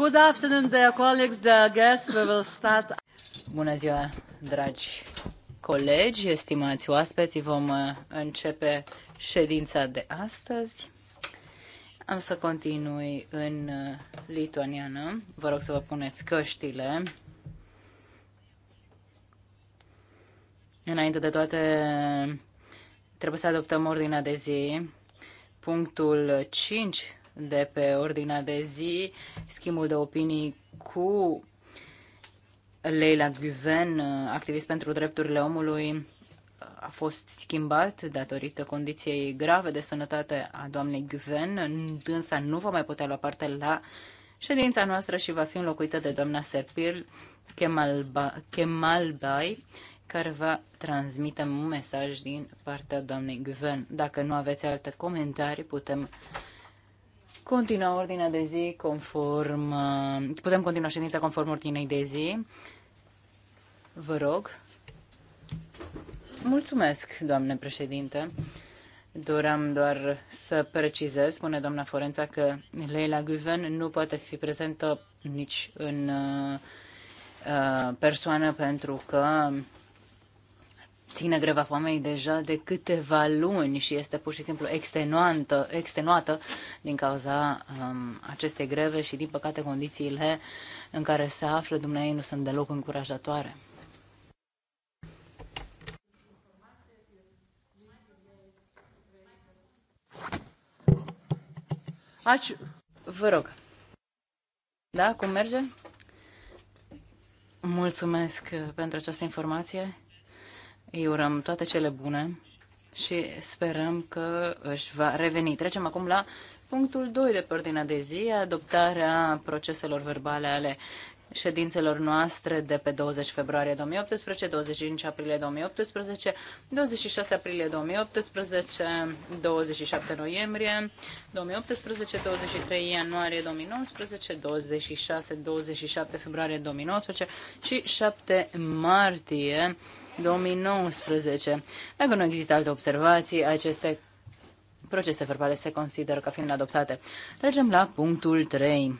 Good afternoon, dear colleagues, dear guests. We will start. Bună ziua, dragi colegi, estimați oaspeți, vom uh, începe ședința de astăzi. Am să continui în uh, lituaniană. Vă rog să vă puneți căștile. Înainte de toate, trebuie să adoptăm ordinea de zi. Punctul 5 de pe ordinea de zi, schimbul de opinii cu Leila Guven, activist pentru drepturile omului, a fost schimbat datorită condiției grave de sănătate a doamnei Guven. însă nu va mai putea lua parte la ședința noastră și va fi înlocuită de doamna Serpil Kemalbai, care va transmite un mesaj din partea doamnei Guven. Dacă nu aveți alte comentarii, putem continua ordinea de zi conform... Uh, putem continua ședința conform ordinei de zi. Vă rog. Mulțumesc, doamne președinte. Doream doar să precizez, spune doamna Forența, că Leila Guven nu poate fi prezentă nici în uh, uh persoană pentru că ține greva foamei deja de câteva luni și este pur și simplu extenuantă, extenuată din cauza um, acestei greve și, din păcate, condițiile în care se află dumneavoastră nu sunt deloc încurajatoare. Aci, vă rog. Da, cum merge? Mulțumesc pentru această informație. Îi urăm toate cele bune și sperăm că își va reveni. Trecem acum la punctul 2 de pe ordinea de zi, adoptarea proceselor verbale ale ședințelor noastre de pe 20 februarie 2018, 25 aprilie 2018, 26 aprilie 2018, 27 noiembrie 2018, 23 ianuarie 2019, 26, 27 februarie 2019 și 7 martie 2019. Dacă nu există alte observații, aceste procese verbale se consideră ca fiind adoptate. Trecem la punctul 3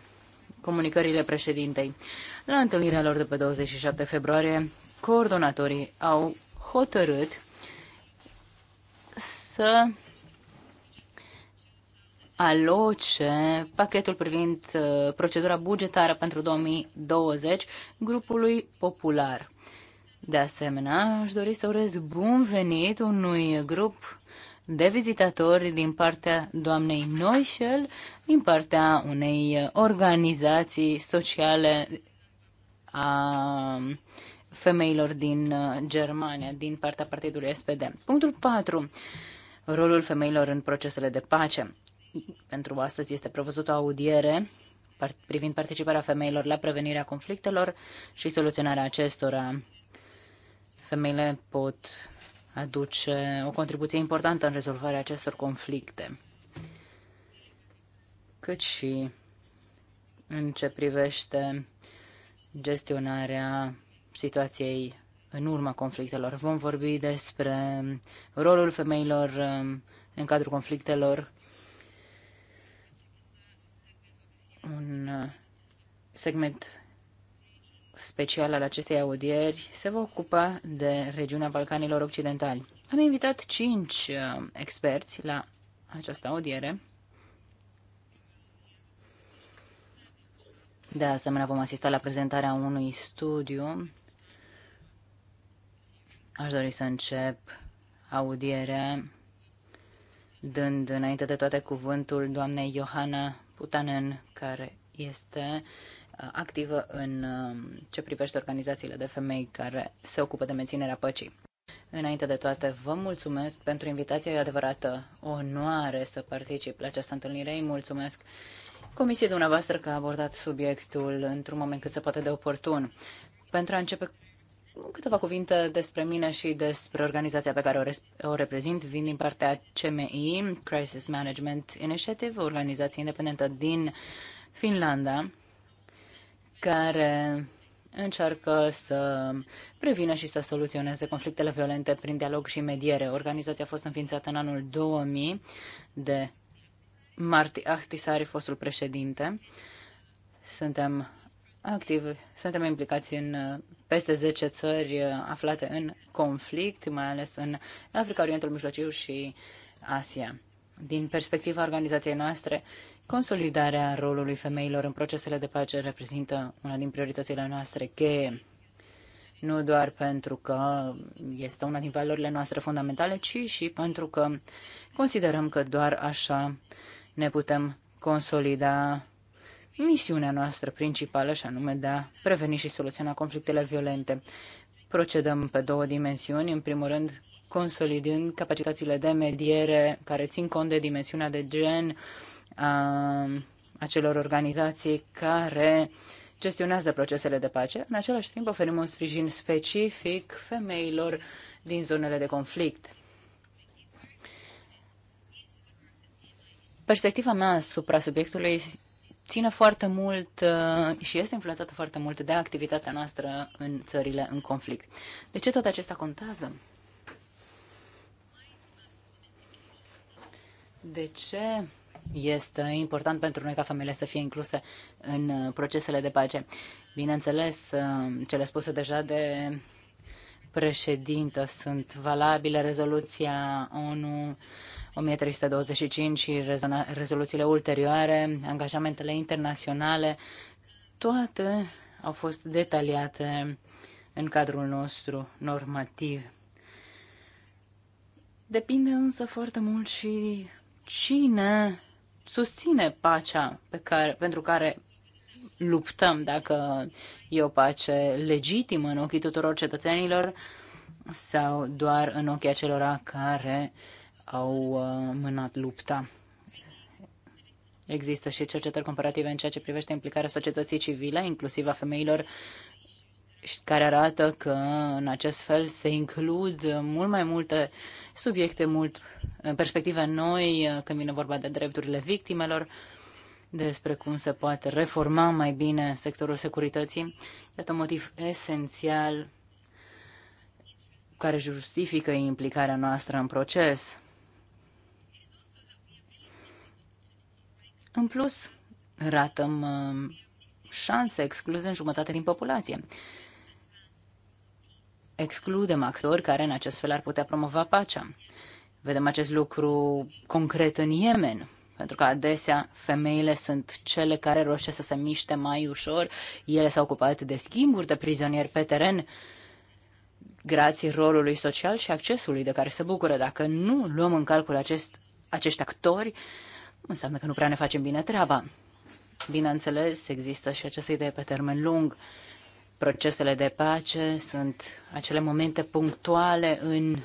comunicările președintei. La întâlnirea lor de pe 27 februarie, coordonatorii au hotărât să aloce pachetul privind uh, procedura bugetară pentru 2020 grupului popular. De asemenea, aș dori să urez bun venit unui grup de vizitatori din partea doamnei Noișel, din partea unei organizații sociale a femeilor din uh, Germania, din partea partidului SPD. Punctul 4. Rolul femeilor în procesele de pace. Pentru astăzi este prevăzut o audiere privind participarea femeilor la prevenirea conflictelor și soluționarea acestora. Femeile pot aduce o contribuție importantă în rezolvarea acestor conflicte, cât și în ce privește gestionarea situației în urma conflictelor. Vom vorbi despre rolul femeilor um, în cadrul conflictelor, un uh, segment special al acestei audieri se va ocupa de regiunea Balcanilor Occidentali. Am invitat cinci uh, experți la această audiere. De asemenea, vom asista la prezentarea unui studiu. Aș dori să încep audierea dând înainte de toate cuvântul doamnei Johanna Putanen, care este activă în um, ce privește organizațiile de femei care se ocupă de menținerea păcii. Înainte de toate, vă mulțumesc pentru invitația. E adevărată onoare să particip la această întâlnire. Îi mulțumesc comisiei dumneavoastră că a abordat subiectul într-un moment cât se poate de oportun. Pentru a începe câteva cuvinte despre mine și despre organizația pe care o, re- o reprezint. Vin din partea CMI, Crisis Management Initiative, o organizație independentă din Finlanda, care încearcă să prevină și să soluționeze conflictele violente prin dialog și mediere. Organizația a fost înființată în anul 2000 de Marti Ahtisari, fostul președinte. Suntem activ, suntem implicați în uh, peste 10 țări uh, aflate în conflict, mai ales în Africa, Orientul Mijlociu și Asia. Din perspectiva organizației noastre, Consolidarea rolului femeilor în procesele de pace reprezintă una din prioritățile noastre cheie, nu doar pentru că este una din valorile noastre fundamentale, ci și pentru că considerăm că doar așa ne putem consolida misiunea noastră principală, și anume de a preveni și soluționa conflictele violente. Procedăm pe două dimensiuni. În primul rând, consolidând capacitățile de mediere care țin cont de dimensiunea de gen, a acelor organizații care gestionează procesele de pace. În același timp oferim un sprijin specific femeilor din zonele de conflict. Perspectiva mea asupra subiectului ține foarte mult și este influențată foarte mult de activitatea noastră în țările în conflict. De ce tot acesta contează? De ce este important pentru noi ca familie să fie incluse în uh, procesele de pace. Bineînțeles, uh, cele spuse deja de președintă sunt valabile rezoluția ONU 1325 și rezoluțiile ulterioare, angajamentele internaționale, toate au fost detaliate în cadrul nostru normativ. Depinde însă foarte mult și cine susține pacea pe care, pentru care luptăm, dacă e o pace legitimă în ochii tuturor cetățenilor sau doar în ochii acelora care au uh, mânat lupta. Există și cercetări comparative în ceea ce privește implicarea societății civile, inclusiv a femeilor care arată că în acest fel se includ mult mai multe subiecte, mult perspective noi când vine vorba de drepturile victimelor, despre cum se poate reforma mai bine sectorul securității. Iată un motiv esențial care justifică implicarea noastră în proces. În plus, ratăm uh, șanse excluse în jumătate din populație excludem actori care în acest fel ar putea promova pacea. Vedem acest lucru concret în Yemen, pentru că adesea femeile sunt cele care roșesc să se miște mai ușor. Ele s-au ocupat de schimburi de prizonieri pe teren, grație rolului social și accesului de care se bucură. Dacă nu luăm în calcul acest, acești actori, înseamnă că nu prea ne facem bine treaba. Bineînțeles, există și această idee pe termen lung. Procesele de pace sunt acele momente punctuale în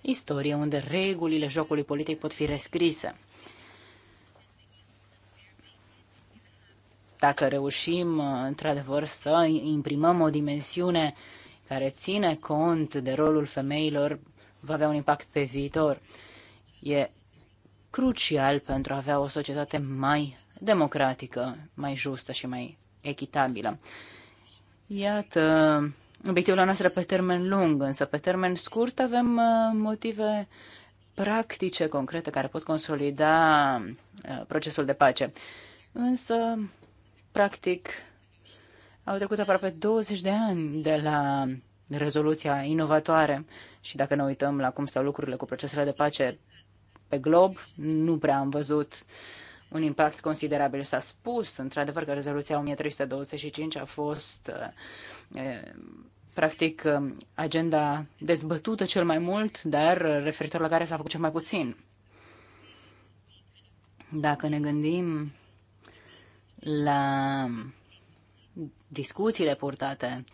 istorie unde regulile jocului politic pot fi rescrise. Dacă reușim, într-adevăr, să imprimăm o dimensiune care ține cont de rolul femeilor, va avea un impact pe viitor. E crucial pentru a avea o societate mai democratică, mai justă și mai echitabilă. Iată, obiectivele noastre pe termen lung, însă pe termen scurt avem uh, motive practice, concrete, care pot consolida uh, procesul de pace. Însă, practic, au trecut aproape 20 de ani de la rezoluția inovatoare și dacă ne uităm la cum stau lucrurile cu procesele de pace pe glob, nu prea am văzut uh, un impact considerabil. S-a spus, într-adevăr, că rezoluția 1325 a fost eh, practic eh, agenda dezbătută cel mai mult, dar referitor la care s-a făcut cel mai puțin. Dacă ne gândim la discuțiile purtate,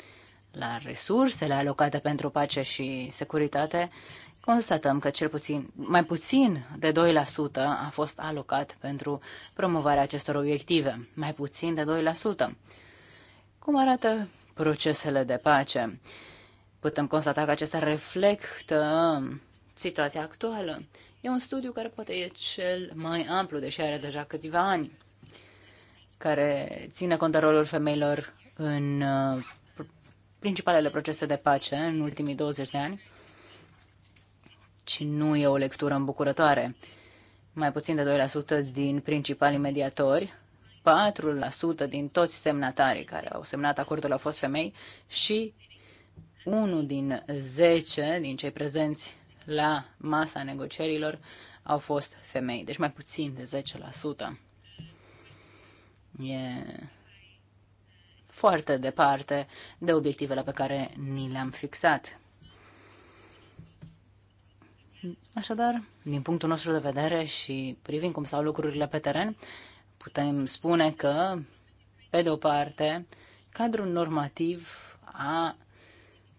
la resursele alocate pentru pace și securitate, constatăm că cel puțin, mai puțin de 2% a fost alocat pentru promovarea acestor obiective. Mai puțin de 2%. Cum arată procesele de pace? Putem constata că acestea reflectă situația actuală. E un studiu care poate e cel mai amplu, deși are deja câțiva ani, care ține cont de rolul femeilor în uh, principalele procese de pace în ultimii 20 de ani deci nu e o lectură îmbucurătoare. Mai puțin de 2% din principalii mediatori, 4% din toți semnatarii care au semnat acordul au fost femei și 1 din 10 din cei prezenți la masa negocierilor au fost femei, deci mai puțin de 10%. E foarte departe de obiectivele pe care ni le-am fixat. Așadar, din punctul nostru de vedere și privind cum stau lucrurile pe teren, putem spune că, pe de o parte, cadrul normativ a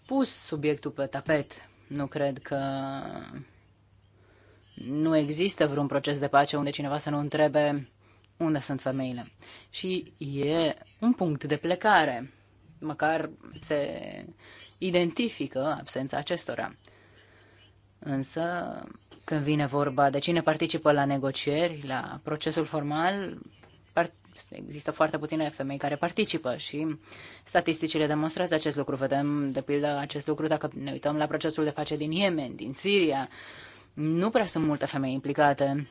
pus subiectul pe tapet. Nu cred că nu există vreun proces de pace unde cineva să nu întrebe unde sunt femeile. Și e un punct de plecare. Măcar se identifică absența acestora. Însă, când vine vorba de cine participă la negocieri, la procesul formal, există foarte puține femei care participă și statisticile demonstrează acest lucru. Vedem, de pildă, acest lucru dacă ne uităm la procesul de pace din Yemen, din Siria. Nu prea sunt multe femei implicate.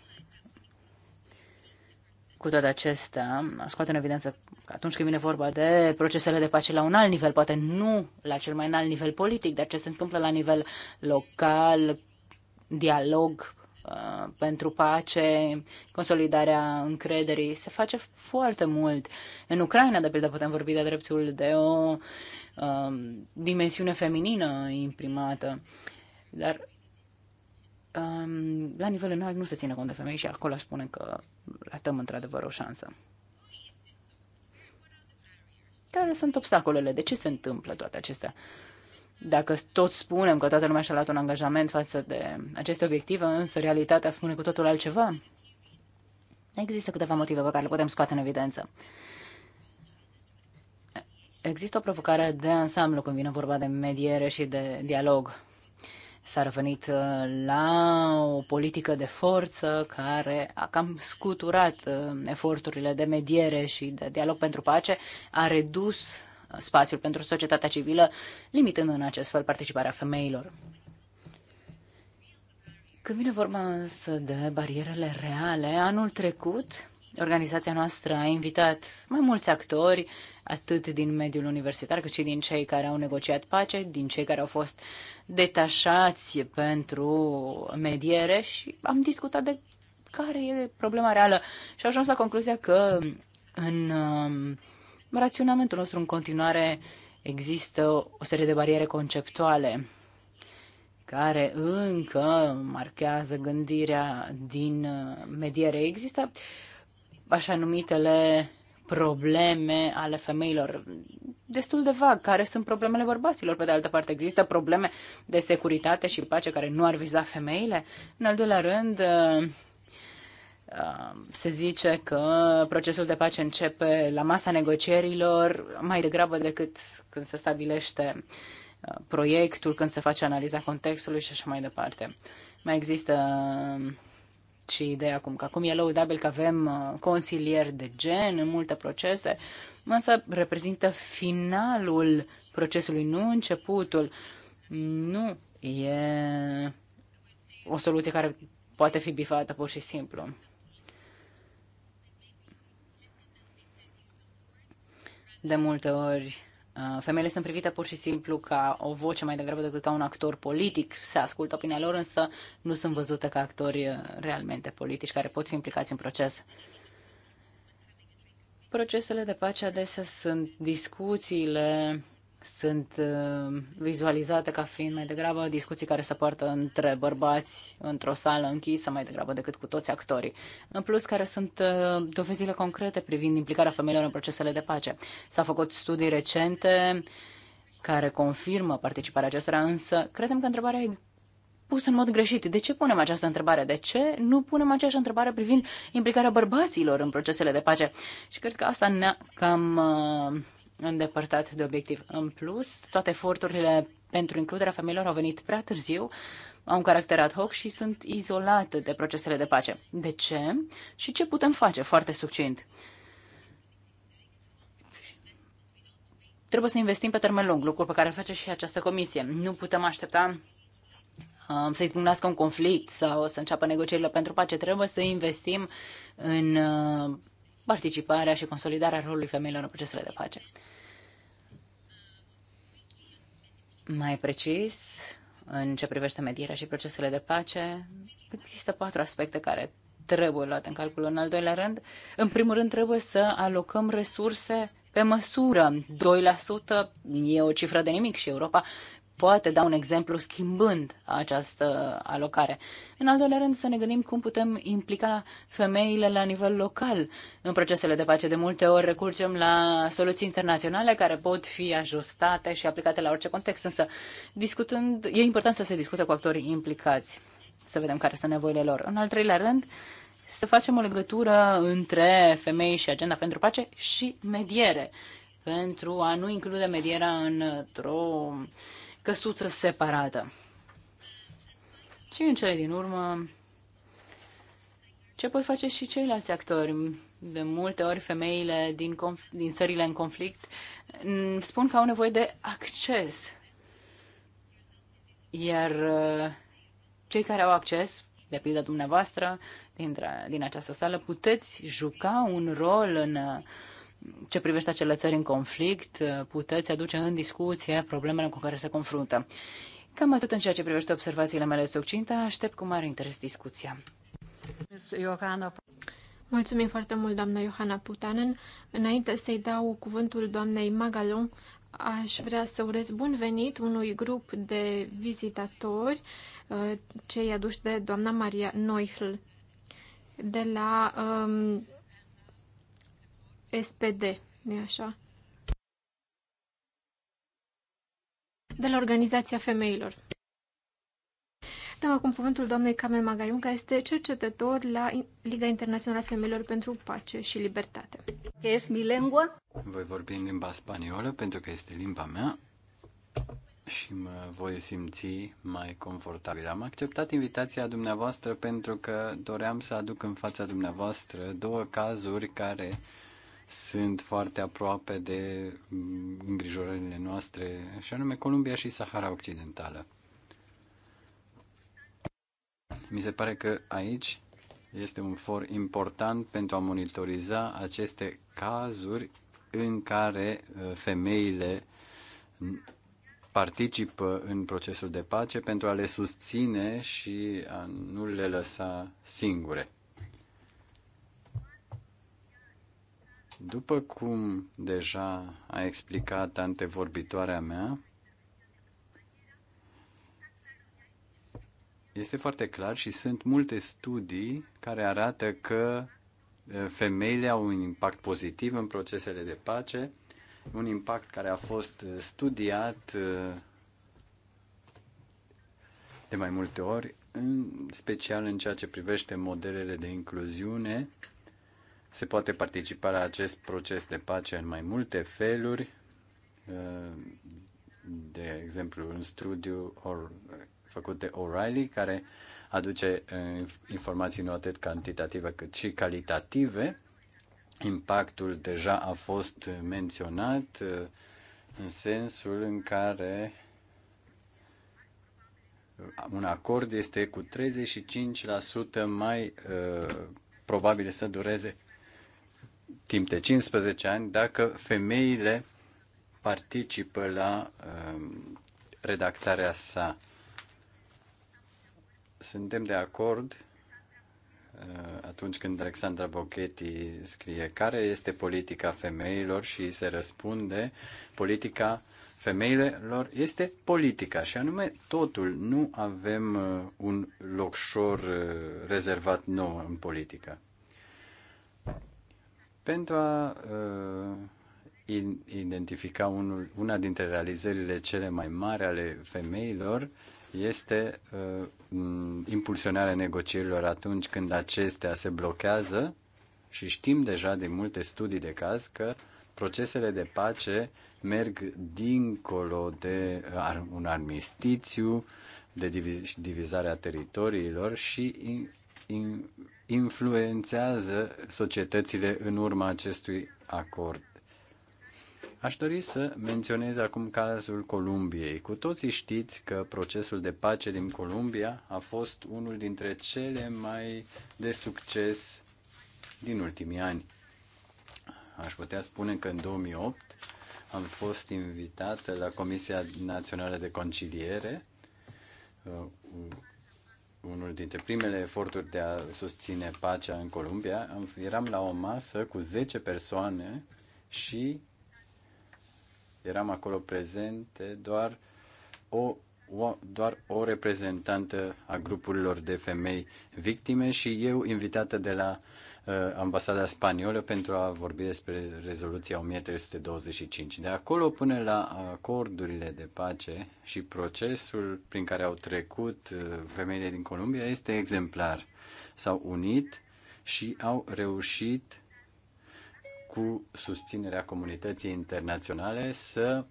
Cu toate acestea, scoate în evidență că atunci când vine vorba de procesele de pace la un alt nivel, poate nu la cel mai înalt nivel politic, dar ce se întâmplă la nivel local, dialog uh, pentru pace, consolidarea încrederii, se face foarte mult. În Ucraina, de pildă, putem vorbi de dreptul de o uh, dimensiune feminină imprimată. Dar Um, la nivel înalt nu se ține cont de femei și acolo aș spune că ratăm într-adevăr o șansă. Care sunt obstacolele? De ce se întâmplă toate acestea? Dacă tot spunem că toată lumea și-a luat un angajament față de aceste obiective, însă realitatea spune cu totul altceva, există câteva motive pe care le putem scoate în evidență. Există o provocare de ansamblu când vine vorba de mediere și de dialog S-a revenit uh, la o politică de forță care a cam scuturat uh, eforturile de mediere și de dialog pentru pace, a redus spațiul pentru societatea civilă, limitând în acest fel participarea femeilor. Când vine vorba însă de barierele reale, anul trecut Organizația noastră a invitat mai mulți actori, atât din mediul universitar, cât și din cei care au negociat pace, din cei care au fost detașați pentru mediere și am discutat de care e problema reală și am ajuns la concluzia că în um, raționamentul nostru în continuare există o serie de bariere conceptuale care încă marchează gândirea din uh, mediere. Există așa numitele probleme ale femeilor. Destul de vag, care sunt problemele bărbaților, pe de altă parte. Există probleme de securitate și pace care nu ar viza femeile. În al doilea rând, uh, uh, se zice că procesul de pace începe la masa negocierilor mai degrabă decât când se stabilește uh, proiectul, când se face analiza contextului și așa mai departe. Mai există și ideea acum, că acum e lăudabil că avem uh, consilieri de gen în multe procese, însă reprezintă finalul procesului, nu începutul. Nu e o soluție care poate fi bifată pur și simplu. De multe ori Uh, femeile sunt privite pur și simplu ca o voce mai degrabă decât ca un actor politic. Se ascultă opinia lor, însă nu sunt văzute ca actori uh, realmente politici care pot fi implicați în proces. Procesele de pace adesea sunt discuțiile sunt uh, vizualizate ca fiind mai degrabă discuții care se poartă între bărbați într-o sală închisă mai degrabă decât cu toți actorii. În plus, care sunt uh, dovezile concrete privind implicarea femeilor în procesele de pace. S-au făcut studii recente care confirmă participarea acestora, însă credem că întrebarea e pusă în mod greșit. De ce punem această întrebare? De ce nu punem aceeași întrebare privind implicarea bărbaților în procesele de pace? Și cred că asta ne-a cam uh, îndepărtat de obiectiv. În plus, toate eforturile pentru includerea femeilor au venit prea târziu, au un caracter ad hoc și sunt izolate de procesele de pace. De ce? Și ce putem face? Foarte succint. Trebuie să investim pe termen lung, lucru pe care îl face și această comisie. Nu putem aștepta um, să izbucnească un conflict sau să înceapă negocierile pentru pace. Trebuie să investim în uh, participarea și consolidarea rolului femeilor în procesele de pace. Mai precis, în ce privește medierea și procesele de pace, există patru aspecte care trebuie luate în calcul. În al doilea rând, în primul rând, trebuie să alocăm resurse pe măsură. 2% e o cifră de nimic și Europa poate da un exemplu schimbând această alocare. În al doilea rând, să ne gândim cum putem implica femeile la nivel local în procesele de pace. De multe ori recurgem la soluții internaționale care pot fi ajustate și aplicate la orice context, însă discutând, e important să se discute cu actorii implicați, să vedem care sunt nevoile lor. În al treilea rând, să facem o legătură între femei și agenda pentru pace și mediere pentru a nu include medierea într-o căsuță separată. Și în cele din urmă, ce pot face și ceilalți actori? De multe ori femeile din, conf- din țările în conflict mm, spun că au nevoie de acces. Iar uh, cei care au acces, de pildă dumneavoastră, dintre, din această sală, puteți juca un rol în uh, ce privește acele țări în conflict, puteți aduce în discuție problemele cu care se confruntă. Cam atât în ceea ce privește observațiile mele succinte, aștept cu mare interes discuția. Mulțumim foarte mult, doamna Johanna Putanen. Înainte să-i dau cuvântul doamnei Magalon, aș vrea să urez bun venit unui grup de vizitatori, uh, cei aduși de doamna Maria Noihl, de la um, SPD, nu așa? De la Organizația Femeilor. Dăm acum cuvântul doamnei Camel Magaiun, care este cercetător la Liga Internațională a Femeilor pentru Pace și Libertate. Es mi lengua? Voi vorbi în limba spaniolă, pentru că este limba mea și mă voi simți mai confortabil. Am acceptat invitația dumneavoastră pentru că doream să aduc în fața dumneavoastră două cazuri care sunt foarte aproape de mm, îngrijorările noastre, și anume Columbia și Sahara Occidentală. Mi se pare că aici este un for important pentru a monitoriza aceste cazuri în care uh, femeile mm, participă în procesul de pace pentru a le susține și a nu le lăsa singure. După cum deja a explicat antevorbitoarea mea, este foarte clar și sunt multe studii care arată că femeile au un impact pozitiv în procesele de pace, un impact care a fost studiat de mai multe ori, în special în ceea ce privește modelele de incluziune se poate participa la acest proces de pace în mai multe feluri, eh, de exemplu, un studiu or, făcut de O'Reilly, care aduce eh, informații nu atât cantitative cât și calitative. Impactul deja a fost menționat eh, în sensul în care un acord este cu 35% mai uh, probabil să dureze timp de 15 ani dacă femeile participă la uh, redactarea sa. Suntem de acord uh, atunci când Alexandra Bochetti scrie care este politica femeilor și se răspunde politica femeilor este politica și anume totul. Nu avem uh, un locșor uh, rezervat nou în politică pentru a uh, identifica unul, una dintre realizările cele mai mari ale femeilor este uh, impulsionarea negocierilor atunci când acestea se blochează și știm deja din multe studii de caz că procesele de pace merg dincolo de uh, un armistițiu, de divizarea teritoriilor și in, in, influențează societățile în urma acestui acord. Aș dori să menționez acum cazul Columbiei. Cu toții știți că procesul de pace din Columbia a fost unul dintre cele mai de succes din ultimii ani. Aș putea spune că în 2008 am fost invitată la Comisia Națională de Conciliere, uh, unul dintre primele eforturi de a susține pacea în Columbia, am, eram la o masă cu 10 persoane și eram acolo prezente doar o, o, doar o reprezentantă a grupurilor de femei victime și eu invitată de la Uh, ambasada spaniolă pentru a vorbi despre rezoluția 1325. De acolo până la acordurile de pace și procesul prin care au trecut uh, femeile din Columbia este exemplar. S-au unit și au reușit cu susținerea comunității internaționale să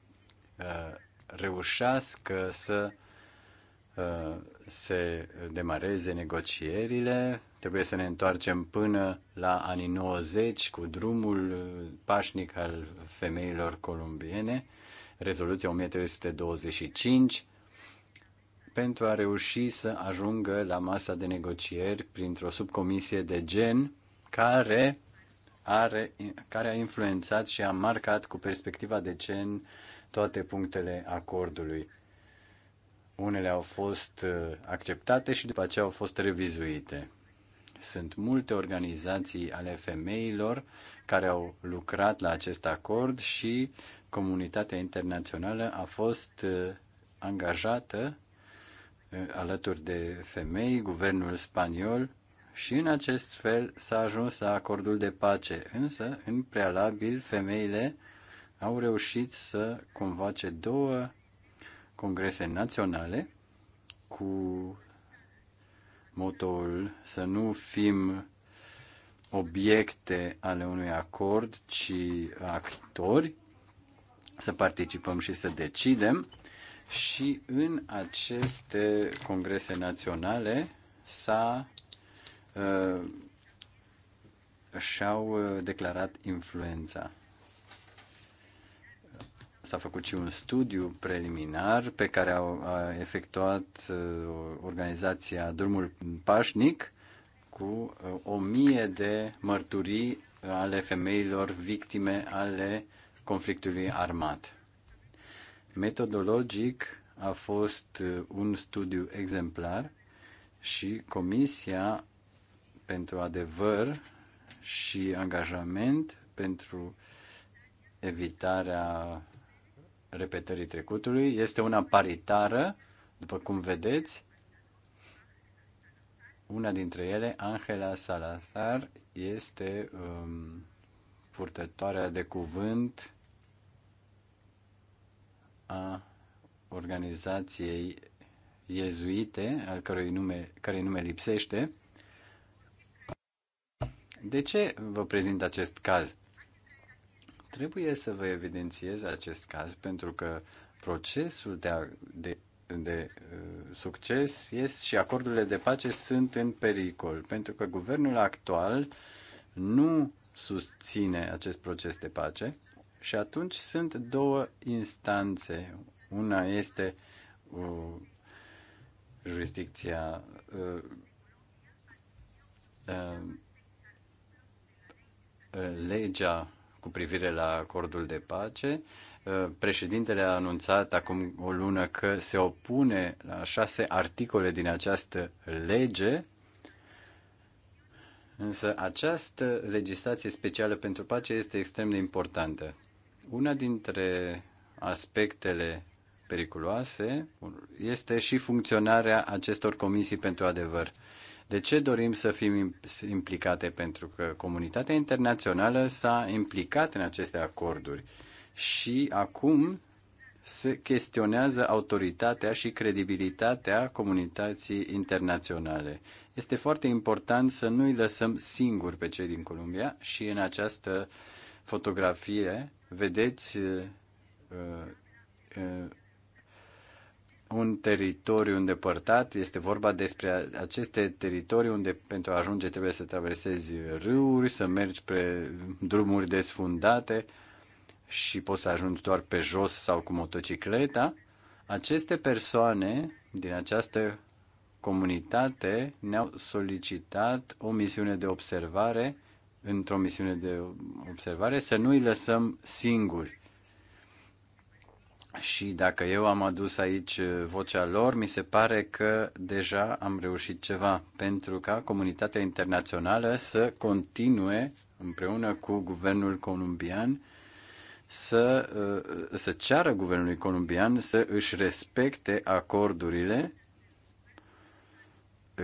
uh, reușească să uh, Uh, se demareze negocierile. Trebuie să ne întoarcem până la anii 90 cu drumul uh, pașnic al femeilor columbiene, rezoluția 1325, pentru a reuși să ajungă la masa de negocieri printr-o subcomisie de gen care, are, care a influențat și a marcat cu perspectiva de gen toate punctele acordului unele au fost uh, acceptate și după aceea au fost revizuite. Sunt multe organizații ale femeilor care au lucrat la acest acord și comunitatea internațională a fost uh, angajată uh, alături de femei, guvernul spaniol și în acest fel s-a ajuns la acordul de pace. Însă, în prealabil, femeile au reușit să convoace două congrese naționale cu motoul să nu fim obiecte ale unui acord, ci actori, să participăm și să decidem. Și în aceste congrese naționale s-a uh, și-au uh, declarat influența s-a făcut și un studiu preliminar pe care a efectuat uh, organizația Drumul Pașnic cu uh, o mie de mărturii ale femeilor victime ale conflictului armat. Metodologic a fost uh, un studiu exemplar și Comisia pentru Adevăr și Angajament pentru evitarea repetării trecutului. Este una paritară, după cum vedeți. Una dintre ele, Angela Salazar, este um, purtătoarea de cuvânt a organizației iezuite, al cărui nume, care nume lipsește. De ce vă prezint acest caz? Trebuie să vă evidențiez acest caz pentru că procesul de, a, de, de uh, succes este și acordurile de pace sunt în pericol, pentru că guvernul actual nu susține acest proces de pace și atunci sunt două instanțe. Una este uh, jurisdicția uh, uh, legea cu privire la acordul de pace. Uh, președintele a anunțat acum o lună că se opune la șase articole din această lege, însă această legislație specială pentru pace este extrem de importantă. Una dintre aspectele periculoase este și funcționarea acestor comisii pentru adevăr. De ce dorim să fim implicate? Pentru că comunitatea internațională s-a implicat în aceste acorduri și acum se chestionează autoritatea și credibilitatea comunității internaționale. Este foarte important să nu i lăsăm singuri pe cei din Columbia și în această fotografie vedeți uh, uh, un teritoriu îndepărtat, este vorba despre aceste teritorii unde pentru a ajunge trebuie să traversezi râuri, să mergi pe drumuri desfundate și poți să ajungi doar pe jos sau cu motocicleta, aceste persoane din această comunitate ne-au solicitat o misiune de observare, într-o misiune de observare, să nu îi lăsăm singuri și dacă eu am adus aici uh, vocea lor, mi se pare că deja am reușit ceva pentru ca comunitatea internațională să continue împreună cu guvernul columbian să, uh, să ceară guvernului columbian să își respecte acordurile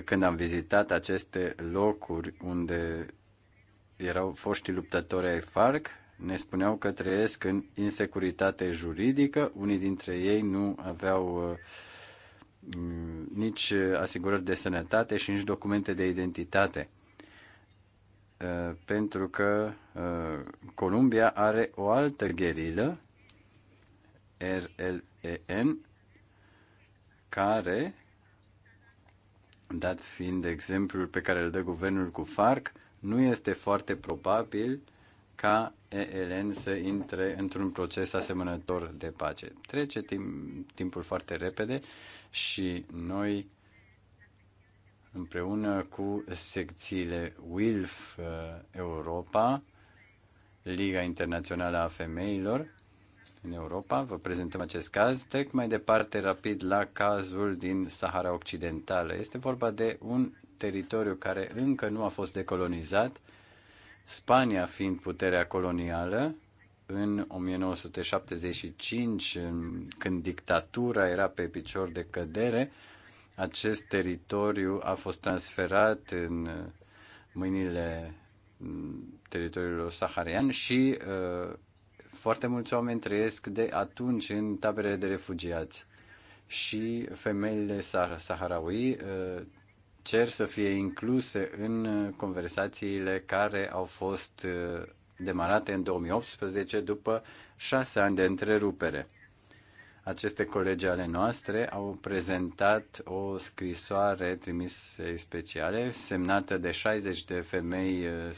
când am vizitat aceste locuri unde erau foștii luptători ai FARC, ne spuneau că trăiesc în insecuritate juridică, unii dintre ei nu aveau uh, nici asigurări de sănătate și nici documente de identitate. Uh, pentru că uh, Columbia are o altă gherilă, RLEN, care, dat fiind exemplul pe care îl dă guvernul cu FARC, nu este foarte probabil ca ELN să intre într-un proces asemănător de pace. Trece timp, timpul foarte repede și noi împreună cu secțiile WILF uh, Europa, Liga Internațională a Femeilor în Europa, vă prezentăm acest caz. Trec mai departe rapid la cazul din Sahara Occidentală. Este vorba de un teritoriu care încă nu a fost decolonizat, Spania fiind puterea colonială, în 1975, când dictatura era pe picior de cădere, acest teritoriu a fost transferat în uh, mâinile mm, teritoriilor saharian și uh, foarte mulți oameni trăiesc de atunci în taberele de refugiați. Și femeile sah- saharaui uh, cer să fie incluse în uh, conversațiile care au fost uh, demarate în 2018 după șase ani de întrerupere. Aceste colegi ale noastre au prezentat o scrisoare trimisă speciale semnată de 60 de femei uh,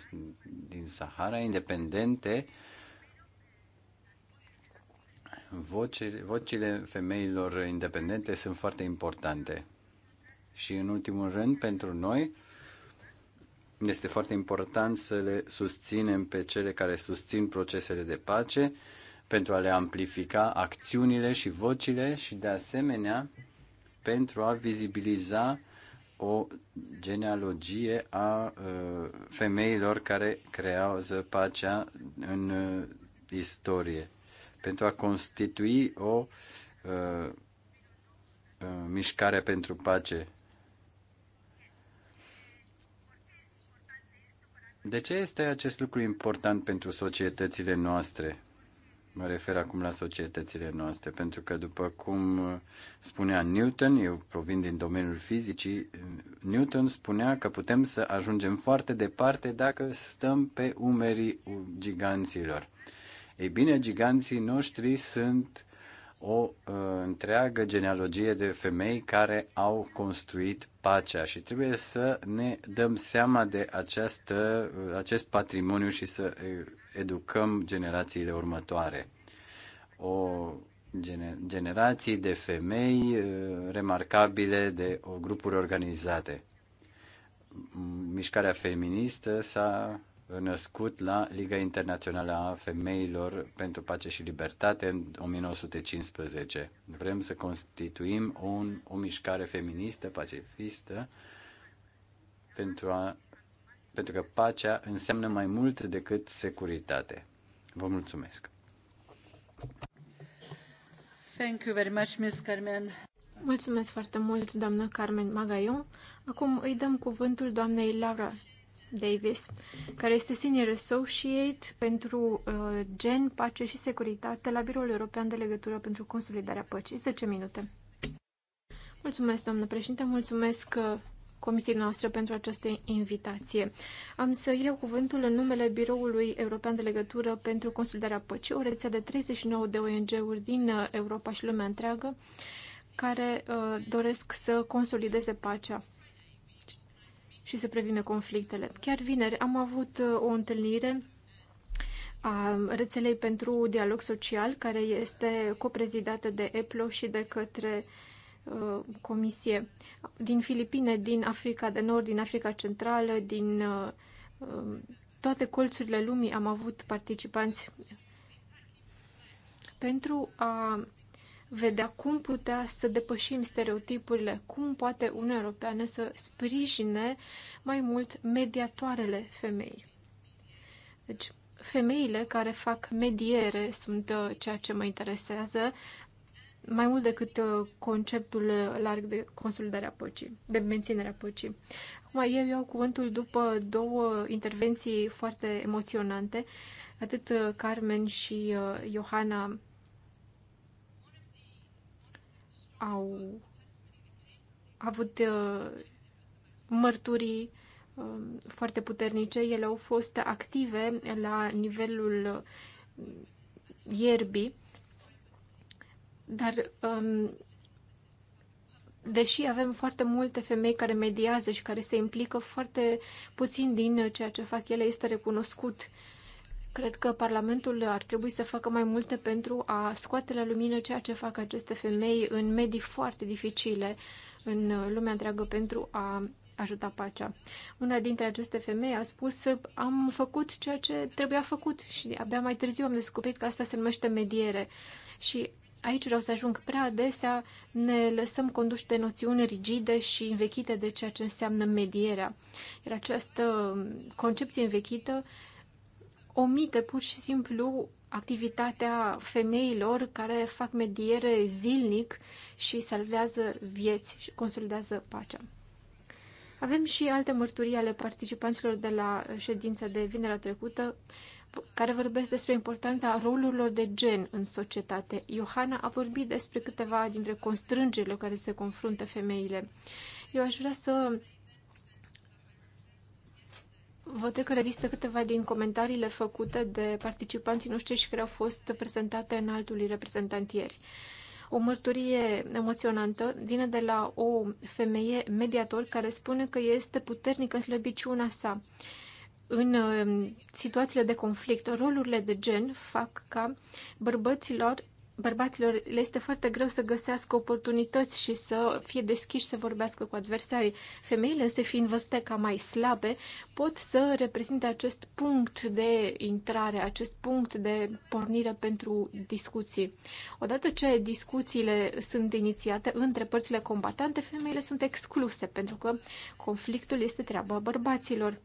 din Sahara independente. Vocile, vocile femeilor independente sunt foarte importante și în ultimul rând, pentru noi, este foarte important să le susținem pe cele care susțin procesele de pace pentru a le amplifica acțiunile și vocile și de asemenea pentru a vizibiliza o genealogie a uh, femeilor care creează pacea în uh, istorie, pentru a constitui o uh, mișcare pentru pace De ce este acest lucru important pentru societățile noastre? Mă refer acum la societățile noastre, pentru că, după cum spunea Newton, eu provin din domeniul fizicii, Newton spunea că putem să ajungem foarte departe dacă stăm pe umerii giganților. Ei bine, giganții noștri sunt o uh, întreagă genealogie de femei care au construit pacea și trebuie să ne dăm seama de această, uh, acest patrimoniu și să uh, educăm generațiile următoare. O generații de femei uh, remarcabile de o grupuri organizate. Mișcarea feministă s-a născut la Liga Internațională a Femeilor pentru Pace și Libertate în 1915. Vrem să constituim un, o mișcare feministă, pacifistă, pentru, a, pentru că pacea înseamnă mai mult decât securitate. Vă mulțumesc! Thank you very much, Ms. Carmen. Mulțumesc foarte mult, doamnă Carmen Magaion. Acum îi dăm cuvântul doamnei Laura Davis, care este Senior Associate pentru uh, Gen, Pace și Securitate la Biroul European de Legătură pentru Consolidarea Păcii. 10 minute. Mulțumesc, doamnă președinte, mulțumesc uh, comisiei noastre pentru această invitație. Am să iau cuvântul în numele Biroului European de Legătură pentru Consolidarea Păcii, o rețea de 39 de ONG-uri din uh, Europa și lumea întreagă, care uh, doresc să consolideze pacea și se prevină conflictele. Chiar vineri am avut uh, o întâlnire a rețelei pentru dialog social, care este coprezidată de EPLO și de către uh, Comisie din Filipine, din Africa de Nord, din Africa Centrală, din uh, um, toate colțurile lumii am avut participanți pentru a vedea cum putea să depășim stereotipurile, cum poate Uniunea Europeană să sprijine mai mult mediatoarele femei. Deci, femeile care fac mediere sunt uh, ceea ce mă interesează, mai mult decât uh, conceptul larg de consolidarea păcii, de menținerea păcii. Acum, eu iau cuvântul după două intervenții foarte emoționante. Atât uh, Carmen și Johanna au avut uh, mărturii uh, foarte puternice. Ele au fost active la nivelul uh, ierbii, dar um, deși avem foarte multe femei care mediază și care se implică, foarte puțin din ceea ce fac ele este recunoscut Cred că Parlamentul ar trebui să facă mai multe pentru a scoate la lumină ceea ce fac aceste femei în medii foarte dificile în lumea întreagă pentru a ajuta pacea. Una dintre aceste femei a spus am făcut ceea ce trebuia făcut și abia mai târziu am descoperit că asta se numește mediere. Și aici vreau să ajung prea adesea ne lăsăm conduși de noțiuni rigide și învechite de ceea ce înseamnă medierea. Iar această concepție învechită omite pur și simplu activitatea femeilor care fac mediere zilnic și salvează vieți și consolidează pacea. Avem și alte mărturii ale participanților de la ședința de vinerea trecută care vorbesc despre importanța rolurilor de gen în societate. Johanna a vorbit despre câteva dintre constrângerile care se confruntă femeile. Eu aș vrea să Vă trec în revistă câteva din comentariile făcute de participanții noștri și care au fost prezentate în altul reprezentantieri. O mărturie emoționantă vine de la o femeie mediator care spune că este puternică în slăbiciunea sa. În um, situațiile de conflict, rolurile de gen fac ca bărbăților bărbaților le este foarte greu să găsească oportunități și să fie deschiși să vorbească cu adversarii. Femeile, însă fiind văzute ca mai slabe, pot să reprezinte acest punct de intrare, acest punct de pornire pentru discuții. Odată ce discuțiile sunt inițiate între părțile combatante, femeile sunt excluse, pentru că conflictul este treaba bărbaților,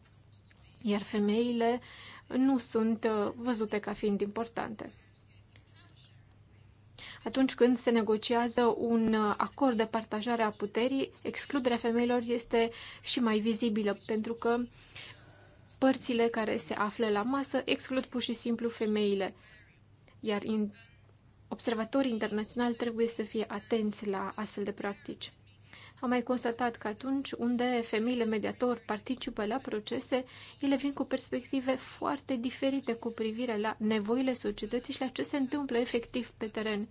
iar femeile nu sunt uh, văzute ca fiind importante atunci când se negociază un uh, acord de partajare a puterii, excluderea femeilor este și mai vizibilă, pentru că părțile care se află la masă exclud pur și simplu femeile. Iar in... observatorii internaționali trebuie să fie atenți la astfel de practici. Am mai constatat că atunci unde femeile mediator participă la procese, ele vin cu perspective foarte diferite cu privire la nevoile societății și la ce se întâmplă efectiv pe teren.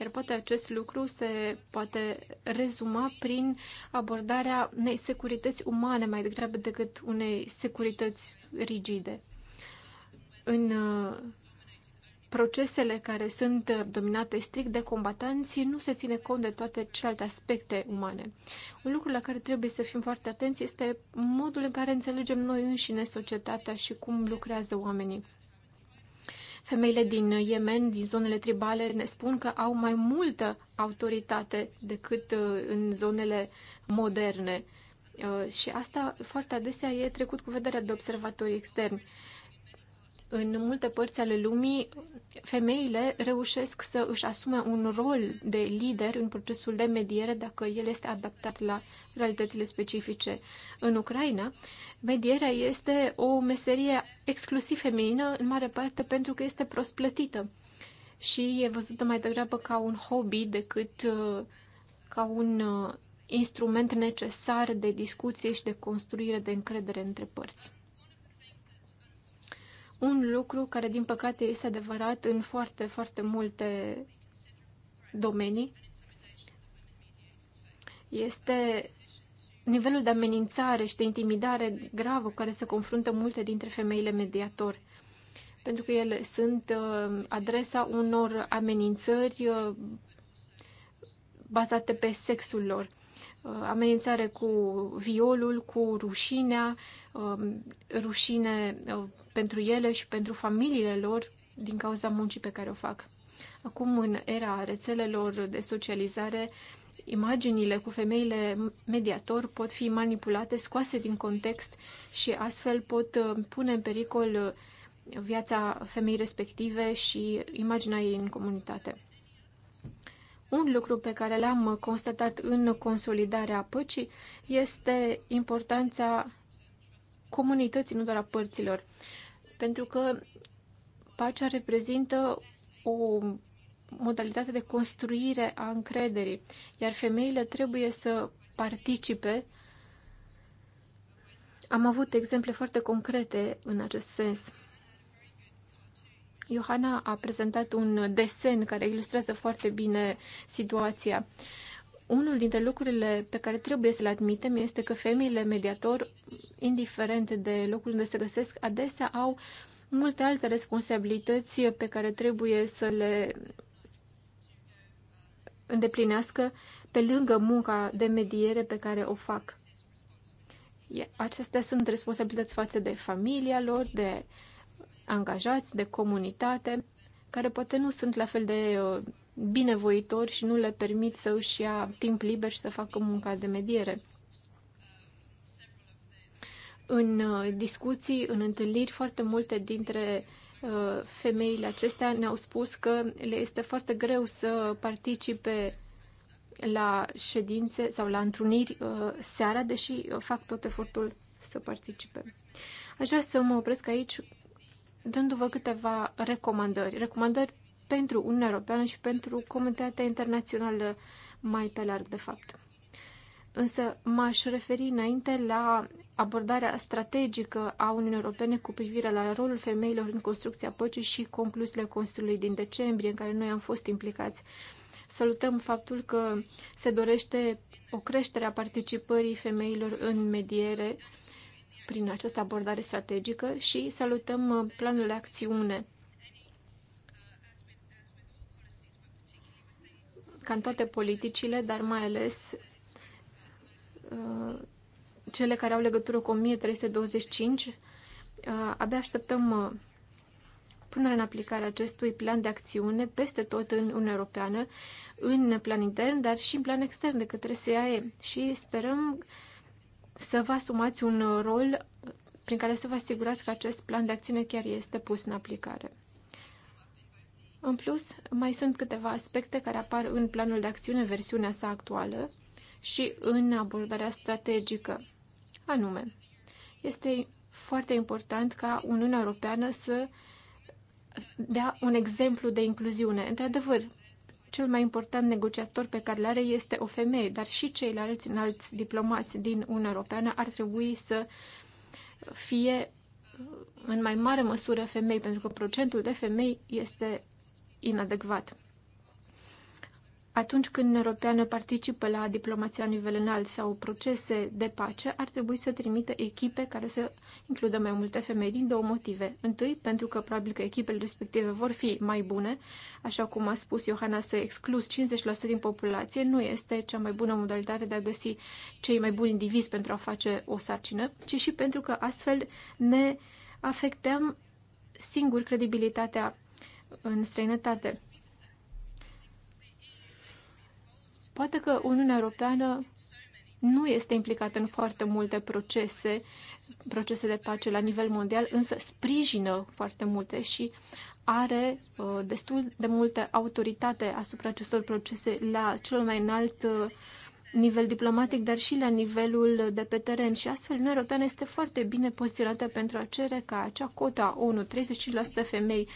Iar poate acest lucru se poate rezuma prin abordarea unei securități umane mai degrabă decât unei securități rigide. În uh, procesele care sunt uh, dominate strict de combatanți nu se ține cont de toate celelalte aspecte umane. Un lucru la care trebuie să fim foarte atenți este modul în care înțelegem noi înșine societatea și cum lucrează oamenii. Femeile din Yemen, din zonele tribale, ne spun că au mai multă autoritate decât uh, în zonele moderne. Uh, și asta foarte adesea e trecut cu vederea de observatorii externi. În multe părți ale lumii, femeile reușesc să își asume un rol de lider în procesul de mediere dacă el este adaptat la realitățile specifice. În Ucraina, medierea este o meserie exclusiv feminină, în mare parte pentru că este prost plătită și e văzută mai degrabă ca un hobby decât uh, ca un uh, instrument necesar de discuție și de construire de încredere între părți un lucru care, din păcate, este adevărat în foarte, foarte multe domenii, este nivelul de amenințare și de intimidare gravă cu care se confruntă multe dintre femeile mediatori. Pentru că ele sunt uh, adresa unor amenințări uh, bazate pe sexul lor. Uh, amenințare cu violul, cu rușinea, rușine pentru ele și pentru familiile lor din cauza muncii pe care o fac. Acum, în era rețelelor de socializare, imaginile cu femeile mediator pot fi manipulate, scoase din context și astfel pot uh, pune în pericol uh, viața femei respective și imaginea ei în comunitate. Un lucru pe care l-am constatat în consolidarea păcii este importanța comunității, nu doar a părților pentru că pacea reprezintă o modalitate de construire a încrederii, iar femeile trebuie să participe. Am avut exemple foarte concrete în acest sens. Johanna a prezentat un desen care ilustrează foarte bine situația. Unul dintre lucrurile pe care trebuie să le admitem este că femeile mediator, indiferent de locul unde se găsesc, adesea au multe alte responsabilități pe care trebuie să le îndeplinească pe lângă munca de mediere pe care o fac. Acestea sunt responsabilități față de familia lor, de angajați, de comunitate, care poate nu sunt la fel de uh, binevoitori și nu le permit să își ia timp liber și să facă munca de mediere. În uh, discuții, în întâlniri, foarte multe dintre uh, femeile acestea ne-au spus că le este foarte greu să participe la ședințe sau la întruniri uh, seara, deși fac tot efortul să participe. Aș vrea să mă opresc aici dându-vă câteva recomandări. Recomandări pentru Uniunea Europeană și pentru comunitatea internațională mai pe larg, de fapt. Însă m-aș referi înainte la abordarea strategică a Uniunii Europene cu privire la rolul femeilor în construcția păcii și concluziile Consiliului din decembrie, în care noi am fost implicați. Salutăm faptul că se dorește o creștere a participării femeilor în mediere prin această abordare strategică și salutăm planul de acțiune ca în toate politicile, dar mai ales uh, cele care au legătură cu 1325. Uh, abia așteptăm uh, punerea în aplicare acestui plan de acțiune peste tot în Uniunea Europeană, în plan intern, dar și în plan extern de către SAE și sperăm să vă asumați un rol prin care să vă asigurați că acest plan de acțiune chiar este pus în aplicare. În plus, mai sunt câteva aspecte care apar în planul de acțiune, versiunea sa actuală, și în abordarea strategică. Anume, este foarte important ca Uniunea Europeană să dea un exemplu de incluziune. Într-adevăr, cel mai important negociator pe care l are este o femeie, dar și ceilalți înalți diplomați din Uniunea Europeană ar trebui să fie în mai mare măsură femei, pentru că procentul de femei este inadecvat. Atunci când Europeană participă la diplomația nivel înalt sau procese de pace, ar trebui să trimită echipe care să includă mai multe femei din două motive. Întâi, pentru că probabil că echipele respective vor fi mai bune, așa cum a spus Johanna, să exclus 50% din populație nu este cea mai bună modalitate de a găsi cei mai buni indivizi pentru a face o sarcină, ci și pentru că astfel ne afectăm singur credibilitatea în străinătate. Poate că Uniunea Europeană nu este implicată în foarte multe procese, procese de pace la nivel mondial, însă sprijină foarte multe și are uh, destul de multă autoritate asupra acestor procese la cel mai înalt uh, nivel diplomatic, dar și la nivelul de pe teren. Și astfel, Uniunea Europeană este foarte bine poziționată pentru a cere ca acea cota ONU, 35% femei,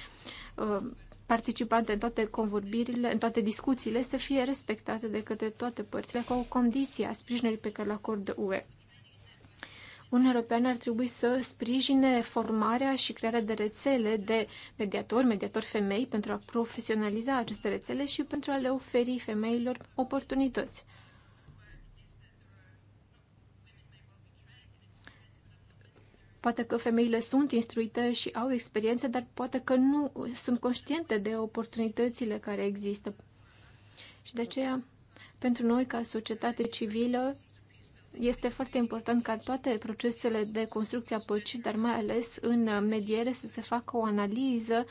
Uh, participante în toate convorbirile, în toate discuțiile, să fie respectate de către toate părțile ca o condiție a sprijinului pe care îl acordă UE. Un european ar trebui să sprijine formarea și crearea de rețele de mediatori, mediatori femei, pentru a profesionaliza aceste rețele și pentru a le oferi femeilor oportunități. Poate că femeile sunt instruite și au experiențe, dar poate că nu sunt conștiente de oportunitățile care există. Și de aceea, pentru noi, ca societate civilă, este foarte important ca toate procesele de construcție a păcii, dar mai ales în mediere, să se facă o analiză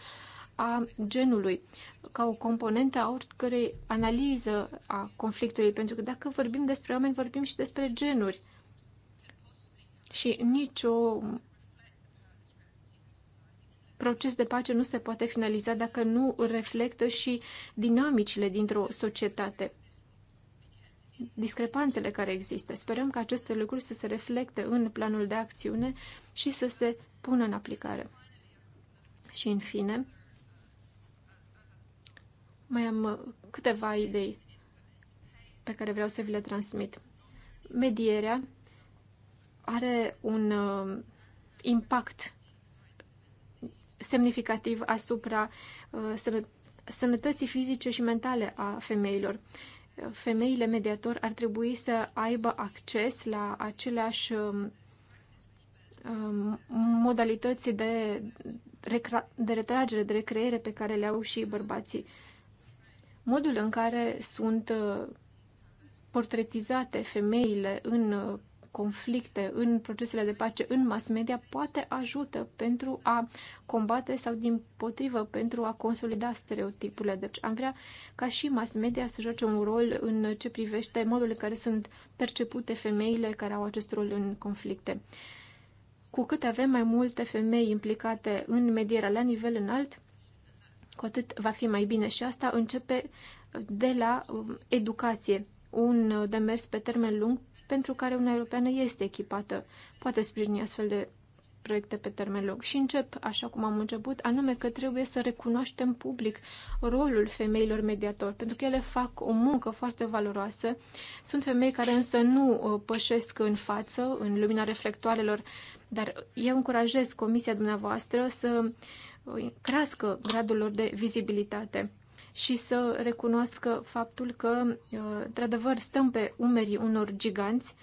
a genului, ca o componentă a oricărei analiză a conflictului. Pentru că dacă vorbim despre oameni, vorbim și despre genuri și nicio proces de pace nu se poate finaliza dacă nu reflectă și dinamicile dintr-o societate, discrepanțele care există. Sperăm că aceste lucruri să se reflecte în planul de acțiune și să se pună în aplicare. Și în fine, mai am câteva idei pe care vreau să vi le transmit. Medierea are un um, impact semnificativ asupra uh, sănătății fizice și mentale a femeilor. Femeile mediator ar trebui să aibă acces la aceleași um, um, modalități de, de retragere, de recreere pe care le au și bărbații. Modul în care sunt uh, portretizate femeile în uh, conflicte, în procesele de pace, în mass media, poate ajută pentru a combate sau, din potrivă, pentru a consolida stereotipurile. Deci am vrea ca și mass media să joace un rol în ce privește modul în care sunt percepute femeile care au acest rol în conflicte. Cu cât avem mai multe femei implicate în medierea la nivel înalt, cu atât va fi mai bine și asta începe de la um, educație, un uh, demers pe termen lung pentru care Uniunea Europeană este echipată, poate sprijini astfel de proiecte pe termen lung. Și încep așa cum am început, anume că trebuie să recunoaștem public rolul femeilor mediatori, pentru că ele fac o muncă foarte valoroasă. Sunt femei care însă nu uh, pășesc în față, în lumina reflectoarelor, dar eu încurajez comisia dumneavoastră să uh, crească gradul lor de vizibilitate și să recunoască faptul că, uh, într-adevăr, stăm pe umerii unor giganți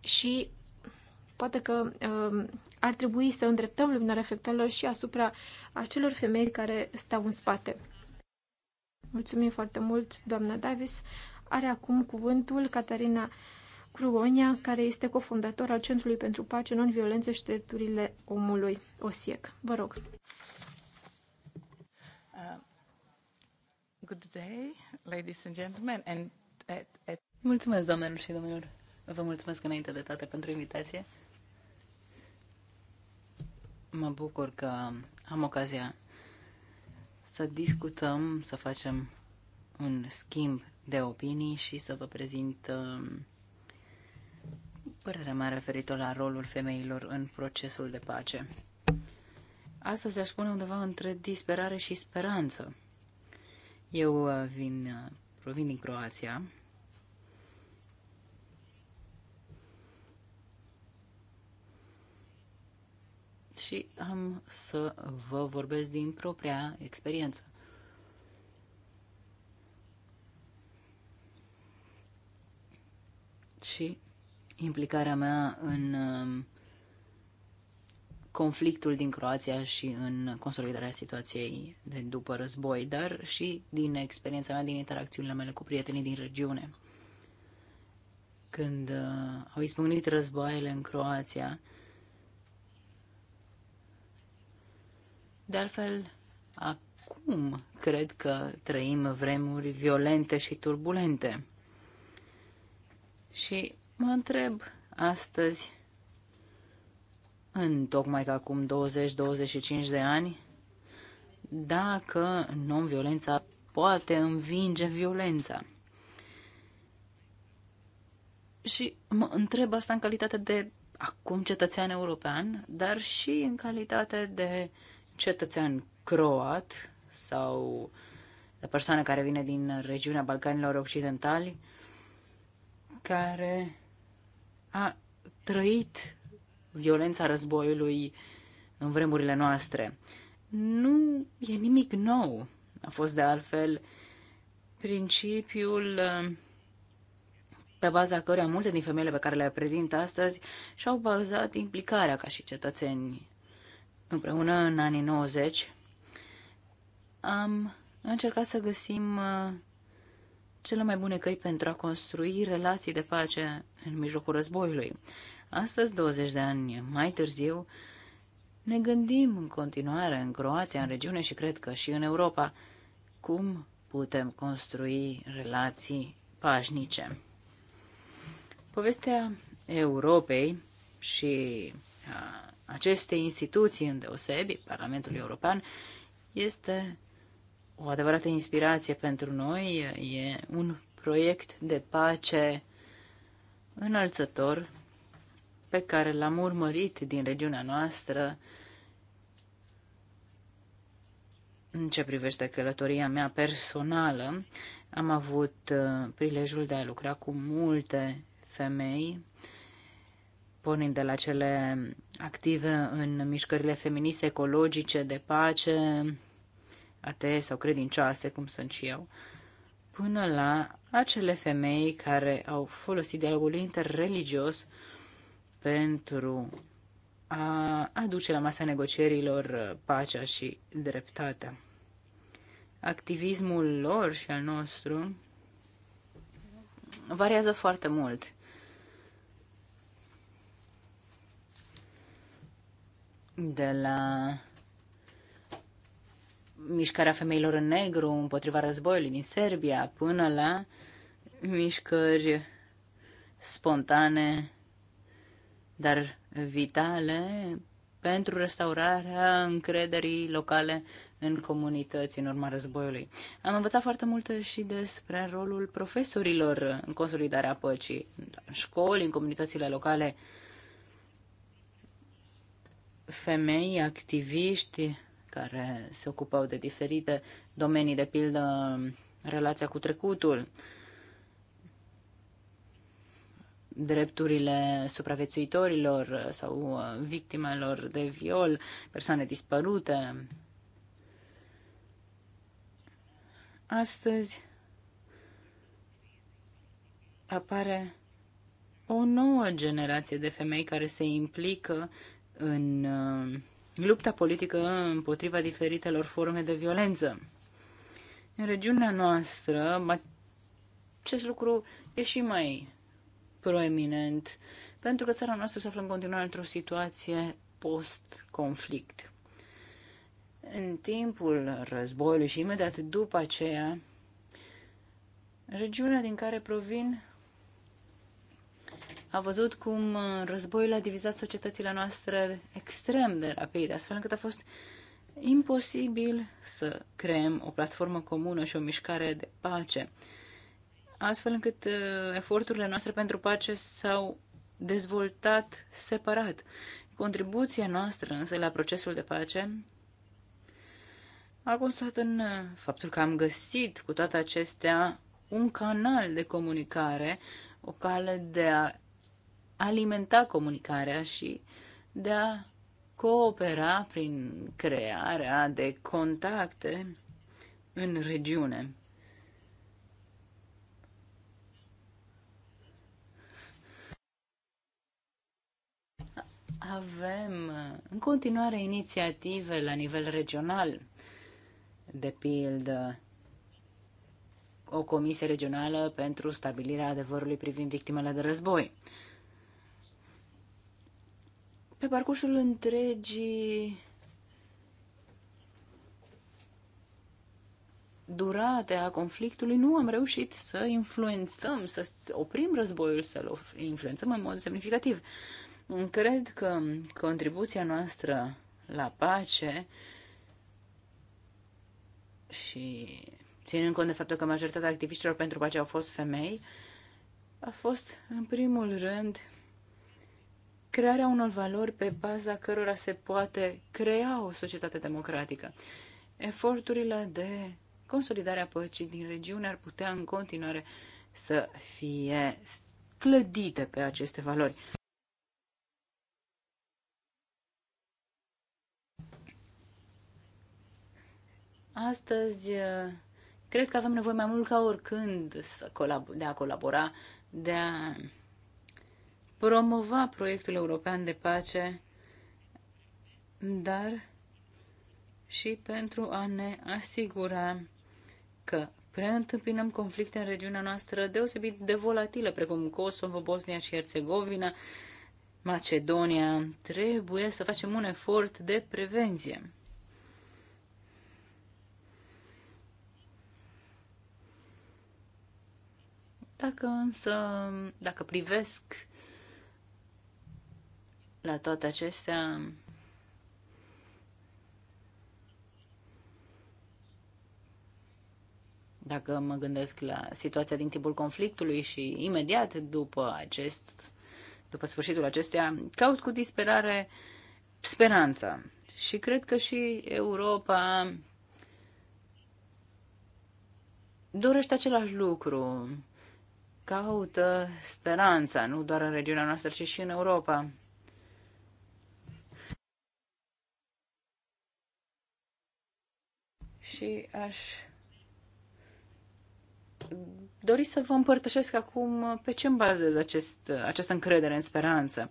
și poate că uh, ar trebui să îndreptăm lumina reflectoarelor și asupra acelor femei care stau în spate. Mulțumim foarte mult, doamna Davis. Are acum cuvântul Catarina Cruonia, care este cofondator al Centrului pentru Pace, Non-Violență și Drepturile Omului, OSIEC. Vă rog. Mulțumesc, doamnelor și domnilor. Vă mulțumesc înainte de toate pentru invitație. Mă bucur că am ocazia să discutăm, să facem un schimb de opinii și să vă prezint um, părerea mea referitor la rolul femeilor în procesul de pace. Astăzi aș spune undeva între disperare și speranță. Eu uh, vin, uh, provin din Croația. Și am să vă vorbesc din propria experiență. Și implicarea mea în um, conflictul din Croația și în consolidarea situației de după război, dar și din experiența mea, din interacțiunile mele cu prietenii din regiune. Când uh, au izbucnit războaiele în Croația, de altfel, acum cred că trăim vremuri violente și turbulente. Și mă întreb astăzi în tocmai ca acum 20-25 de ani, dacă non-violența poate învinge violența. Și mă întreb asta în calitate de acum cetățean european, dar și în calitate de cetățean croat sau de persoană care vine din regiunea Balcanilor Occidentali, care a trăit violența războiului în vremurile noastre. Nu e nimic nou. A fost de altfel principiul uh, pe baza căruia multe din femeile pe care le prezint astăzi și-au bazat implicarea ca și cetățeni. Împreună în anii 90 am încercat să găsim uh, cele mai bune căi pentru a construi relații de pace în mijlocul războiului. Astăzi, 20 de ani mai târziu, ne gândim în continuare în Croația, în regiune și cred că și în Europa, cum putem construi relații pașnice. Povestea Europei și a acestei instituții îndeosebi, Parlamentul European, este o adevărată inspirație pentru noi, e un proiect de pace înălțător pe care l-am urmărit din regiunea noastră în ce privește călătoria mea personală. Am avut uh, prilejul de a lucra cu multe femei, pornind de la cele active în mișcările feministe, ecologice, de pace, atee sau credincioase, cum sunt și eu, până la acele femei care au folosit dialogul interreligios pentru a aduce la masa negocierilor pacea și dreptatea. Activismul lor și al nostru variază foarte mult. De la mișcarea femeilor în negru împotriva războiului din Serbia până la mișcări spontane dar vitale pentru restaurarea încrederii locale în comunități în urma războiului. Am învățat foarte multe și despre rolul profesorilor în consolidarea păcii, în școli, în comunitățile locale. Femei, activiști care se ocupau de diferite domenii, de pildă relația cu trecutul, drepturile supraviețuitorilor sau uh, victimelor de viol, persoane dispărute. Astăzi apare o nouă generație de femei care se implică în uh, lupta politică împotriva diferitelor forme de violență. În regiunea noastră, acest lucru e și mai proeminent, pentru că țara noastră se află în continuare într-o situație post-conflict. În timpul războiului și imediat după aceea, regiunea din care provin a văzut cum războiul a divizat societățile noastre extrem de rapid, astfel încât a fost imposibil să creăm o platformă comună și o mișcare de pace astfel încât uh, eforturile noastre pentru pace s-au dezvoltat separat. Contribuția noastră însă la procesul de pace a constat în uh, faptul că am găsit cu toate acestea un canal de comunicare, o cale de a alimenta comunicarea și de a coopera prin crearea de contacte în regiune. avem uh, în continuare inițiative la nivel regional, de pildă o comisie regională pentru stabilirea adevărului privind victimele de război. Pe parcursul întregii durate a conflictului nu am reușit să influențăm, să oprim războiul, să-l influențăm în mod semnificativ. Cred că contribuția noastră la pace și ținând cont de faptul că majoritatea activiștilor pentru pace au fost femei, a fost, în primul rând, crearea unor valori pe baza cărora se poate crea o societate democratică. Eforturile de consolidare a păcii din regiune ar putea în continuare să fie clădite pe aceste valori. Astăzi, uh, cred că avem nevoie mai mult ca oricând să colab- de a colabora, de a promova proiectul european de pace, dar și pentru a ne asigura că preîntâmpinăm conflicte în regiunea noastră deosebit de volatile precum Kosovo, Bosnia și Herțegovina, Macedonia. Trebuie să facem un efort de prevenție. Dacă însă, dacă privesc la toate acestea, dacă mă gândesc la situația din timpul conflictului și imediat după acest, după sfârșitul acestea, caut cu disperare speranța. Și cred că și Europa dorește același lucru caută speranța, nu doar în regiunea noastră, ci și în Europa. Și aș dori să vă împărtășesc acum pe ce îmi bazez acest, această încredere în speranță.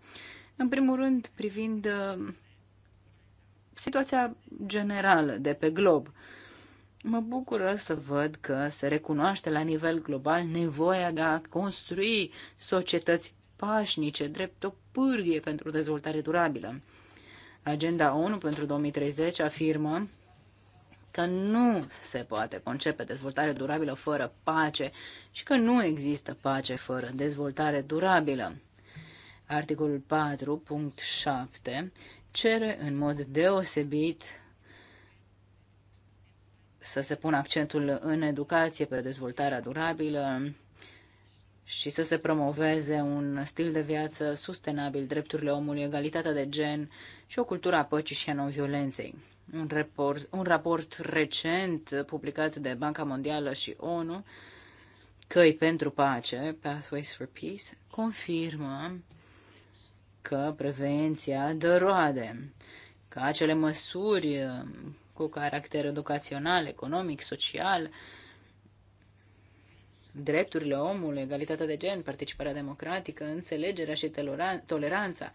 În primul rând, privind uh, situația generală de pe glob. Uh, Mă bucură să văd că se recunoaște la nivel global nevoia de a construi societăți pașnice, drept o pârghie pentru dezvoltare durabilă. Agenda ONU pentru 2030 afirmă că nu se poate concepe dezvoltare durabilă fără pace și că nu există pace fără dezvoltare durabilă. Articolul 4.7 cere în mod deosebit să se pună accentul în educație pe dezvoltarea durabilă și să se promoveze un stil de viață sustenabil, drepturile omului, egalitatea de gen și o cultură a păcii și a non-violenței. Un raport, un raport recent publicat de Banca Mondială și ONU, Căi pentru pace, Pathways for Peace, confirmă că prevenția dă roade, că acele măsuri cu caracter educațional, economic, social, drepturile omului, egalitatea de gen, participarea democratică, înțelegerea și toleranța,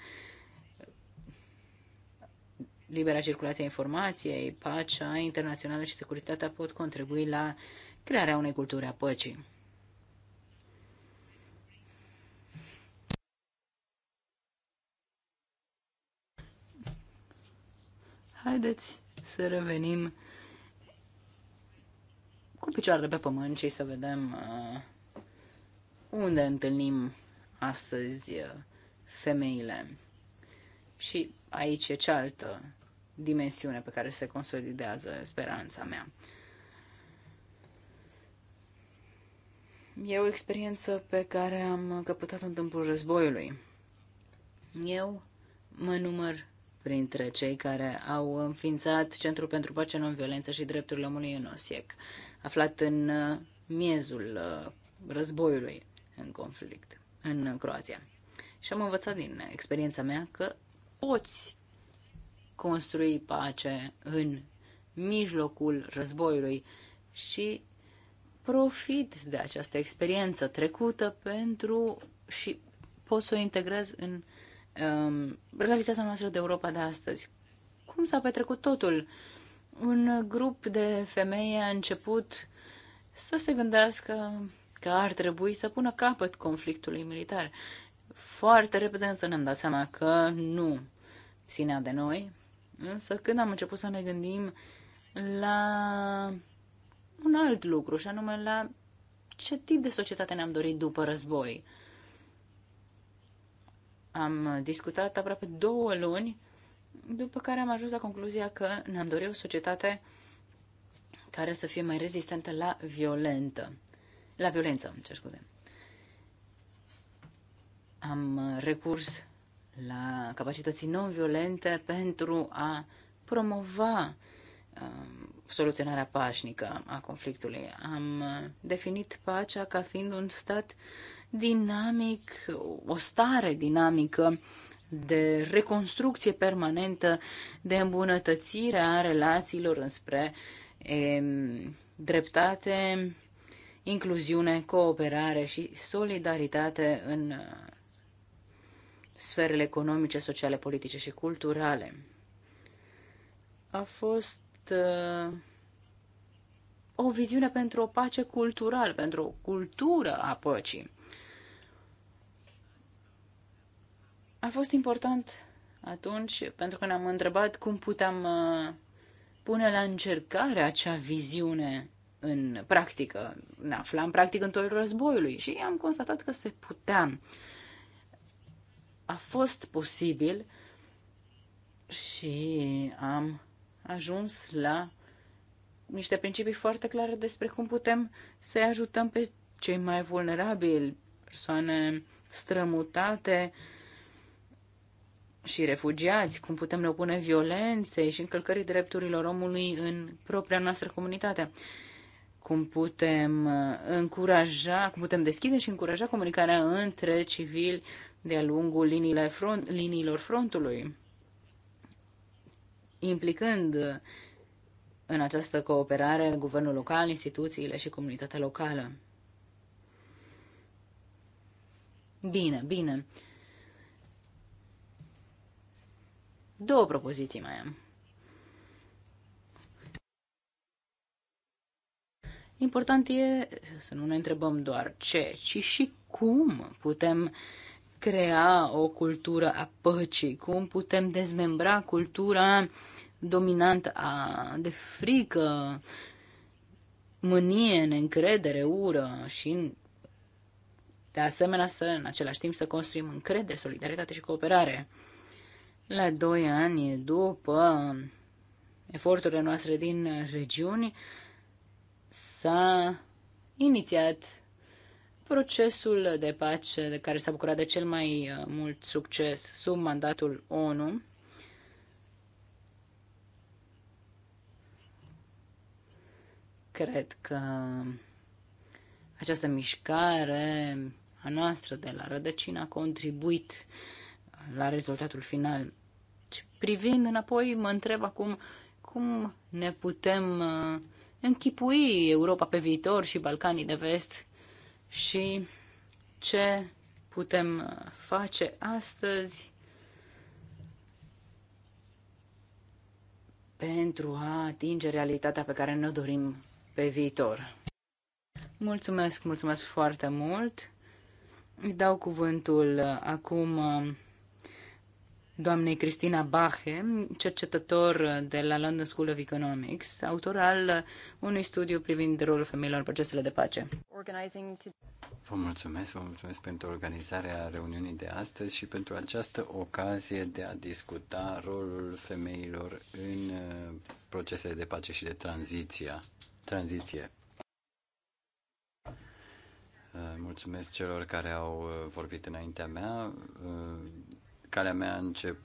libera circulație a informației, pacea internațională și securitatea pot contribui la crearea unei culturi a păcii. Haideți să revenim cu picioarele pe pământ și să vedem uh, unde întâlnim astăzi uh, femeile. Și aici e cealaltă dimensiune pe care se consolidează speranța mea. E o experiență pe care am căpătat în timpul războiului. Eu mă număr printre cei care au înființat Centrul pentru Pace, Nonviolență și Drepturile Omului în OSIEC, aflat în uh, miezul uh, războiului în conflict în Croația. Și am învățat din experiența mea că poți construi pace în mijlocul războiului și profit de această experiență trecută pentru și poți să o integrezi în uh, um, realitatea noastră de Europa de astăzi. Cum s-a petrecut totul? Un grup de femei a început să se gândească că ar trebui să pună capăt conflictului militar. Foarte repede însă ne-am dat seama că nu ținea de noi, însă când am început să ne gândim la un alt lucru, și anume la ce tip de societate ne-am dorit după război. Am discutat aproape două luni, după care am ajuns la concluzia că ne-am dorit o societate care să fie mai rezistentă la violentă. La violență, îmi cer scuze. Am recurs la capacității non-violente pentru a promova um, soluționarea pașnică a conflictului. Am definit pacea ca fiind un stat dinamic, o stare dinamică de reconstrucție permanentă, de îmbunătățire a relațiilor înspre e, dreptate, incluziune, cooperare și solidaritate în uh, sferele economice, sociale, politice și culturale. A fost uh, o viziune pentru o pace culturală, pentru o cultură a păcii. A fost important atunci pentru că ne-am întrebat cum puteam uh, pune la încercare acea viziune în practică. Ne aflam practic în toiul războiului și am constatat că se putea. A fost posibil și am ajuns la niște principii foarte clare despre cum putem să-i ajutăm pe cei mai vulnerabili, persoane strămutate, uh, și refugiați, cum putem ne opune violenței și încălcării drepturilor omului în propria noastră comunitate, cum putem uh, încuraja, cum putem deschide și încuraja comunicarea între civili de-a lungul liniile front, liniilor frontului, implicând în această cooperare guvernul local, instituțiile și comunitatea locală. Bine, bine. Două propoziții mai am. Important e să nu ne întrebăm doar ce, ci și cum putem crea o cultură a păcii, cum putem dezmembra cultura dominantă a, de frică, mânie, neîncredere, ură și de asemenea să, în același timp, să construim încredere, solidaritate și cooperare. La doi ani după eforturile noastre din regiuni, s-a inițiat procesul de pace de care s-a bucurat de cel mai uh, mult succes sub mandatul ONU. Cred că această mișcare a noastră de la rădăcină a contribuit la rezultatul final. Privind înapoi, mă întreb acum cum ne putem uh, închipui Europa pe viitor și Balcanii de vest și ce putem uh, face astăzi pentru a atinge realitatea pe care ne dorim pe viitor. Mulțumesc, mulțumesc foarte mult. Îi dau cuvântul uh, acum doamnei Cristina Bache, cercetător de la London School of Economics, autor al unui studiu privind rolul femeilor în procesele de pace. Vă mulțumesc, vă mulțumesc pentru organizarea reuniunii de astăzi și pentru această ocazie de a discuta rolul femeilor în uh, procesele de pace și de tranziția, tranziție. Uh, mulțumesc celor care au uh, vorbit înaintea mea Calea mea a, încep,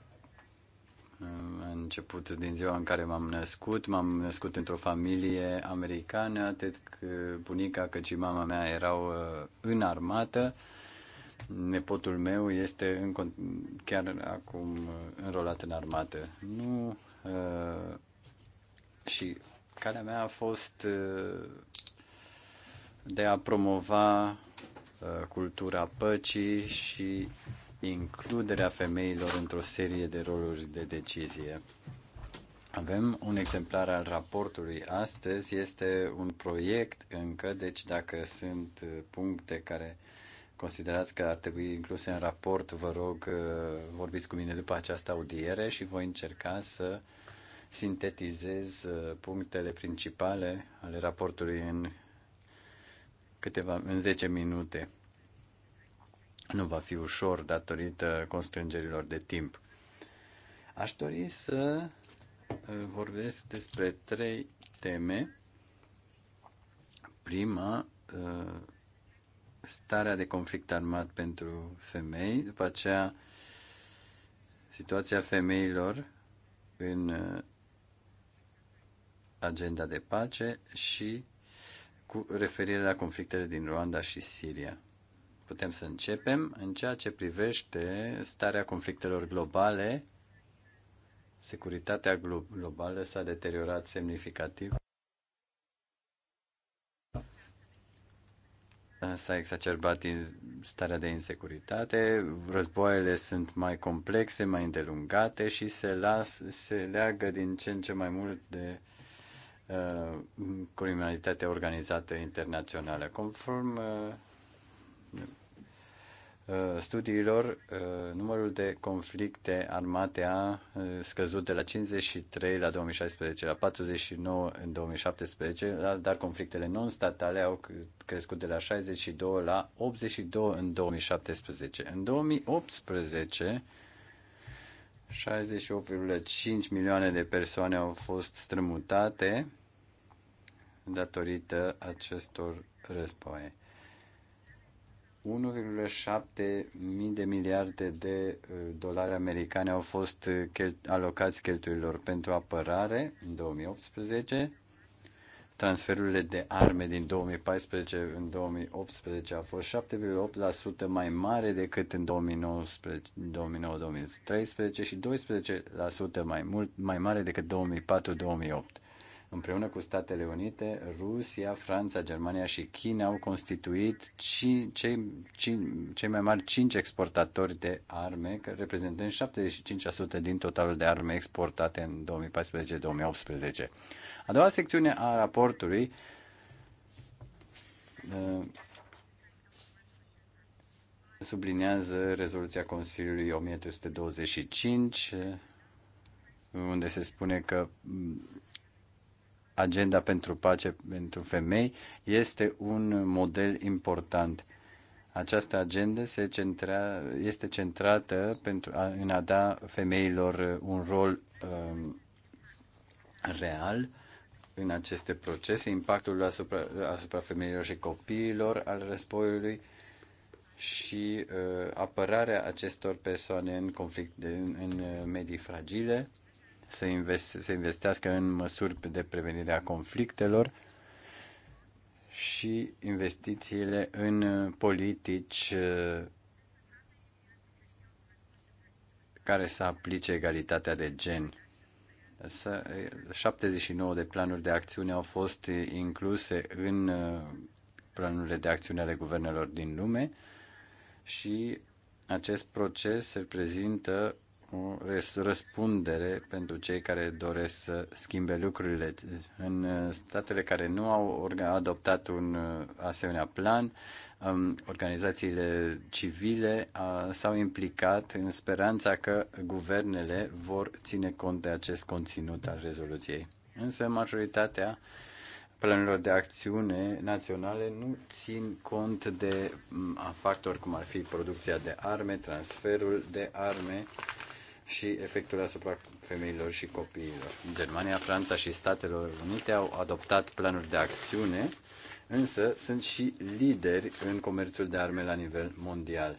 a început din ziua în care m-am născut. M-am născut într-o familie americană, atât că bunica cât și mama mea erau uh, în armată. Nepotul meu este în, chiar acum uh, înrolat în armată. Nu. Uh, și calea mea a fost uh, de a promova uh, cultura păcii și includerea femeilor într-o serie de roluri de decizie. Avem un exemplar al raportului astăzi, este un proiect încă, deci dacă sunt puncte care considerați că ar trebui incluse în raport, vă rog, uh, vorbiți cu mine după această audiere și voi încerca să sintetizez uh, punctele principale ale raportului în câteva, în 10 minute. Nu va fi ușor datorită constrângerilor de timp. Aș dori să uh, vorbesc despre trei teme. Prima, uh, starea de conflict armat pentru femei, după aceea situația femeilor în uh, agenda de pace și cu referire la conflictele din Rwanda și Siria putem să începem în ceea ce privește starea conflictelor globale. Securitatea globală s-a deteriorat semnificativ. S-a exacerbat starea de insecuritate, războaiele sunt mai complexe, mai îndelungate și se, las, se leagă din ce în ce mai mult de uh, criminalitatea organizată internațională. Conform uh, Uh, studiilor, uh, numărul de conflicte armate a uh, scăzut de la 53 la 2016 la 49 în 2017, dar conflictele non-statale au crescut de la 62 la 82 în 2017. În 2018, 68,5 milioane de persoane au fost strămutate datorită acestor războaie. 1,7 mii de miliarde de uh, dolari americani au fost uh, alocați cheltuielor pentru apărare în 2018. Transferurile de arme din 2014 în 2018 au fost 7,8% mai mare decât în 2009-2013 și 12% mai mult mai mare decât 2004-2008. Împreună cu Statele Unite, Rusia, Franța, Germania și China au constituit cei, ci, cei mai mari cinci exportatori de arme, reprezentând 75% din totalul de arme exportate în 2014-2018. A doua secțiune a raportului uh, sublinează rezoluția Consiliului 1325, unde se spune că mm, agenda pentru pace pentru femei este un model important. Această agendă se centra, este centrată pentru a, în a da femeilor uh, un rol um, real în aceste procese, impactul asupra, asupra femeilor și copiilor al războiului și uh, apărarea acestor persoane în conflict, în, în medii fragile să, investe, să investească în măsuri de prevenire a conflictelor și investițiile în politici uh, care să aplice egalitatea de gen. 79 de planuri de acțiune au fost incluse în uh, planurile de acțiune ale guvernelor din lume și acest proces reprezintă o răspundere pentru cei care doresc să schimbe lucrurile. În uh, statele care nu au adoptat un uh, asemenea plan, um, organizațiile civile uh, s-au implicat în speranța că guvernele vor ține cont de acest conținut al rezoluției. Însă majoritatea planurilor de acțiune naționale nu țin cont de mm, factori cum ar fi producția de arme, transferul de arme și efectul asupra femeilor și copiilor. Germania, Franța și Statele Unite au adoptat planuri de acțiune, însă sunt și lideri în comerțul de arme la nivel mondial.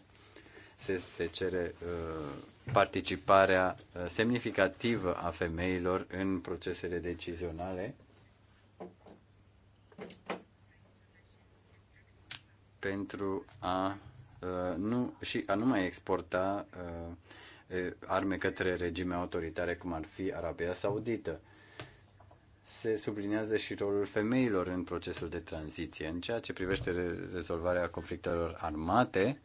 Se, se cere uh, participarea uh, semnificativă a femeilor în procesele decizionale pentru a uh, nu și a nu mai exporta uh, arme către regime autoritare, cum ar fi Arabia Saudită. Se sublinează și rolul femeilor în procesul de tranziție. În ceea ce privește rezolvarea conflictelor armate,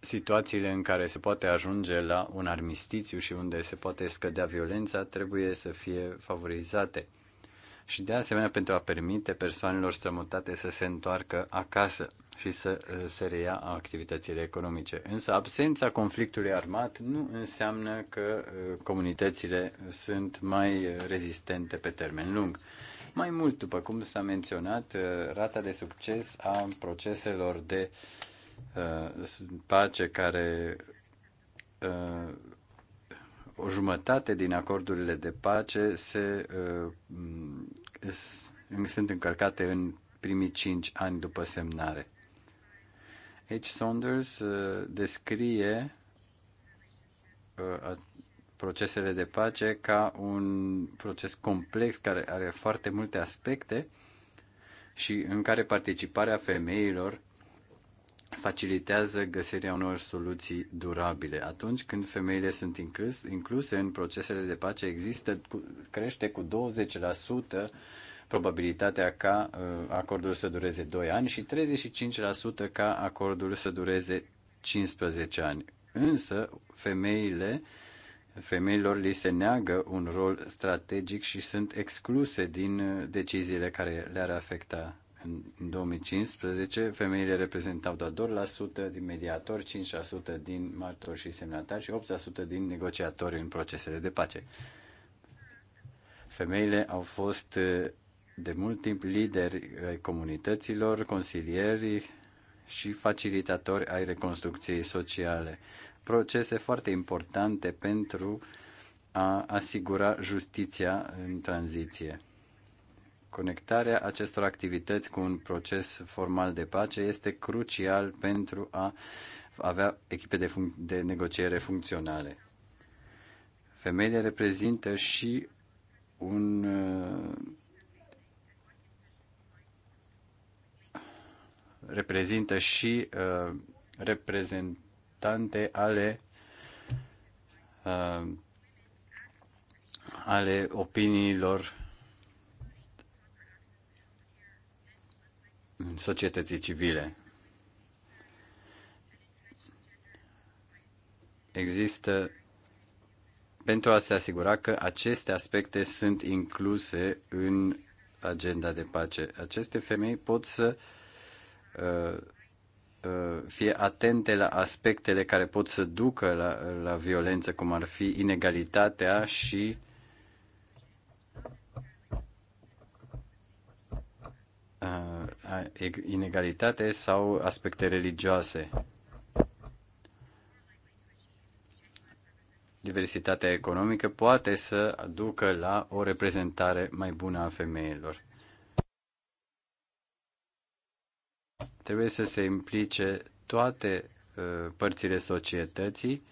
situațiile în care se poate ajunge la un armistițiu și unde se poate scădea violența trebuie să fie favorizate. Și de asemenea pentru a permite persoanelor strămutate să se întoarcă acasă și să se reia activitățile economice. Însă absența conflictului armat nu înseamnă că uh, comunitățile sunt mai uh, rezistente pe termen lung. Mai mult, după cum s-a menționat, uh, rata de succes a proceselor de pace care o jumătate din acordurile de pace se, sunt încărcate în primii cinci ani după semnare. H. Saunders uh, descrie uh, procesele de pace ca un proces complex care are foarte multe aspecte și în care participarea femeilor facilitează găsirea unor soluții durabile. Atunci când femeile sunt incluse în procesele de pace, există, crește cu 20% probabilitatea uh, ca acordul să dureze 2 ani și 35% ca acordul să dureze 15 ani. Însă, femeile femeilor li se neagă un rol strategic și sunt excluse din uh, deciziile care le-ar afecta. În 2015, femeile reprezentau doar 2% din mediatori, 5% din martori și semnatari și 8% din negociatori în procesele de pace. Femeile au fost uh, de mult timp lideri ai comunităților, consilieri și facilitatori ai reconstrucției sociale. Procese foarte importante pentru a asigura justiția în tranziție. Conectarea acestor activități cu un proces formal de pace este crucial pentru a avea echipe de, func- de negociere funcționale. Femeile reprezintă și un reprezintă și uh, reprezentante ale uh, ale opiniilor societății civile. Există pentru a se asigura că aceste aspecte sunt incluse în agenda de pace. Aceste femei pot să uh, Uh, uh, fie atente la aspectele care pot să ducă la, la violență, cum ar fi inegalitatea și uh, inegalitate sau aspecte religioase. Diversitatea economică poate să ducă la o reprezentare mai bună a femeilor. Trebuie să se implice toate uh, părțile societății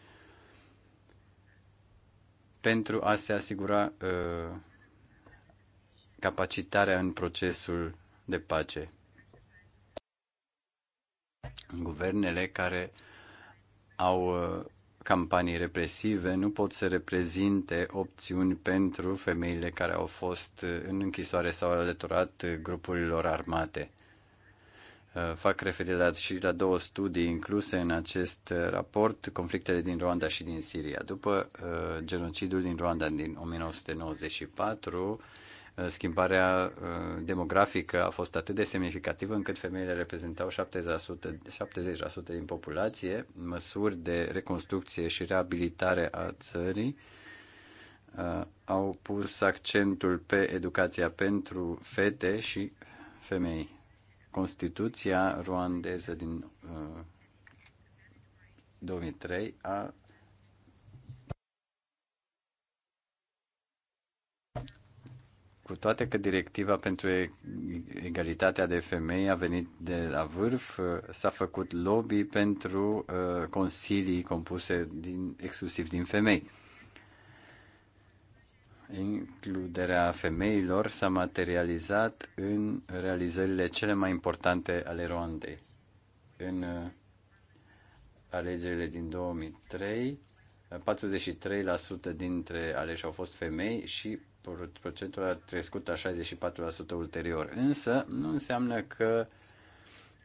pentru a se asigura uh, capacitarea în procesul de pace. Guvernele care au uh, campanii represive nu pot să reprezinte opțiuni pentru femeile care au fost în închisoare sau alăturat grupurilor armate. Uh, fac referire și la două studii incluse în acest uh, raport, conflictele din Rwanda și din Siria. După uh, genocidul din Rwanda din 1994, schimbarea demografică a fost atât de semnificativă încât femeile reprezentau 70%, 70% din populație. Măsuri de reconstrucție și reabilitare a țării au pus accentul pe educația pentru fete și femei Constituția ruandeză din uh, 2003 a cu toate că directiva pentru egalitatea de femei a venit de la vârf, uh, s-a făcut lobby pentru uh, consilii compuse din, exclusiv din femei includerea femeilor s-a materializat în realizările cele mai importante ale Rwandei. În uh, alegerile din 2003, 43% dintre aleși au fost femei și procentul a crescut la 64% ulterior. Însă nu înseamnă că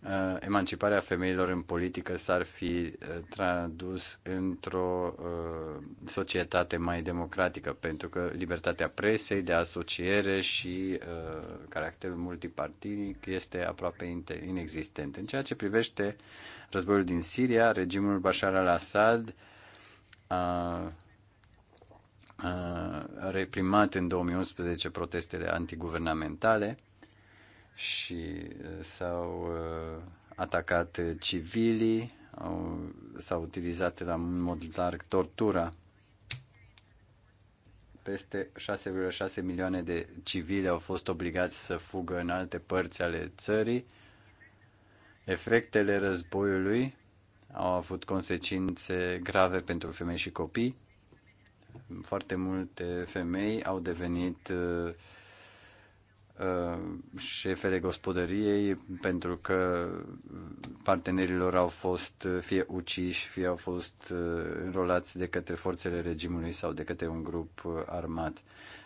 Uh, emanciparea femeilor în politică s-ar fi uh, tradus într-o uh, societate mai democratică, pentru că libertatea presei, de asociere și caracterul multipartinic este aproape inexistent. În ceea ce privește războiul din Siria, regimul Bashar al-Assad a reprimat în 2011 protestele antiguvernamentale și uh, s-au uh, atacat civilii, au, s au utilizat la un mod larg tortura. Peste 6,6 milioane de civili au fost obligați să fugă în alte părți ale țării. Efectele războiului au avut consecințe grave pentru femei și copii. Foarte multe femei au devenit uh, Uh, șefele gospodăriei pentru că partenerilor au fost uh, fie uciși, fie au fost uh, înrolați de către forțele regimului sau de către un grup armat.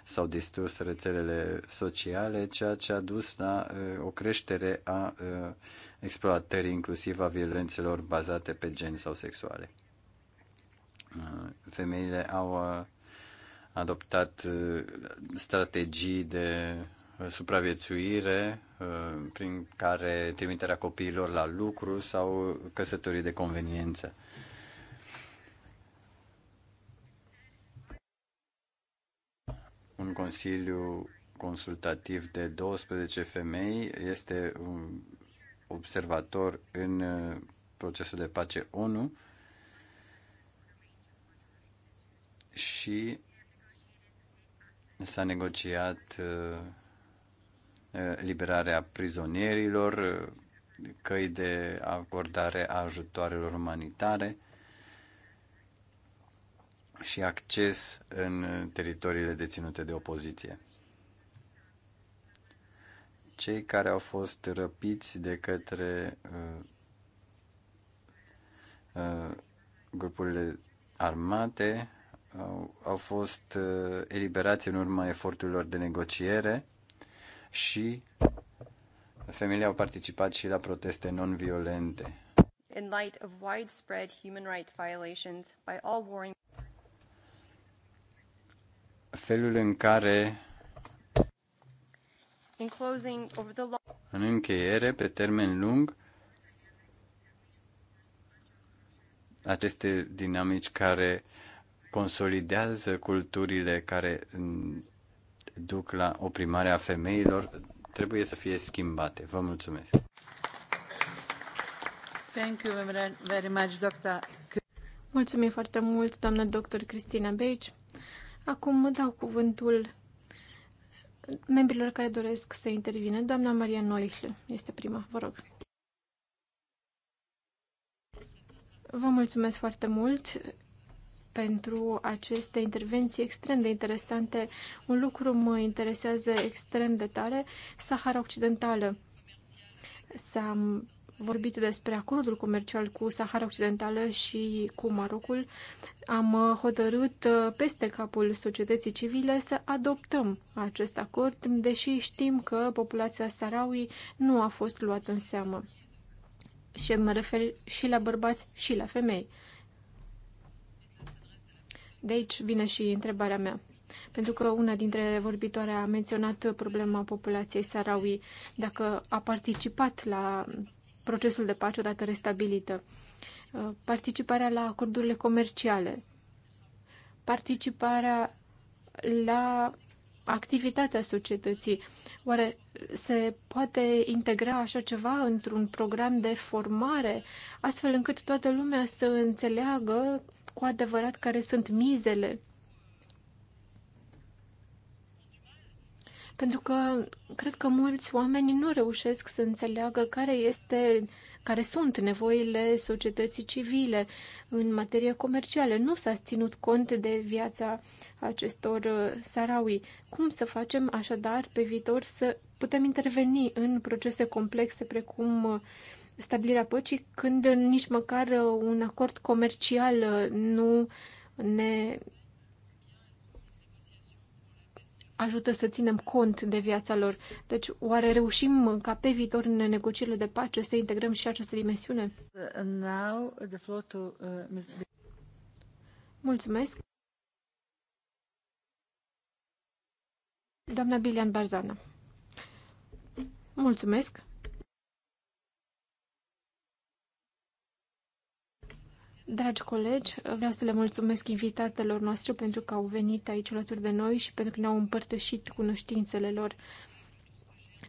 S-au distrus rețelele sociale, ceea ce a dus la o creștere a exploatării, inclusiv a violențelor bazate pe gen sau sexuale. Femeile au adoptat strategii de Uh, supraviețuire uh, prin care trimiterea copiilor la lucru sau căsătorii de conveniență. Un consiliu consultativ de 12 femei este un observator în uh, procesul de pace ONU și s-a negociat Eh, liberarea prizonierilor, eh, căi de acordare a ajutoarelor umanitare și acces în teritoriile deținute de opoziție. Cei care au fost răpiți de către uh, uh, grupurile armate au, au fost uh, eliberați în urma eforturilor de negociere și femeile au participat și la proteste non-violente. In light of widespread human rights violations by all warring felul în care în încheiere, pe termen lung, aceste dinamici care consolidează culturile care duc la oprimarea femeilor trebuie să fie schimbate. Vă mulțumesc! Thank you very much, doctor. Mulțumim foarte mult, doamnă doctor Cristina Beici. Acum dau cuvântul membrilor care doresc să intervină. Doamna Maria Noichle este prima, vă rog. Vă mulțumesc foarte mult pentru aceste intervenții extrem de interesante. Un lucru mă interesează extrem de tare, Sahara Occidentală. S-a vorbit despre acordul comercial cu Sahara Occidentală și cu Marocul. Am hotărât uh, peste capul societății civile să adoptăm acest acord, deși știm că populația Sarawi nu a fost luată în seamă. Și mă refer și la bărbați și la femei. De aici vine și întrebarea mea. Pentru că una dintre vorbitoare a menționat problema populației Sarawi, dacă a participat la procesul de pace odată restabilită, uh, participarea la acordurile comerciale, participarea la activitatea societății. Oare se poate integra așa ceva într-un program de formare, astfel încât toată lumea să înțeleagă cu adevărat care sunt mizele. Pentru că cred că mulți oameni nu reușesc să înțeleagă care este care sunt nevoile societății civile în materie comercială. Nu s-a ținut cont de viața acestor uh, sarawi. Cum să facem așadar pe viitor să putem interveni în procese complexe precum uh, stabilirea păcii când nici măcar uh, un acord comercial uh, nu ne ajută să ținem cont de viața lor. Deci, oare reușim ca pe viitor în negocierile de pace să integrăm și această dimensiune? Uh, Mulțumesc. Doamna Bilian Barzana. Mulțumesc. Dragi colegi, vreau să le mulțumesc invitatelor noastre pentru că au venit aici alături de noi și pentru că ne-au împărtășit cunoștințele lor.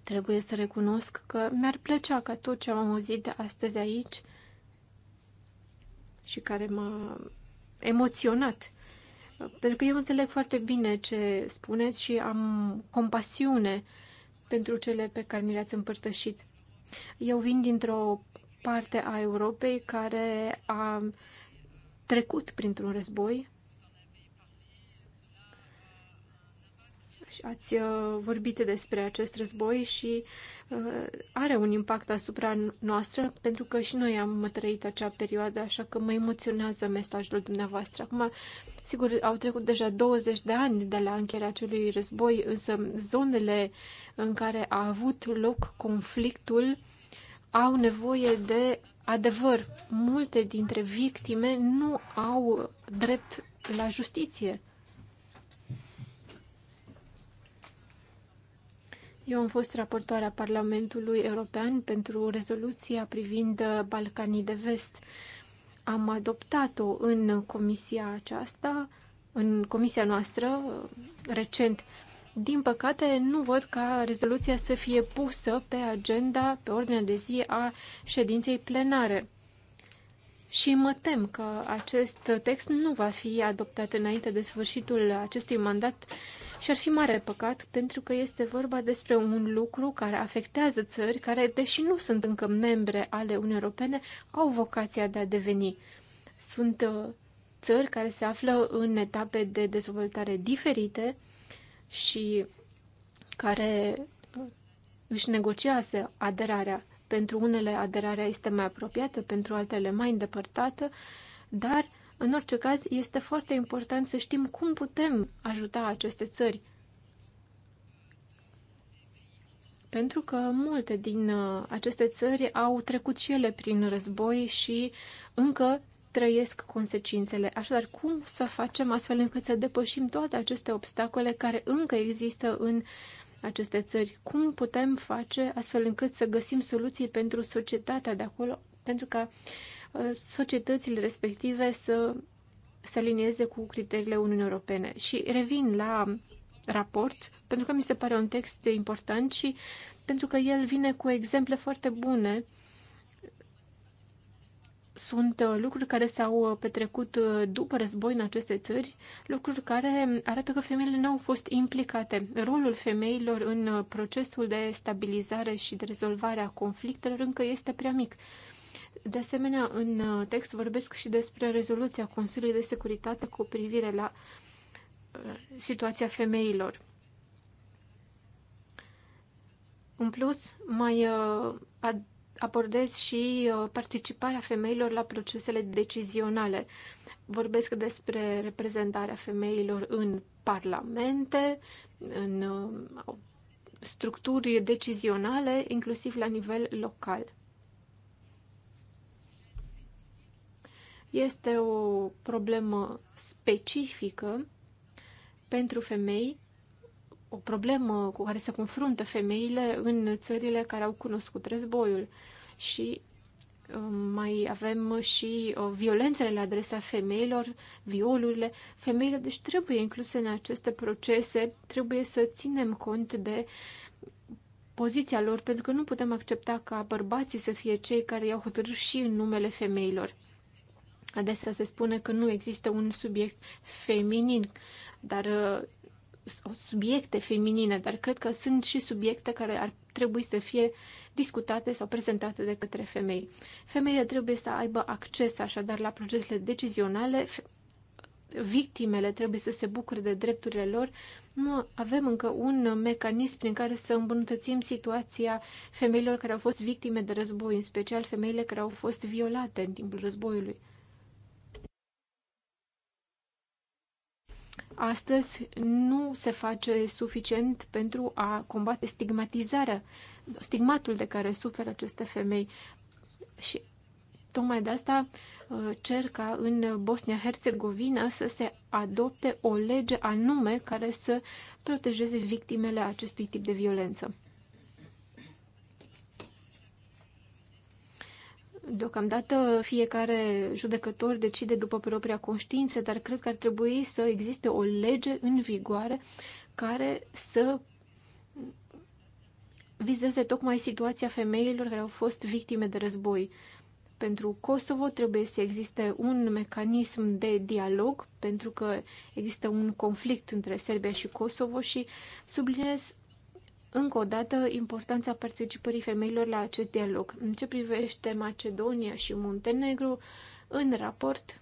Trebuie să recunosc că mi-ar plăcea ca tot ce am auzit de astăzi aici și care m-a emoționat, pentru că eu înțeleg foarte bine ce spuneți și am compasiune pentru cele pe care mi le-ați împărtășit. Eu vin dintr-o parte a Europei care a trecut printr-un război. Și ați uh, vorbit despre acest război și uh, are un impact asupra noastră, pentru că și noi am trăit acea perioadă, așa că mă emoționează mesajul dumneavoastră. Acum, sigur, au trecut deja 20 de ani de la încheierea acelui război, însă zonele în care a avut loc conflictul au nevoie de adevăr, multe dintre victime nu au drept la justiție. Eu am fost raportoarea Parlamentului European pentru rezoluția privind Balcanii de Vest. Am adoptat-o în comisia aceasta, în comisia noastră, recent. Din păcate, nu văd ca rezoluția să fie pusă pe agenda, pe ordinea de zi a ședinței plenare. Și mă tem că acest text nu va fi adoptat înainte de sfârșitul acestui mandat și ar fi mare păcat pentru că este vorba despre un lucru care afectează țări care, deși nu sunt încă membre ale Uniunii Europene, au vocația de a deveni. Sunt uh, țări care se află în etape de dezvoltare diferite, și care își negociase aderarea. Pentru unele aderarea este mai apropiată, pentru altele mai îndepărtată, dar în orice caz este foarte important să știm cum putem ajuta aceste țări. Pentru că multe din uh, aceste țări au trecut și ele prin război și încă trăiesc consecințele. Așadar, cum să facem astfel încât să depășim toate aceste obstacole care încă există în aceste țări? Cum putem face astfel încât să găsim soluții pentru societatea de acolo, pentru ca uh, societățile respective să se alinieze cu criteriile Uniunii Europene? Și revin la raport, pentru că mi se pare un text important și pentru că el vine cu exemple foarte bune uh, sunt uh, lucruri care s-au uh, petrecut uh, după război în aceste țări, lucruri care arată că femeile nu au fost implicate. Rolul femeilor în procesul de stabilizare și de rezolvare a conflictelor încă este prea mic. De asemenea, în text vorbesc și despre rezoluția Consiliului de Securitate cu privire la situația femeilor. În plus, mai abordez și uh, participarea femeilor la procesele decizionale. Vorbesc despre reprezentarea femeilor în parlamente, în uh, structuri decizionale, inclusiv la nivel local. Este o problemă specifică pentru femei o problemă cu care se confruntă femeile în țările care au cunoscut războiul. Și um, mai avem și uh, violențele la adresa femeilor, violurile. Femeile, deci, trebuie incluse în aceste procese, trebuie să ținem cont de poziția lor, pentru că nu putem accepta ca bărbații să fie cei care iau hotărâri și în numele femeilor. Adesea se spune că nu există un subiect feminin, dar uh, subiecte feminine, dar cred că sunt și subiecte care ar trebui să fie discutate sau prezentate de către femei. Femeile trebuie să aibă acces așadar la procesele decizionale, victimele trebuie să se bucure de drepturile lor. Nu avem încă un mecanism prin care să îmbunătățim situația femeilor care au fost victime de război, în special femeile care au fost violate în timpul războiului. Astăzi nu se face suficient pentru a combate stigmatizarea, stigmatul de care suferă aceste femei. Și tocmai de asta uh, cer ca în Bosnia-Herzegovina să se adopte o lege anume care să protejeze victimele acestui tip de violență. Deocamdată fiecare judecător decide după propria conștiință, dar cred că ar trebui să existe o lege în vigoare care să vizeze tocmai situația femeilor care au fost victime de război. Pentru Kosovo trebuie să existe un mecanism de dialog, pentru că există un conflict între Serbia și Kosovo și subliniez încă o dată, importanța participării femeilor la acest dialog. În ce privește Macedonia și Muntenegru, în raport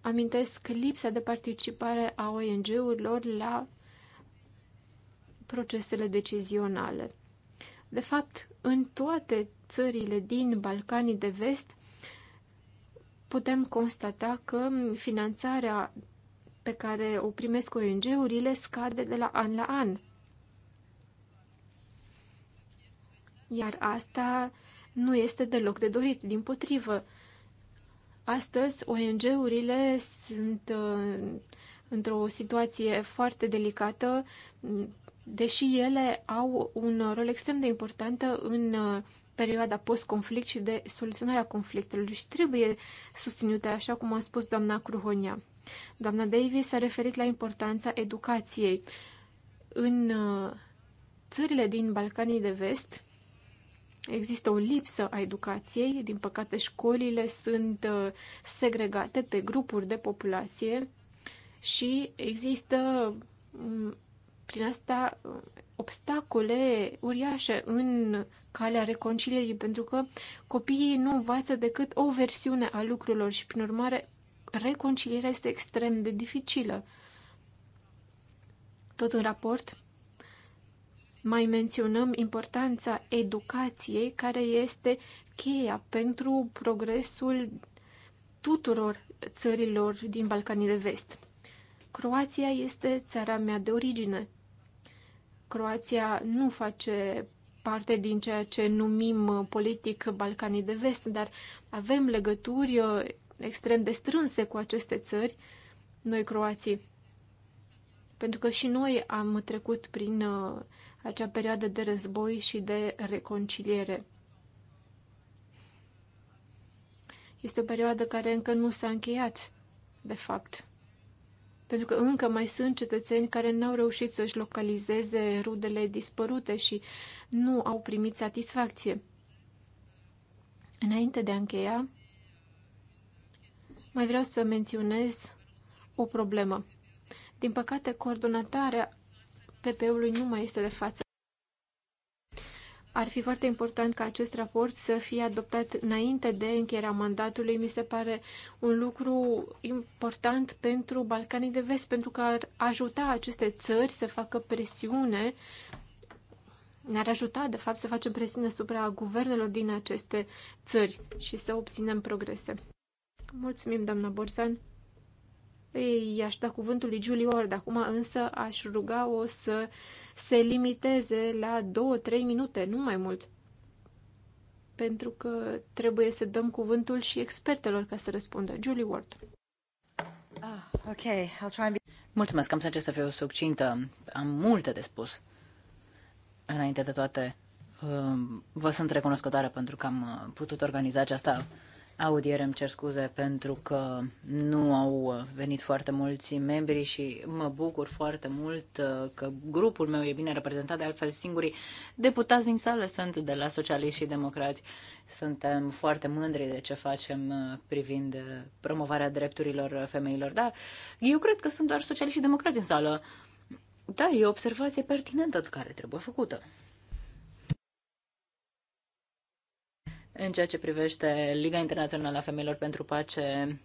amintesc lipsa de participare a ONG-urilor la procesele decizionale. De fapt, în toate țările din Balcanii de Vest putem constata că finanțarea pe care o primesc ONG-urile scade de la an la an. Iar asta nu este deloc de dorit, din potrivă. Astăzi, ONG-urile sunt uh, într-o situație foarte delicată, deși ele au un rol extrem de important în uh, perioada post-conflict și de soluționarea conflictelor și trebuie susținute, așa cum a spus doamna Cruhonia. Doamna Davis s-a referit la importanța educației. În uh, țările din Balcanii de Vest, Există o lipsă a educației, din păcate școlile sunt uh, segregate pe grupuri de populație și există mm, prin asta obstacole uriașe în calea reconcilierii, pentru că copiii nu învață decât o versiune a lucrurilor și, prin urmare, reconcilierea este extrem de dificilă. Tot în raport, mai menționăm importanța educației, care este cheia pentru progresul tuturor țărilor din Balcanii de Vest. Croația este țara mea de origine. Croația nu face parte din ceea ce numim uh, politic Balcanii de Vest, dar avem legături uh, extrem de strânse cu aceste țări, noi croații. Pentru că și noi am trecut prin uh, acea perioadă de război și de reconciliere. Este o perioadă care încă nu s-a încheiat, de fapt. Pentru că încă mai sunt cetățeni care n-au reușit să-și localizeze rudele dispărute și nu au primit satisfacție. Înainte de a încheia, mai vreau să menționez o problemă. Din păcate, coordonatarea PP-ului nu mai este de față. Ar fi foarte important ca acest raport să fie adoptat înainte de încheierea mandatului. Mi se pare un lucru important pentru Balcanii de Vest, pentru că ar ajuta aceste țări să facă presiune, ne-ar ajuta, de fapt, să facem presiune asupra guvernelor din aceste țări și să obținem progrese. Mulțumim, doamna Borzan i-aș da cuvântul lui Julie Ward. Acum însă aș ruga-o să se limiteze la două trei minute, nu mai mult. Pentru că trebuie să dăm cuvântul și expertelor ca să răspundă. Julie Ward. Ah, ok, I'll try and be... Mulțumesc, am să încerc să fiu succintă. Am multe de spus. Înainte de toate, um, vă sunt recunoscătoare pentru că am uh, putut organiza aceasta audiere, îmi cer scuze pentru că nu au venit foarte mulți membri și mă bucur foarte mult uh, că grupul meu e bine reprezentat, de altfel singurii deputați din sală sunt de la socialiști și democrați. Suntem foarte mândri de ce facem uh, privind uh, promovarea drepturilor femeilor, dar eu cred că sunt doar socialiști și democrați în sală. Da, e o observație pertinentă care trebuie făcută. În ceea ce privește Liga Internațională a Femeilor pentru Pace,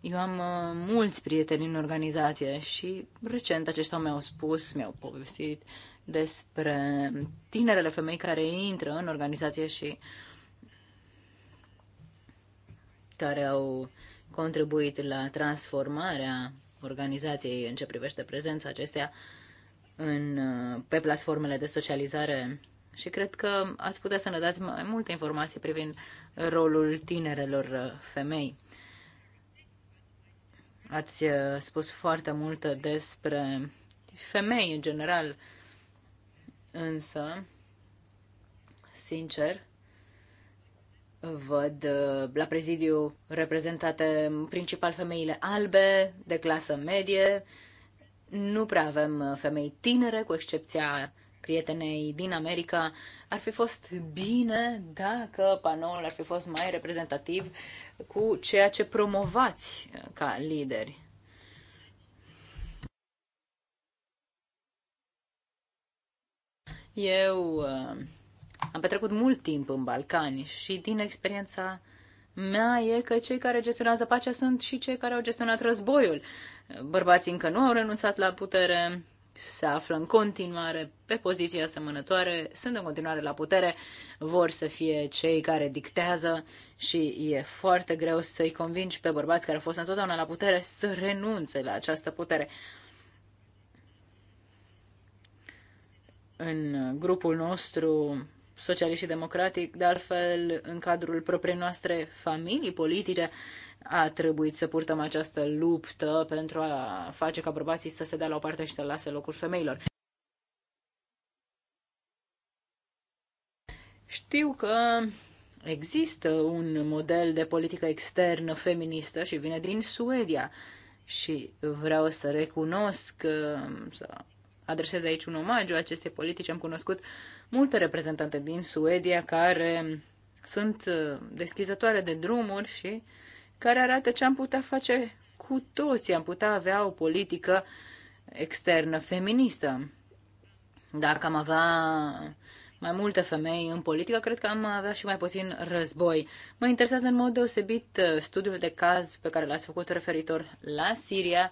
eu am uh, mulți prieteni în organizație și recent aceștia mi-au spus, mi-au povestit despre tinerele femei care intră în organizație și care au contribuit la transformarea organizației în ce privește prezența acestea în, uh, pe platformele de socializare și cred că ați putea să ne dați mai multe informații privind rolul tinerelor uh, femei. Ați uh, spus foarte multe despre femei în general, însă, sincer, văd uh, la prezidiu reprezentate principal femeile albe, de clasă medie. Nu prea avem femei tinere, cu excepția prietenei din America, ar fi fost bine dacă panoul ar fi fost mai reprezentativ cu ceea ce promovați ca lideri. Eu uh, am petrecut mult timp în Balcani și din experiența mea e că cei care gestionează pacea sunt și cei care au gestionat războiul. Bărbații încă nu au renunțat la putere, se află în continuare pe poziții asemănătoare, sunt în continuare la putere, vor să fie cei care dictează și e foarte greu să-i convingi pe bărbați care au fost întotdeauna la putere să renunțe la această putere. În grupul nostru socialist și democratic, de altfel în cadrul propriei noastre familii politice, a trebuit să purtăm această luptă pentru a face ca bărbații să se dea la o parte și să lase locul femeilor. Știu că există un model de politică externă feministă și vine din Suedia și vreau să recunosc, să adresez aici un omagiu acestei politici. Am cunoscut multe reprezentante din Suedia care sunt deschizătoare de drumuri și uh, care arată ce am putea face cu toții. Am putea avea o politică externă feministă. Dacă am avea mai multe femei în politică, cred că am avea și mai puțin război. Mă interesează în mod deosebit uh, studiul de caz pe care l-ați făcut referitor la Siria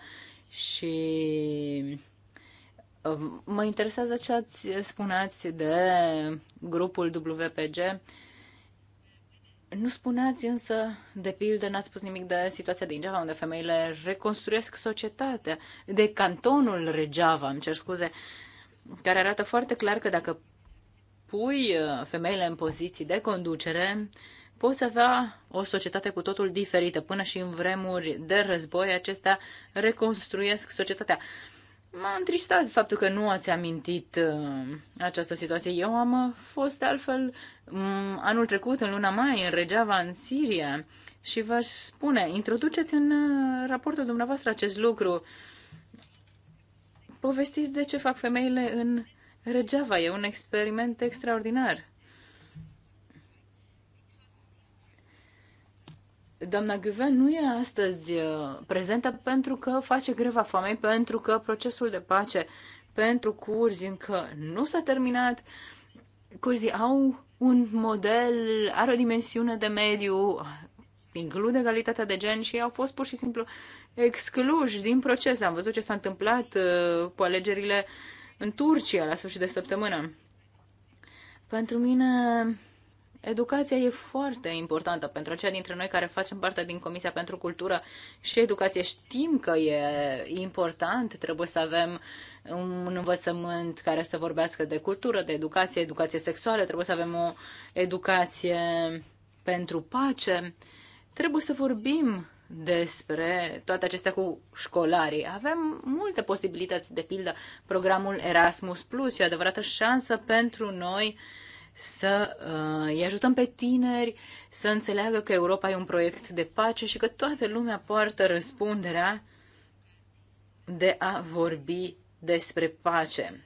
și uh, mă interesează ce ați spuneați de grupul WPG nu spuneați însă, de pildă, n-ați spus nimic de situația din Java, unde femeile reconstruiesc societatea, de cantonul Regeava, îmi cer scuze, care arată foarte clar că dacă pui uh, femeile în poziții de conducere, poți avea o societate cu totul diferită. Până și în vremuri de război, acestea reconstruiesc societatea. M-a întristat faptul că nu ați amintit uh, această situație. Eu am uh, fost de altfel um, anul trecut, în luna mai, în Regeava, în Siria și vă spune, introduceți în uh, raportul dumneavoastră acest lucru. Povestiți de ce fac femeile în Regeava. E un experiment extraordinar. Doamna Guven nu e astăzi uh, prezentă pentru că face greva foamei, pentru că procesul de pace pentru curzi încă nu s-a terminat. Curzii au un model, are o dimensiune de mediu, include egalitatea de gen și au fost pur și simplu excluși din proces. Am văzut ce s-a întâmplat uh, cu alegerile în Turcia la sfârșit de săptămână. Pentru mine, Educația e foarte importantă pentru aceia dintre noi care facem parte din Comisia pentru Cultură și Educație. Știm că e important, trebuie să avem un învățământ care să vorbească de cultură, de educație, educație sexuală, trebuie să avem o educație pentru pace. Trebuie să vorbim despre toate acestea cu școlarii. Avem multe posibilități, de pildă, programul Erasmus Plus e o adevărată șansă pentru noi uh, să uh, îi ajutăm pe tineri să înțeleagă că Europa e un proiect de pace și că toată lumea poartă răspunderea de a vorbi despre pace.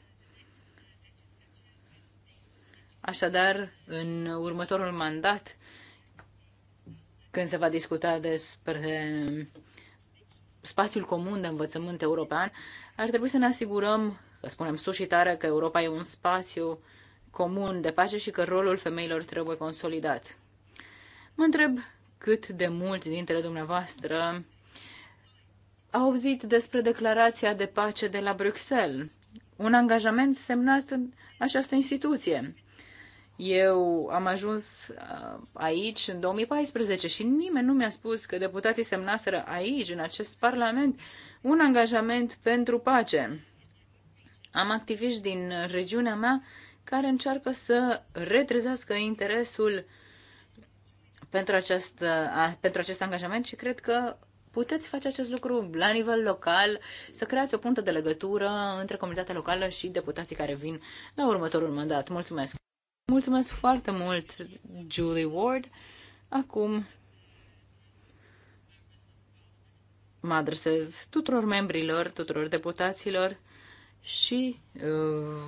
Așadar, în următorul mandat, când se va discuta despre spațiul comun de învățământ european, ar trebui să ne asigurăm, că spunem sus și tare, că Europa e un spațiu comun de pace și că rolul femeilor trebuie consolidat. Mă întreb cât de mulți dintre dumneavoastră au auzit despre declarația de pace de la Bruxelles, un angajament semnat în această instituție. Eu am ajuns uh, aici în 2014 și nimeni nu mi-a spus că deputații semnaseră aici, în acest parlament, un angajament pentru pace. Am activiști din regiunea mea care încearcă să retrezească interesul pentru acest, pentru acest angajament și cred că puteți face acest lucru la nivel local, să creați o puntă de legătură între comunitatea locală și deputații care vin la următorul mandat. Mulțumesc! Mulțumesc foarte mult, Julie Ward. Acum mă adresez tuturor membrilor, tuturor deputaților și uh,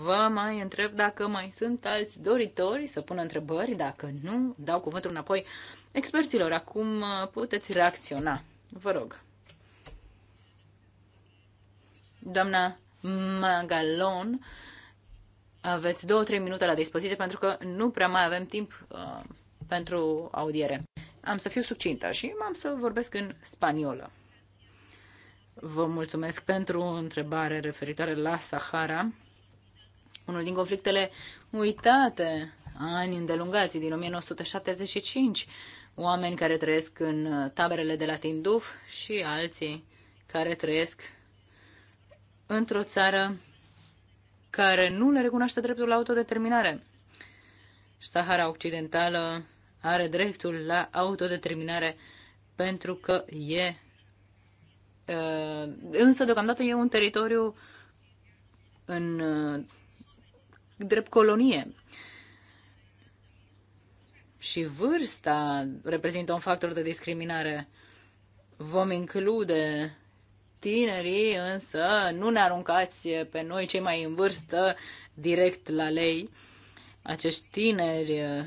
vă mai întreb dacă mai sunt alți doritori să pună întrebări. Dacă nu, dau cuvântul înapoi experților. Acum uh, puteți reacționa. Vă rog. Doamna Magalon, aveți două, trei minute la dispoziție pentru că nu prea mai avem timp uh, pentru audiere. Am să fiu succintă și am să vorbesc în spaniolă. Vă mulțumesc pentru o întrebare referitoare la Sahara, unul din conflictele uitate, ani îndelungați, din 1975, oameni care trăiesc în taberele de la Tinduf și alții care trăiesc într-o țară care nu le recunoaște dreptul la autodeterminare. Sahara Occidentală are dreptul la autodeterminare pentru că e Uh, însă, deocamdată, e un teritoriu în uh, drept colonie. Și vârsta reprezintă un factor de discriminare. Vom include tinerii, însă nu ne aruncați pe noi, cei mai în vârstă, direct la lei. Acești tineri uh,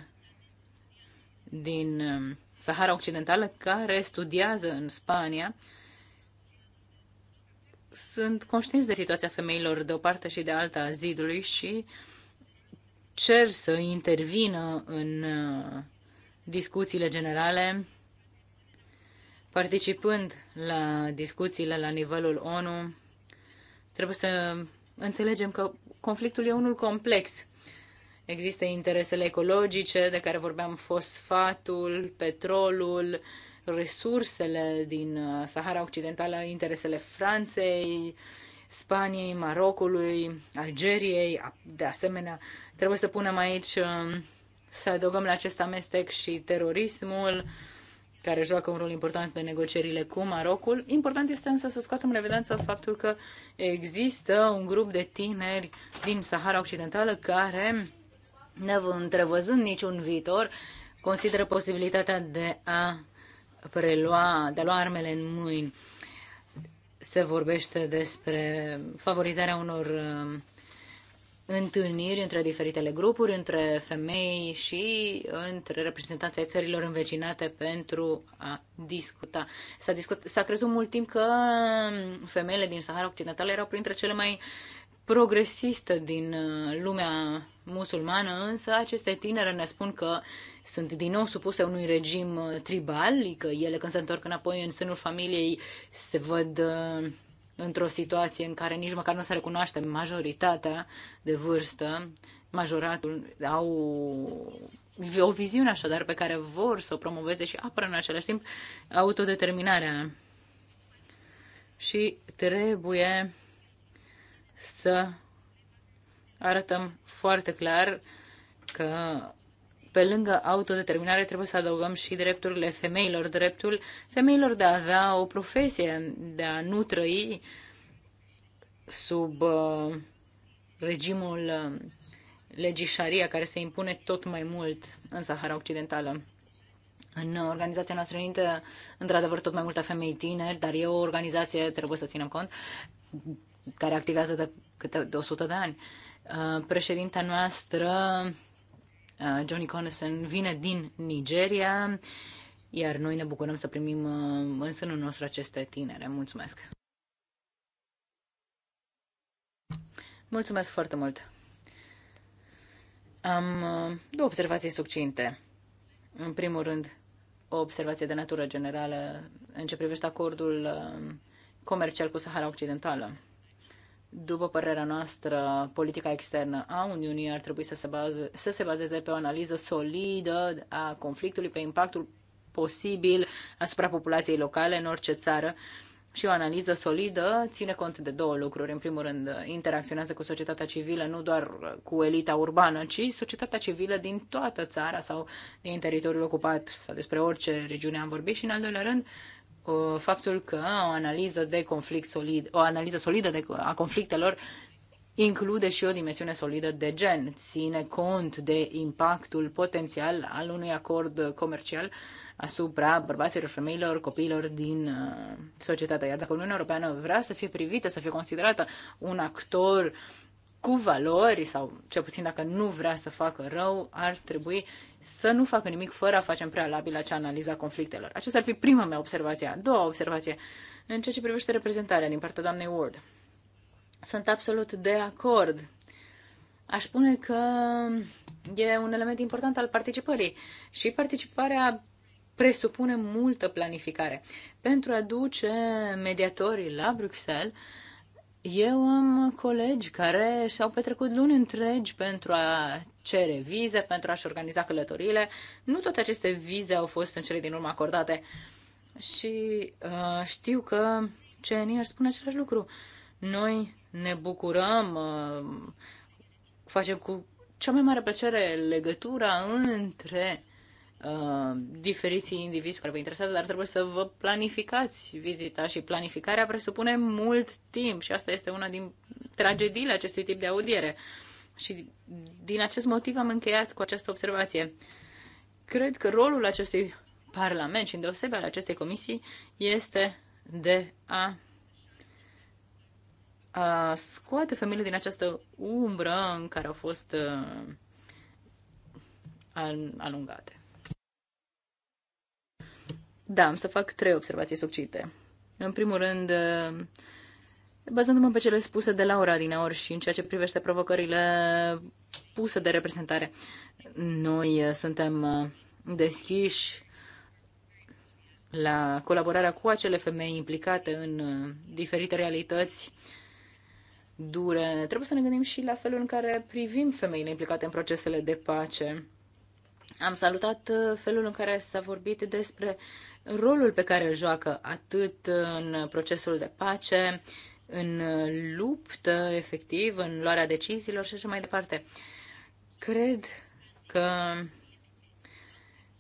din Sahara Occidentală care studiază în Spania sunt conștienți de situația femeilor de o parte și de alta a zidului și cer să intervină în uh, discuțiile generale, participând la discuțiile la nivelul ONU. Trebuie să înțelegem că conflictul e unul complex. Există interesele ecologice de care vorbeam, fosfatul, petrolul, uh, resursele din uh, Sahara Occidentală, interesele Franței, Spaniei, Marocului, Algeriei. De asemenea, trebuie să punem aici, uh, să adăugăm la acest amestec și terorismul, care joacă un rol important în negocierile cu Marocul. Important este însă să scoatem în evidență faptul că există un grup de tineri din Sahara Occidentală care, întrevăzând niciun viitor, consideră posibilitatea de a prelua, de a lua armele în mâini. Se vorbește despre favorizarea unor um, întâlniri între diferitele grupuri, între femei și între reprezentanții țărilor învecinate pentru a discuta. S-a, discut, s-a crezut mult timp că um, femeile din Sahara Occidentală erau printre cele mai progresiste din uh, lumea musulmană, însă aceste tinere ne spun că sunt din nou supuse unui regim uh, tribal, că ele când se întorc înapoi în sânul familiei se văd uh, într-o situație în care nici măcar nu se recunoaște majoritatea de vârstă, majoratul, au o viziune așadar pe care vor să o promoveze și apără în același timp autodeterminarea. Și trebuie să arătăm foarte clar că pe lângă autodeterminare trebuie să adăugăm și drepturile femeilor, dreptul femeilor de a avea o profesie, de a nu trăi sub uh, regimul uh, legii Sharia care se impune tot mai mult în Sahara Occidentală. În organizația noastră unită, într-adevăr, tot mai multe femei tineri, dar e o organizație, trebuie să ținem cont, care activează de câte de 100 de ani. Uh, Uh, președinta noastră, uh, Johnny Connison, vine din Nigeria, iar noi ne bucurăm să primim uh, în sânul nostru aceste tinere. Mulțumesc! Mulțumesc foarte mult! Am două observații succinte. În primul rând, o observație de natură generală în ce privește acordul comercial cu Sahara Occidentală. După părerea noastră, politica externă a Uniunii ar trebui să se, baze, să se bazeze pe o analiză solidă a conflictului, pe impactul posibil asupra populației locale în orice țară și o analiză solidă ține cont de două lucruri. În primul rând, interacționează cu societatea civilă, nu doar cu elita urbană, ci societatea civilă din toată țara sau din teritoriul ocupat sau despre orice regiune am vorbit și, în al doilea rând, Uh, faptul că o analiză de conflict solid, o analiză solidă de, a conflictelor include și o dimensiune solidă de gen, ține cont de impactul potențial al unui acord comercial asupra bărbaților, femeilor, copiilor din societatea, uh, societate. Iar dacă Uniunea Europeană vrea să fie privită, să fie considerată un actor cu valori sau cel puțin dacă nu vrea să facă rău, ar trebui să nu facă nimic fără a face în prealabil acea analiza conflictelor. Aceasta ar fi prima mea observație. A doua observație, în ceea ce privește reprezentarea din partea doamnei Ward. Sunt absolut de acord. Aș spune că e un element important al participării și participarea presupune multă planificare. Pentru a duce mediatorii la Bruxelles, eu am colegi care și-au petrecut luni întregi pentru a cere vize, pentru a-și organiza călătorile. Nu toate aceste vize au fost în cele din urmă acordate. Și uh, știu că CNI spune același lucru. Noi ne bucurăm, uh, facem cu cea mai mare plăcere legătura între Uh, diferiții indivizi care vă interesează, dar trebuie să vă planificați vizita și planificarea presupune mult timp și asta este una din tragediile acestui tip de audiere. Și din acest motiv am încheiat cu această observație. Cred că rolul acestui Parlament și îndeosebe al acestei comisii este de a, a scoate femeile din această umbră în care au fost uh, alungate. Da, am să fac trei observații succinte. În primul rând, uh, bazându-mă pe cele spuse de Laura din aur și în ceea ce privește provocările puse de reprezentare, noi uh, suntem uh, deschiși la colaborarea cu acele femei implicate în diferite realități dure. Trebuie să ne gândim și la felul în care privim femeile implicate în procesele de pace. Am salutat uh, felul în care s-a vorbit despre rolul pe care îl joacă atât în procesul de pace, în luptă efectiv, în luarea deciziilor și așa mai departe. Cred că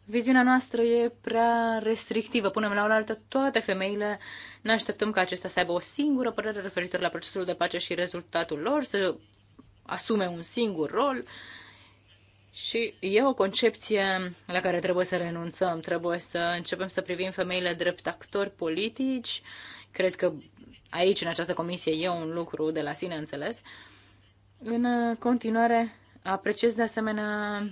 viziunea noastră e prea restrictivă. Punem la oaltă toate femeile, ne așteptăm ca acestea să aibă o singură părere referitor la procesul de pace și rezultatul lor, să asume un singur rol. Uh, și e o concepție la care trebuie să renunțăm. Trebuie să începem să privim femeile drept actori politici. Cred că aici, în această comisie, e un lucru de la sine înțeles. În continuare, apreciez de asemenea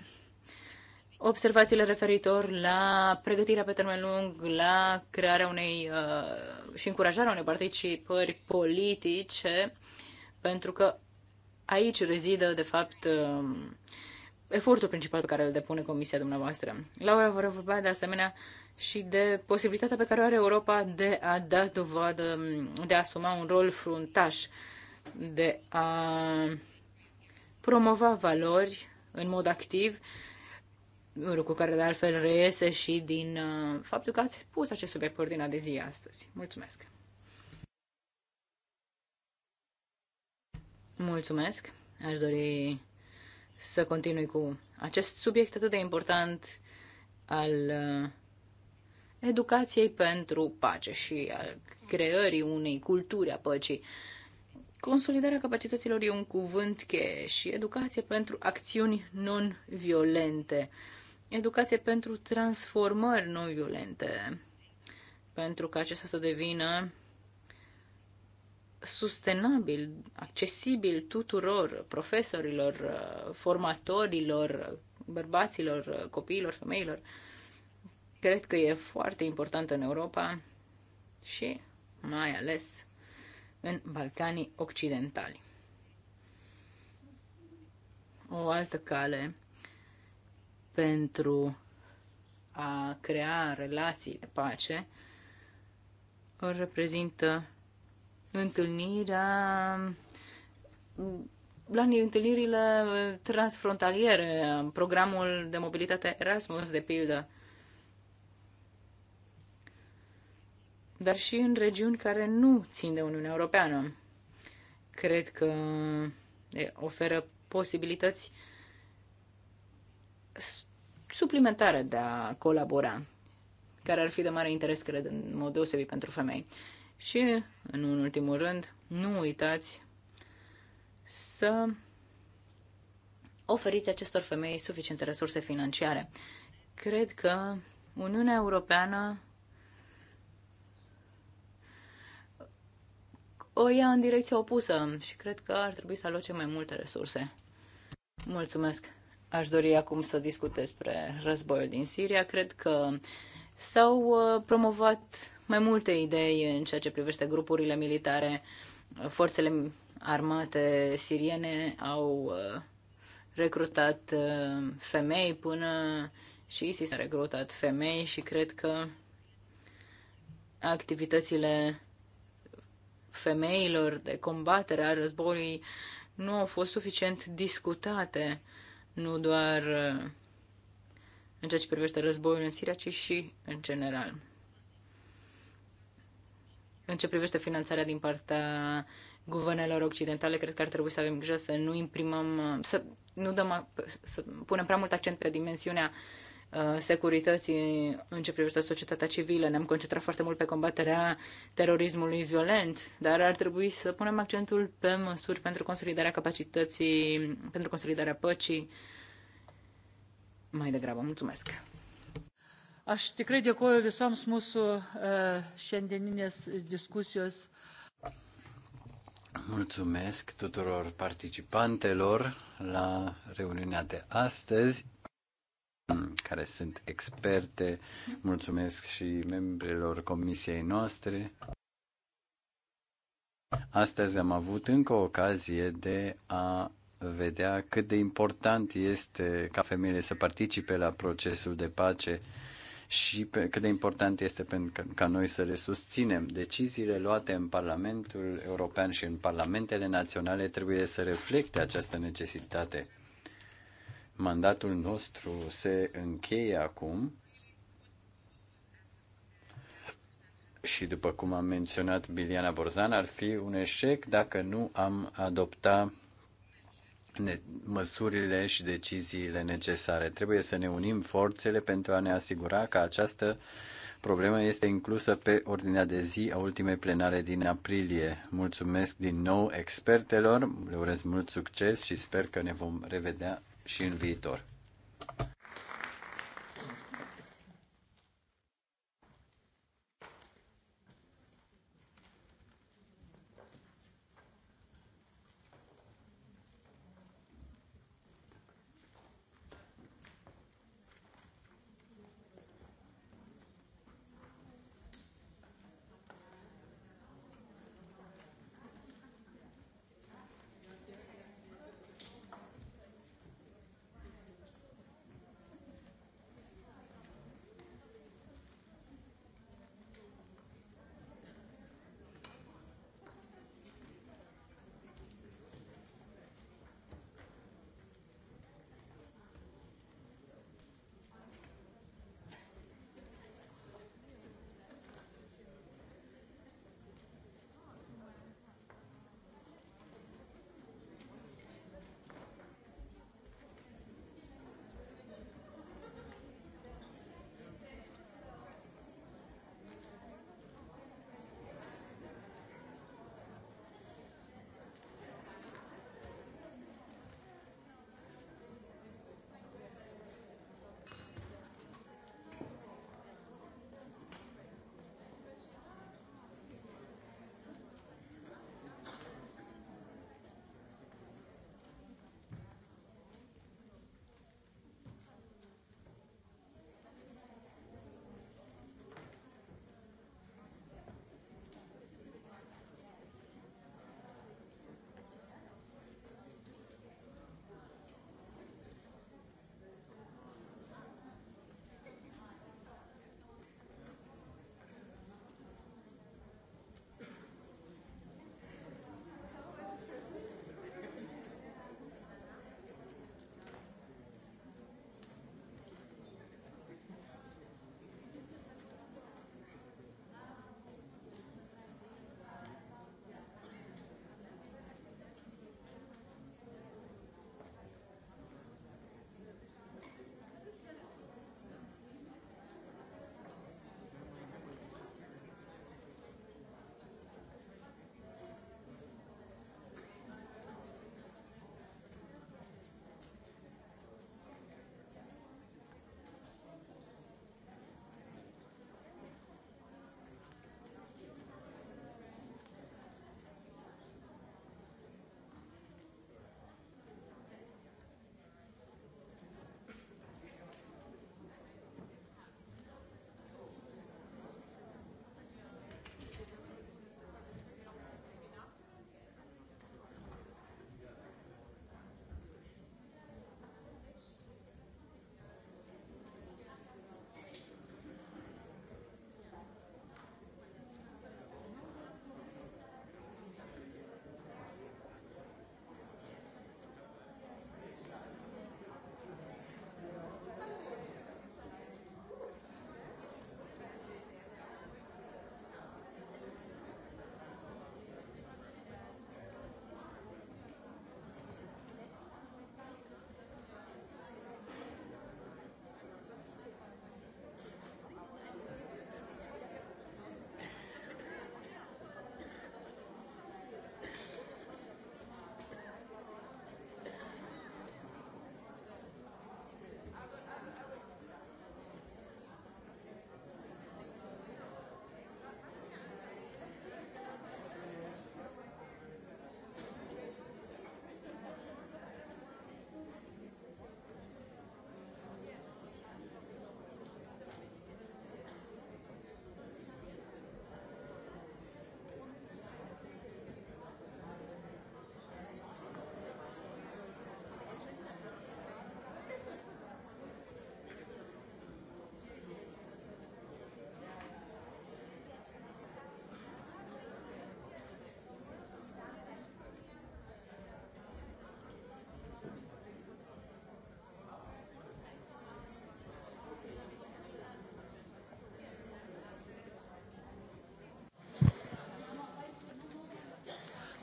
observațiile referitor la pregătirea pe termen lung, la crearea unei uh, și încurajarea unei participări politice, pentru că aici rezidă, de fapt, uh, efortul principal pe care îl depune Comisia dumneavoastră. Laura vă vorbea de asemenea și de posibilitatea pe care o are Europa de a da dovadă, de a asuma un rol fruntaș, de a promova valori în mod activ, lucru care de altfel reiese și din uh, faptul că ați pus acest subiect pe ordinea de zi astăzi. Mulțumesc! Mulțumesc! Aș dori să continui cu acest subiect atât de important al uh, educației pentru pace și al creării unei culturi a păcii. Consolidarea capacităților e un cuvânt cheie și educație pentru acțiuni non-violente, educație pentru transformări non-violente, pentru ca acesta să devină sustenabil, accesibil tuturor profesorilor, formatorilor, bărbaților, copiilor, femeilor. Cred că e foarte important în Europa și mai ales în Balcanii Occidentali. O altă cale pentru a crea relații de pace o reprezintă întâlnirea la întâlnirile transfrontaliere, programul de mobilitate Erasmus, de pildă, dar și în regiuni care nu țin de Uniunea Europeană. Cred că oferă posibilități suplimentare de a colabora, care ar fi de mare interes, cred, în mod deosebit pentru femei. Și, în ultimul rând, nu uitați să oferiți acestor femei suficiente resurse financiare. Cred că Uniunea Europeană o ia în direcția opusă și cred că ar trebui să aloce mai multe resurse. Mulțumesc! Aș dori acum să discut despre războiul din Siria. Cred că s-au uh, promovat mai multe idei în ceea ce privește grupurile militare. Forțele armate siriene au uh, recrutat uh, femei până și ISIS a recrutat femei și cred că activitățile femeilor de combatere a războiului nu au fost suficient discutate, nu doar uh, în ceea ce privește războiul în Siria, ci și în general. În ce privește finanțarea din partea guvernelor occidentale, cred că ar trebui să avem grijă să nu imprimăm, să nu dăm, să punem prea mult accent pe dimensiunea uh, securității în ce privește societatea civilă. Ne-am concentrat foarte mult pe combaterea terorismului violent, dar ar trebui să punem accentul pe măsuri pentru consolidarea capacității, pentru consolidarea păcii, mai degrabă. Mulțumesc! Aš tikrai dėkuoju visoms mūsų šiandieninės diskusijos. Mulțumesc tuturor participantelor la reuniunea de astăzi, care sunt experte. Mulțumesc și membrilor comisiei noastre. Astăzi am avut încă o ocazie de a vedea cât de important este ca femeile să participe la procesul de pace și pe cât de important este pentru ca noi să le susținem. Deciziile luate în Parlamentul European și în Parlamentele Naționale trebuie să reflecte această necesitate. Mandatul nostru se încheie acum și, după cum am menționat Biliana Borzan, ar fi un eșec dacă nu am adopta măsurile și deciziile necesare. Trebuie să ne unim forțele pentru a ne asigura că această problemă este inclusă pe ordinea de zi a ultimei plenare din aprilie. Mulțumesc din nou expertelor, le urez mult succes și sper că ne vom revedea și în viitor.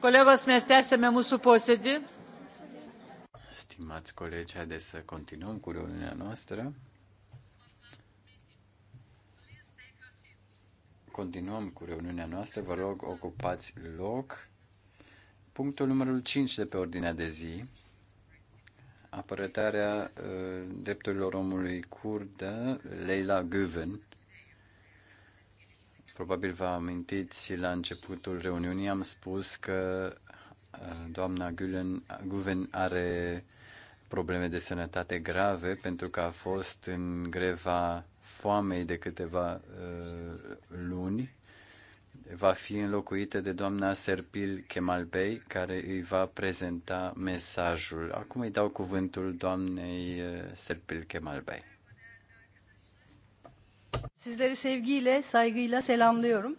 Colegos, mes tęsėme mūsų posėdį. Stimați colegi, haideți să continuăm cu reuniunea noastră. Continuăm cu reuniunea noastră. Vă rog, ocupați loc. Punctul numărul 5 de pe ordinea de zi. Apărătarea uh, drepturilor omului curdă, Leila Güven, Probabil vă amintiți, la începutul reuniunii am spus că uh, doamna Guven are probleme de sănătate grave pentru că a fost în greva foamei de câteva uh, luni. Va fi înlocuită de doamna Serpil Kemalbei, care îi va prezenta mesajul. Acum îi dau cuvântul doamnei uh, Serpil Kemalbei. Sizleri sevgiyle, saygıyla selamlıyorum.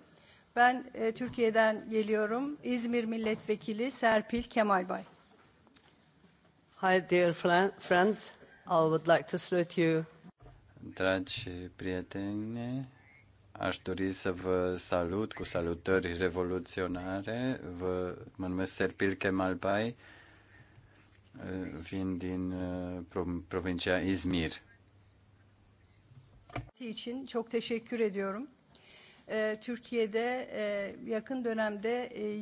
Ben e, Türkiye'den geliyorum. İzmir Milletvekili Serpil Kemalbay. Hi dear friends, I would like to salute you. Dragi prieteni, aș dori să vă salut cu salutări revoluționare. Vă, mă numesc Serpil Kemalbay, vin din provincia Izmir için çok teşekkür ediyorum. Türkiye'de yakın dönemde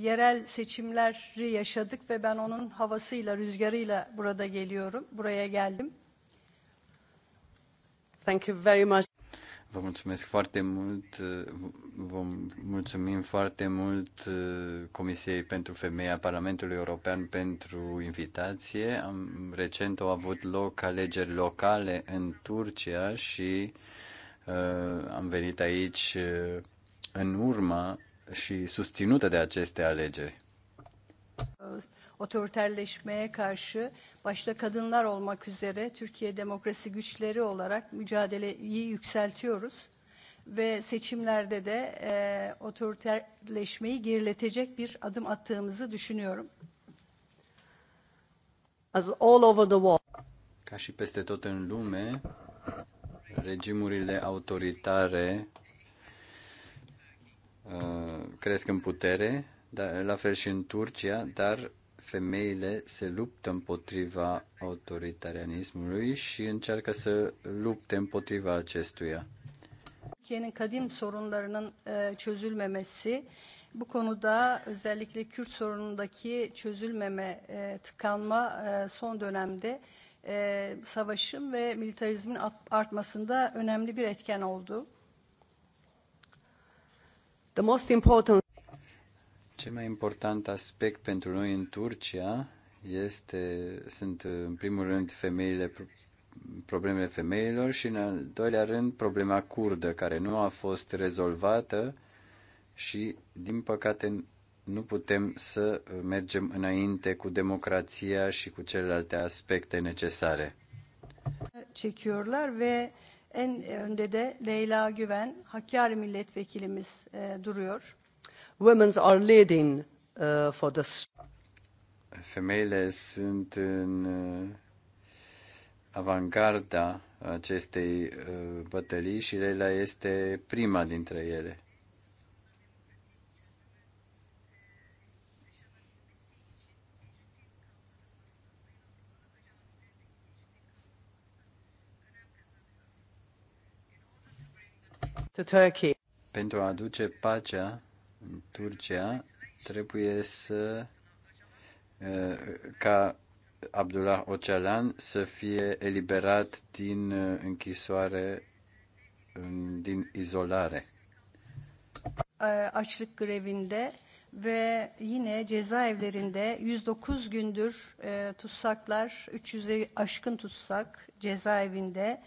yerel seçimleri yaşadık ve ben onun havasıyla, rüzgarıyla burada geliyorum, buraya geldim. Thank you very much. Vă mulțumesc foarte mult, vă mulțumim foarte mult uh, Comisiei pentru Femei a Parlamentului European pentru invitație. Am, recent au avut loc alegeri locale în Turcia și uh, am venit aici uh, în urma și susținută de aceste alegeri. Uh, otoriterleșmeye karşı bașta kadınlar olmak üzere Türkiye demokrasi güçleri olarak mücadeleyi yükseltiyoruz ve seçimlerde de e, otoriterleșmeyi geriletecek bir adım attığımızı düşünüyorum. As all over the world. Ca și peste tot în lume, regimurile autoritare uh, cresc în putere, dar, la fel și în Turcia, dar femeile se luptă împotriva autoritarianismului și încearcă să lupte împotriva acestuia. Türkiye'nin kadim sorunlarının e, çözülmemesi, bu konuda özellikle Kürt sorunundaki çözülmeme, e, tıkanma e, son dönemde e, savaşın ve militarizmin artmasında önemli bir etken oldu. The most important cel mai important aspect pentru noi în Turcia este, sunt în primul rând femeile, problemele femeilor și în al doilea rând problema curdă care nu a fost rezolvată și din păcate nu putem să mergem înainte cu democrația și cu celelalte aspecte necesare. Çekiyorlar ve en önde de Leyla Güven, Hakkari milletvekilimiz e, duruyor. Women are leading uh, for Femeile sunt în uh, avangarda acestei uh, bătălii și Leila este prima dintre ele. to Turkey. Pentru a aduce pacea Turcia trebuie să uh, ca Abdullah Ocalan să fie eliberat din uh, închisoare, din izolare. Uh, açlık grevinde ve yine cezaevlerinde 109 gündür e, tutsaklar, 300'e aşkın tutsak cezaevinde.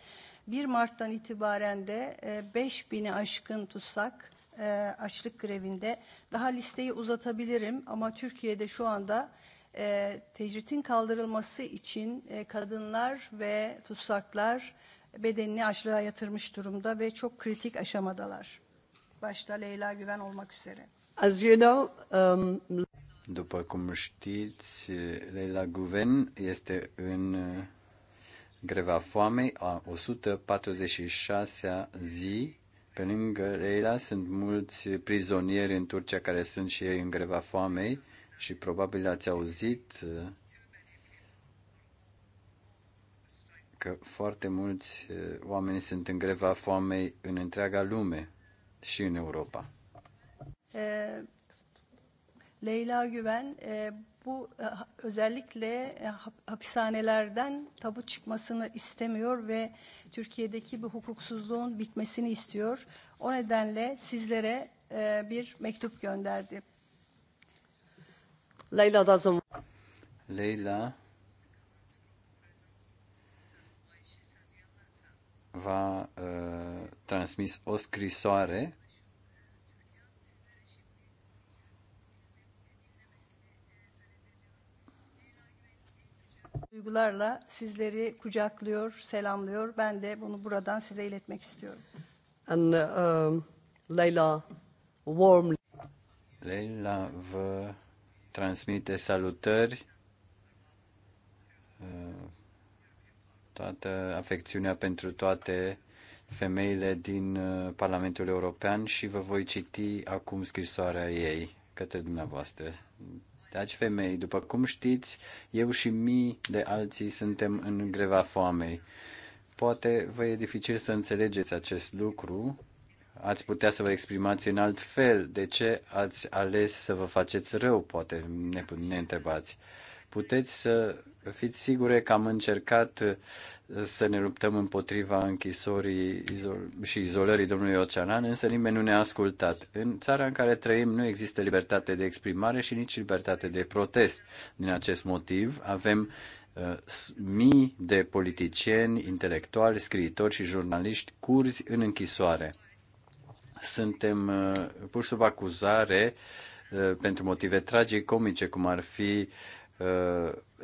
1 Mart'tan itibaren de e, 5000'e aşkın tutsak e, açlık grevinde. Daha listeyi uzatabilirim ama Türkiye'de șu anda e, tecritin kaldırılması için e, kadınlar ve tutsaklar bedenini açlığa yatırmış durumda ve çok kritik așamadalar. Bașta Leyla Güven olmak üzere. As you know, um... După cum știți, Leila Guven este în uh, greva foamei a 146-a zi pe lângă Leila sunt mulți prizonieri în Turcia care sunt și ei în greva foamei și probabil ați auzit uh, că foarte mulți uh, oameni sunt în greva foamei în întreaga lume și în Europa. Uh, Leyla Güven, bu özellikle hapishanelerden tabu çıkmasını istemiyor ve Türkiye'deki bu hukuksuzluğun bitmesini istiyor. O nedenle sizlere bir mektup gönderdi. Leyla doesn't. Da Leyla va uh, transmis o scrisoare duygularla sizleri kucaklıyor, selamlıyor. Ben de bunu buradan size iletmek istiyorum. And uh, um, Leyla warmly Leyla vă transmite salutări uh, toată afecțiunea pentru toate femeile din uh, Parlamentul European și vă voi citi acum scrisoarea ei către dumneavoastră. Dragi femei, după cum știți, eu și mii de alții suntem în greva foamei. Poate vă e dificil să înțelegeți acest lucru, ați putea să vă exprimați în alt fel. De ce ați ales să vă faceți rău, poate ne, ne întrebați. Puteți să Fiți sigure că am încercat uh, să ne luptăm împotriva închisorii izol- și izolării domnului Oceanan, însă nimeni nu ne-a ascultat. În țara în care trăim nu există libertate de exprimare și nici libertate de protest. Din acest motiv avem uh, mii de politicieni, intelectuali, scriitori și jurnaliști curzi în închisoare. Suntem uh, pur sub acuzare pentru motive tragicomice, cum ar fi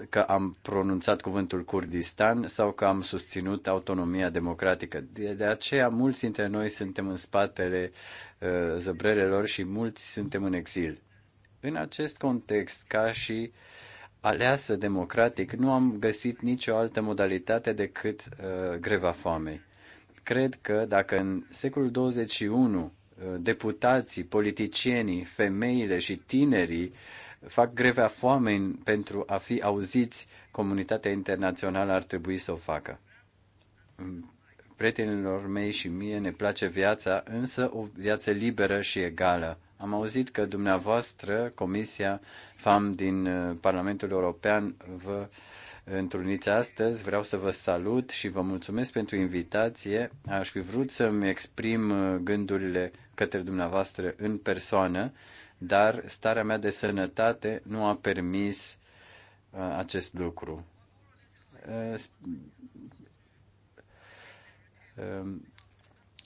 că am pronunțat cuvântul Kurdistan sau că am susținut autonomia democratică. De, de aceea, mulți dintre noi suntem în spatele uh, zăbrelelor și mulți suntem în exil. În acest context, ca și aleasă democratic, nu am găsit nicio altă modalitate decât uh, greva foamei. Cred că dacă în secolul 21 uh, deputații, politicienii, femeile și tinerii uh, fac grevea foamei pentru a fi auziți, comunitatea internațională ar trebui să o facă. Mm, prietenilor mei și mie ne place viața, însă o viață liberă și egală. Am auzit că dumneavoastră, Comisia FAM din uh, Parlamentul European, vă întruniți astăzi. Vreau să vă salut și vă mulțumesc pentru invitație. Aș fi vrut să-mi exprim uh, gândurile către dumneavoastră în persoană dar starea mea de sănătate nu a permis uh, acest lucru. Uh, um,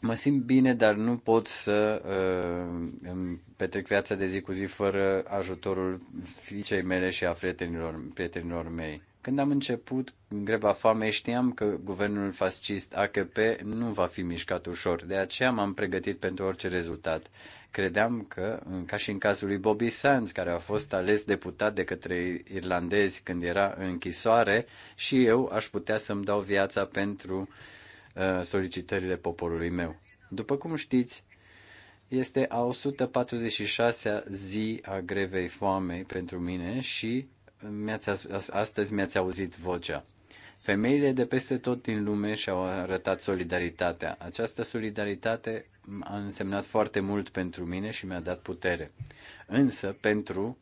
mă simt bine, dar nu pot să uh, îmi petrec viața de zi cu zi fără ajutorul fiicei mele și a prietenilor, prietenilor mei. Când am început greva foamei, știam că guvernul fascist AKP nu va fi mișcat ușor, de aceea m-am pregătit pentru orice rezultat. Credeam că, ca și în cazul lui Bobby Sands, care a fost ales deputat de către irlandezi când era în închisoare, și eu aș putea să-mi dau viața pentru uh, solicitările poporului meu. După cum știți, este a 146-a zi a grevei foamei pentru mine și mi-ați, astăzi mi-ați auzit vocea. Femeile de peste tot din lume și-au arătat solidaritatea. Această solidaritate a însemnat foarte mult pentru mine și mi-a dat putere. Însă, pentru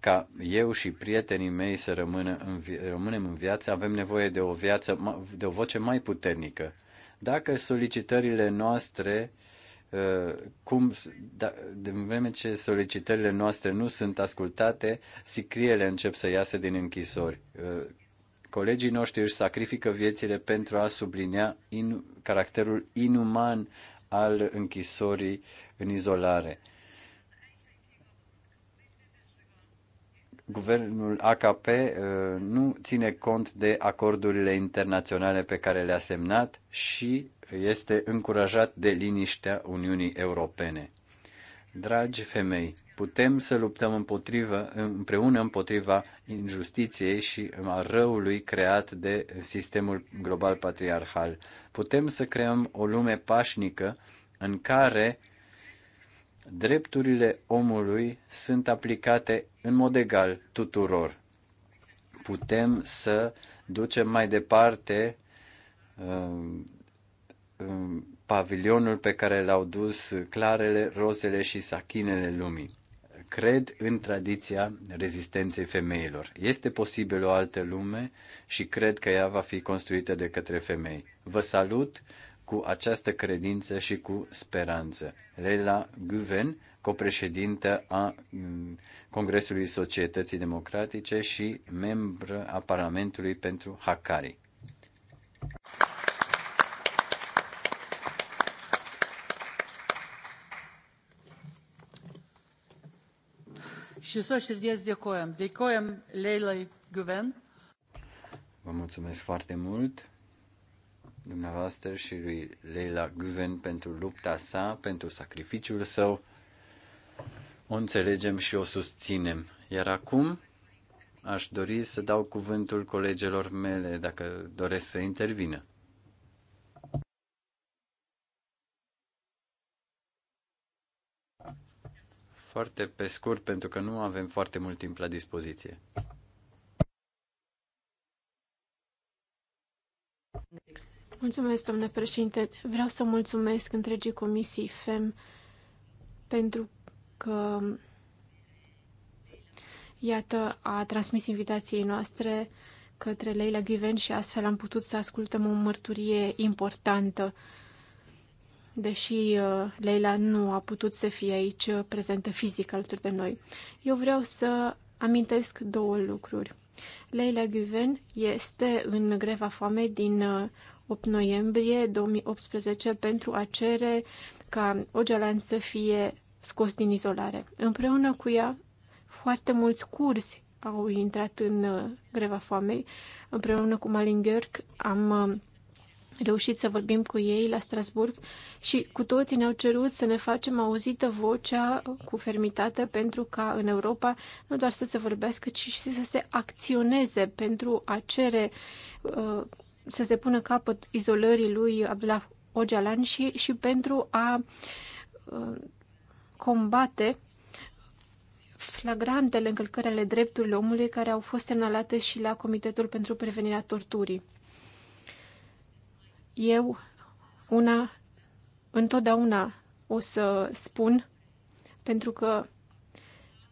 ca eu și prietenii mei să rămână în rămânem în viață, avem nevoie de o viață, de o voce mai puternică. Dacă solicitările noastre uh, cum, da, de vreme ce solicitările noastre nu sunt ascultate, sicriele încep să iasă din închisori. Uh, Colegii noștri își sacrifică viețile pentru a sublinia in, caracterul inuman al închisorii în izolare. Guvernul AKP uh, nu ține cont de acordurile internaționale pe care le-a semnat și este încurajat de liniștea Uniunii Europene. Dragi femei, putem să luptăm împotriva, împreună împotriva injustiției și a răului creat de sistemul global patriarhal. Putem să creăm o lume pașnică în care drepturile omului sunt aplicate în mod egal tuturor. Putem să ducem mai departe um, um, pavilionul pe care l-au dus clarele, rozele și sachinele lumii cred în tradiția rezistenței femeilor. Este posibil o altă lume și cred că ea va fi construită de către femei. Vă salut cu această credință și cu speranță. Leila Guven, copreședintă a mm, Congresului Societății Democratice și membră a Parlamentului pentru Hakari. iš širdies dėkojam. Dėkojam Leilai Guven. Vă mulțumesc foarte mult dumneavoastră și lui Leila Guven pentru lupta sa, pentru sacrificiul său. O înțelegem și o susținem. Iar acum aș dori să dau cuvântul colegelor mele dacă doresc să intervină. Foarte pe scurt, pentru că nu avem foarte mult timp la dispoziție. Mulțumesc, domnule președinte. Vreau să mulțumesc întregii comisii FEM pentru că, iată, a transmis invitației noastre către Leila Given și astfel am putut să ascultăm o mărturie importantă deși uh, Leila nu a putut să fie aici uh, prezentă fizic alături de noi. Eu vreau să amintesc două lucruri. Leila Guven este în greva foamei din 8 uh, noiembrie 2018 pentru a cere ca Ogelan să fie scos din izolare. Împreună cu ea, foarte mulți curzi au intrat în greva foamei. Împreună cu Malin am reușit să vorbim cu ei la Strasburg și cu toții ne-au cerut să ne facem auzită vocea cu fermitate pentru ca în Europa nu doar să se vorbească, ci și să se acționeze pentru a cere uh, să se pună capăt izolării lui Abdullah Ocalan și, și pentru a uh, combate flagrantele încălcări ale drepturilor omului care au fost semnalate și la Comitetul pentru Prevenirea Torturii. Eu, una, întotdeauna o să spun, pentru că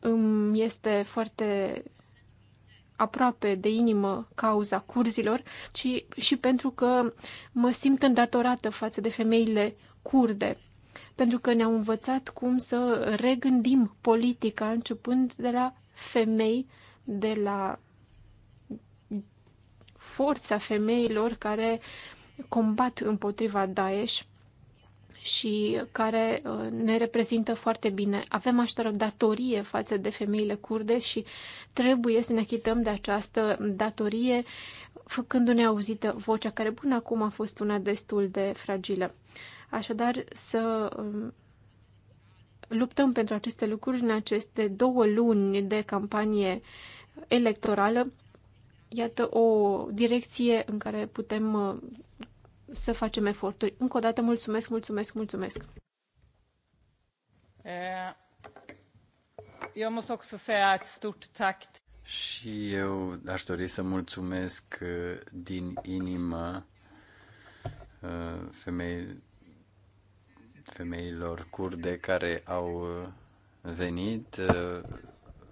îmi este foarte aproape de inimă cauza curzilor, ci și pentru că mă simt îndatorată față de femeile curde, pentru că ne-au învățat cum să regândim politica, începând de la femei, de la forța femeilor care combat împotriva Daesh și care uh, ne reprezintă foarte bine. Avem așa o datorie față de femeile curde și trebuie să ne achităm de această datorie făcându-ne auzită vocea care până acum a fost una destul de fragilă. Așadar, să um, luptăm pentru aceste lucruri în aceste două luni de campanie electorală. Iată o direcție în care putem uh, să facem eforturi. Încă o dată mulțumesc, mulțumesc, mulțumesc. Eu eh, måste också säga ett stort tact. Și eu aș dori să mulțumesc eh, din inimă eh, femei, femeilor curde care au venit.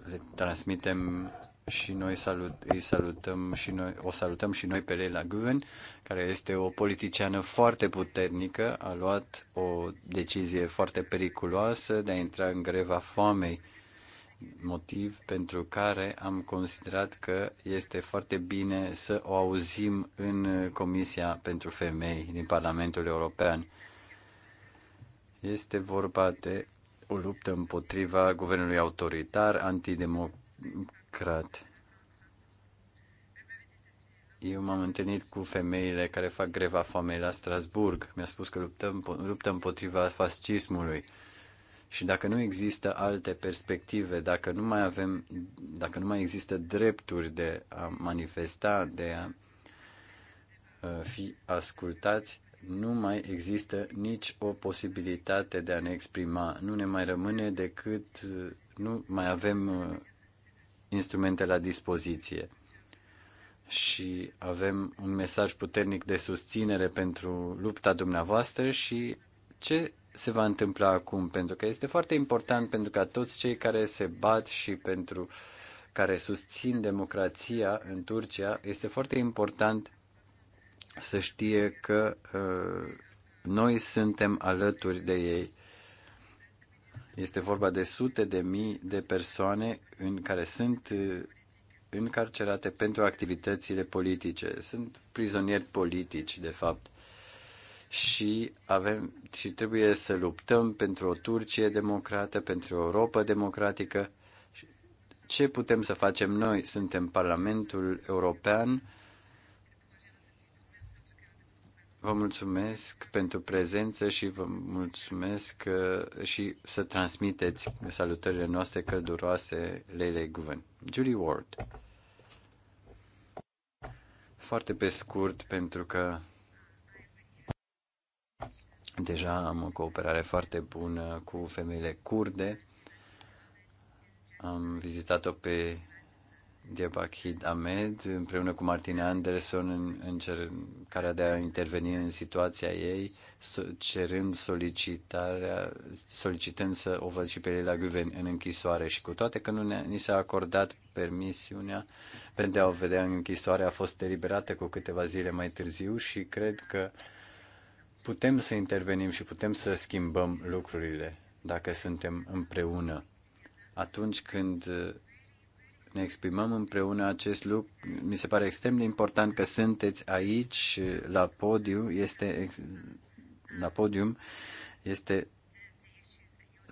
Le transmitem și noi salut, îi salutăm și noi, o salutăm și noi pe Leila Guven, care este o politiciană foarte puternică, a luat o decizie foarte periculoasă de a intra în greva foamei, motiv pentru care am considerat că este foarte bine să o auzim în Comisia pentru Femei din Parlamentul European. Este vorba de o luptă împotriva guvernului autoritar, antidemocratic, lucrat. Eu m-am întâlnit cu femeile care fac greva foamei la Strasburg. Mi-a spus că luptăm, luptăm împotriva fascismului. Și dacă nu există alte perspective, dacă nu mai avem, dacă nu mai există drepturi de a manifesta, de a uh, fi ascultați, nu mai există nici o posibilitate de a ne exprima. Nu ne mai rămâne decât, uh, nu mai avem uh, instrumente la dispoziție. Și avem un mesaj puternic de susținere pentru lupta dumneavoastră și ce se va întâmpla acum, pentru că este foarte important pentru ca toți cei care se bat și pentru care susțin democrația în Turcia, este foarte important să știe că uh, noi suntem alături de ei este vorba de sute de mii de persoane în care sunt uh, încarcerate pentru activitățile politice. Sunt prizonieri politici, de fapt. Și, avem, și trebuie să luptăm pentru o Turcie democrată, pentru o Europa democratică. Ce putem să facem noi? Suntem Parlamentul European, Vă mulțumesc pentru prezență și vă mulțumesc uh, și să transmiteți salutările noastre călduroase Lele Guven. Julie Ward. Foarte pe scurt, pentru că deja am o cooperare foarte bună cu femeile kurde. Am vizitat-o pe Diabachid Ahmed, împreună cu Martin Anderson, în, în cer, care de a interveni în situația ei, so, cerând solicitarea, solicitând să o văd și pe la Guven în închisoare. Și cu toate că nu ne, ni s-a acordat permisiunea pentru a o vedea în închisoare, a fost deliberată cu câteva zile mai târziu și cred că putem să intervenim și putem să schimbăm lucrurile dacă suntem împreună. Atunci când ne exprimăm împreună acest lucru. Mi se pare extrem de important că sunteți aici la podium, este la podium, este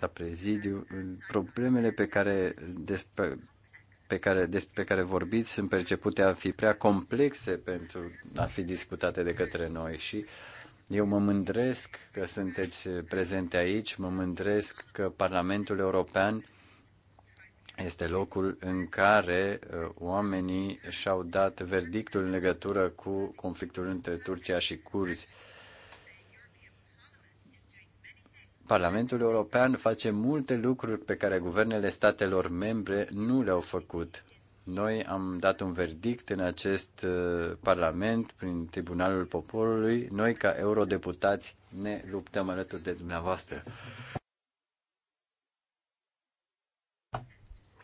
la prezidiu. Problemele pe care, despre, pe care, despre care vorbiți sunt percepute a fi prea complexe pentru a fi discutate de către noi și eu mă mândresc că sunteți prezente aici, mă mândresc că Parlamentul European este locul în care uh, oamenii și-au dat verdictul în legătură cu conflictul între Turcia și curzi. Parlamentul European face multe lucruri pe care guvernele statelor membre nu le-au făcut. Noi am dat un verdict în acest uh, Parlament, prin Tribunalul Poporului. Noi, ca eurodeputați, ne luptăm alături de dumneavoastră.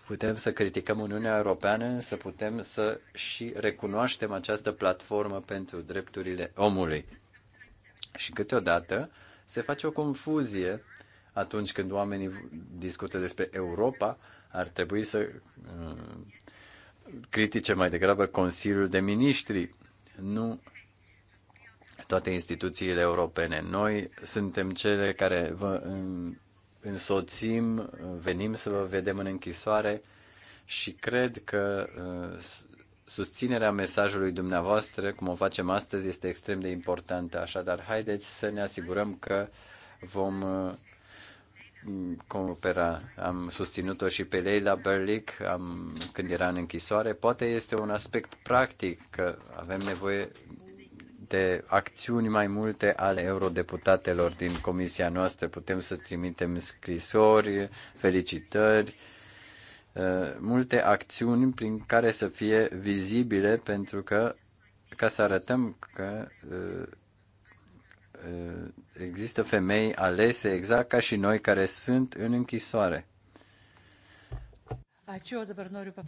Putem să criticăm Uniunea Europeană, însă putem să și recunoaștem această platformă pentru drepturile omului. Și câteodată se face o confuzie atunci când oamenii discută despre Europa, ar trebui să mm, critice mai degrabă Consiliul de Ministri, nu toate instituțiile europene. Noi suntem cele care vă mm, însoțim, venim să vă vedem în închisoare și cred că uh, susținerea mesajului dumneavoastră, cum o facem astăzi, este extrem de importantă. Așadar, haideți să ne asigurăm că vom uh, coopera. Am susținut-o și pe Leila Berlic am, când era în închisoare. Poate este un aspect practic că avem nevoie de acțiuni mai multe ale eurodeputatelor din comisia noastră. Putem să trimitem scrisori, felicitări, uh, multe acțiuni prin care să fie vizibile pentru că ca să arătăm că uh, uh, există femei alese exact ca și noi care sunt în închisoare. Ačiū, o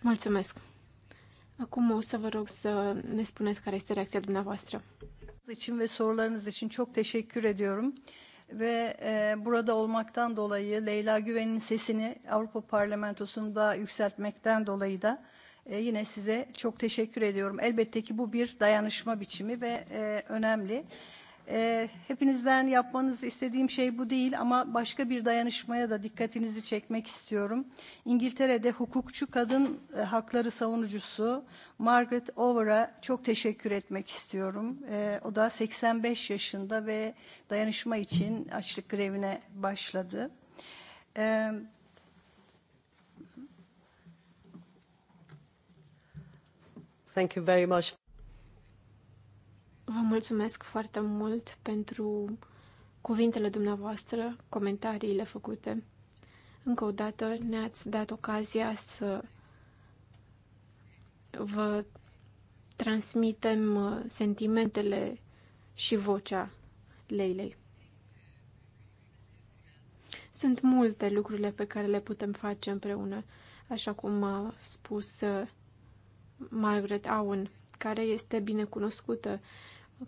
Mulțumesc. Acum o să vă rog să ne spuneți care este reacția dumneavoastră. için ve sorularınız için çok teşekkür ediyorum. Ve e, burada olmaktan dolayı Leyla Güven'in sesini Avrupa Parlamentosu'nda yükseltmekten dolayı da e, yine size çok teşekkür ediyorum. Elbette ki bu bir dayanışma biçimi ve e, önemli. önemli. E, hepinizden yapmanız istediğim șey bu değil ama bașka bir dayanışmaya da dikkatinizi çekmek istiyorum. İngiltere'de hukukçu kadın e, hakları savunucusu Margaret Over'a çok teşekkür etmek istiyorum. E, o da 85 yaşında ve dayanışma için açlık grevine başladı. E, Thank you very much. Vă mulțumesc foarte mult pentru cuvintele dumneavoastră, comentariile făcute. Încă o dată ne-ați dat ocazia să vă transmitem uh, sentimentele și vocea Leilei. Sunt multe lucrurile pe care le putem face împreună, așa cum a spus uh, Margaret Owen, care este binecunoscută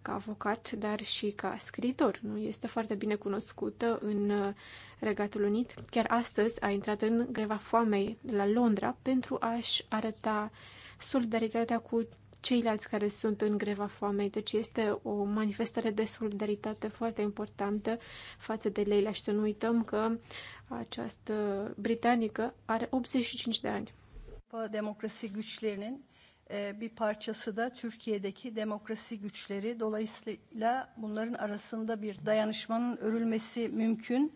ca avocat, dar și ca scriitor. Nu? Este foarte bine cunoscută în uh, Regatul Unit. Chiar astăzi a intrat în greva foamei la Londra pentru a-și arăta solidaritatea cu ceilalți care sunt în greva foamei. Deci este o manifestare de solidaritate foarte importantă față de Leila și să nu uităm că această britanică are 85 de ani. Democracy güçlerinin bir parçası da Türkiye'deki demokrasi güçleri. Dolayısıyla bunların arasında bir dayanışmanın örülmesi mümkün.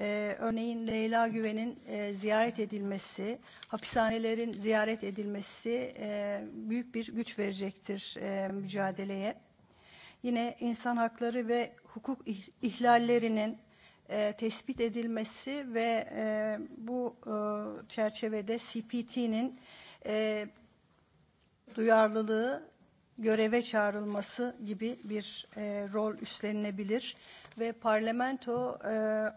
Ee, örneğin Leyla Güven'in e, ziyaret edilmesi, hapishanelerin ziyaret edilmesi e, büyük bir güç verecektir e, mücadeleye. Yine insan hakları ve hukuk ihlallerinin e, tespit edilmesi ve e, bu e, çerçevede CPT'nin e, duyarlılığı göreve çağrılması gibi bir e, rol üstlenilebilir ve parlamento e,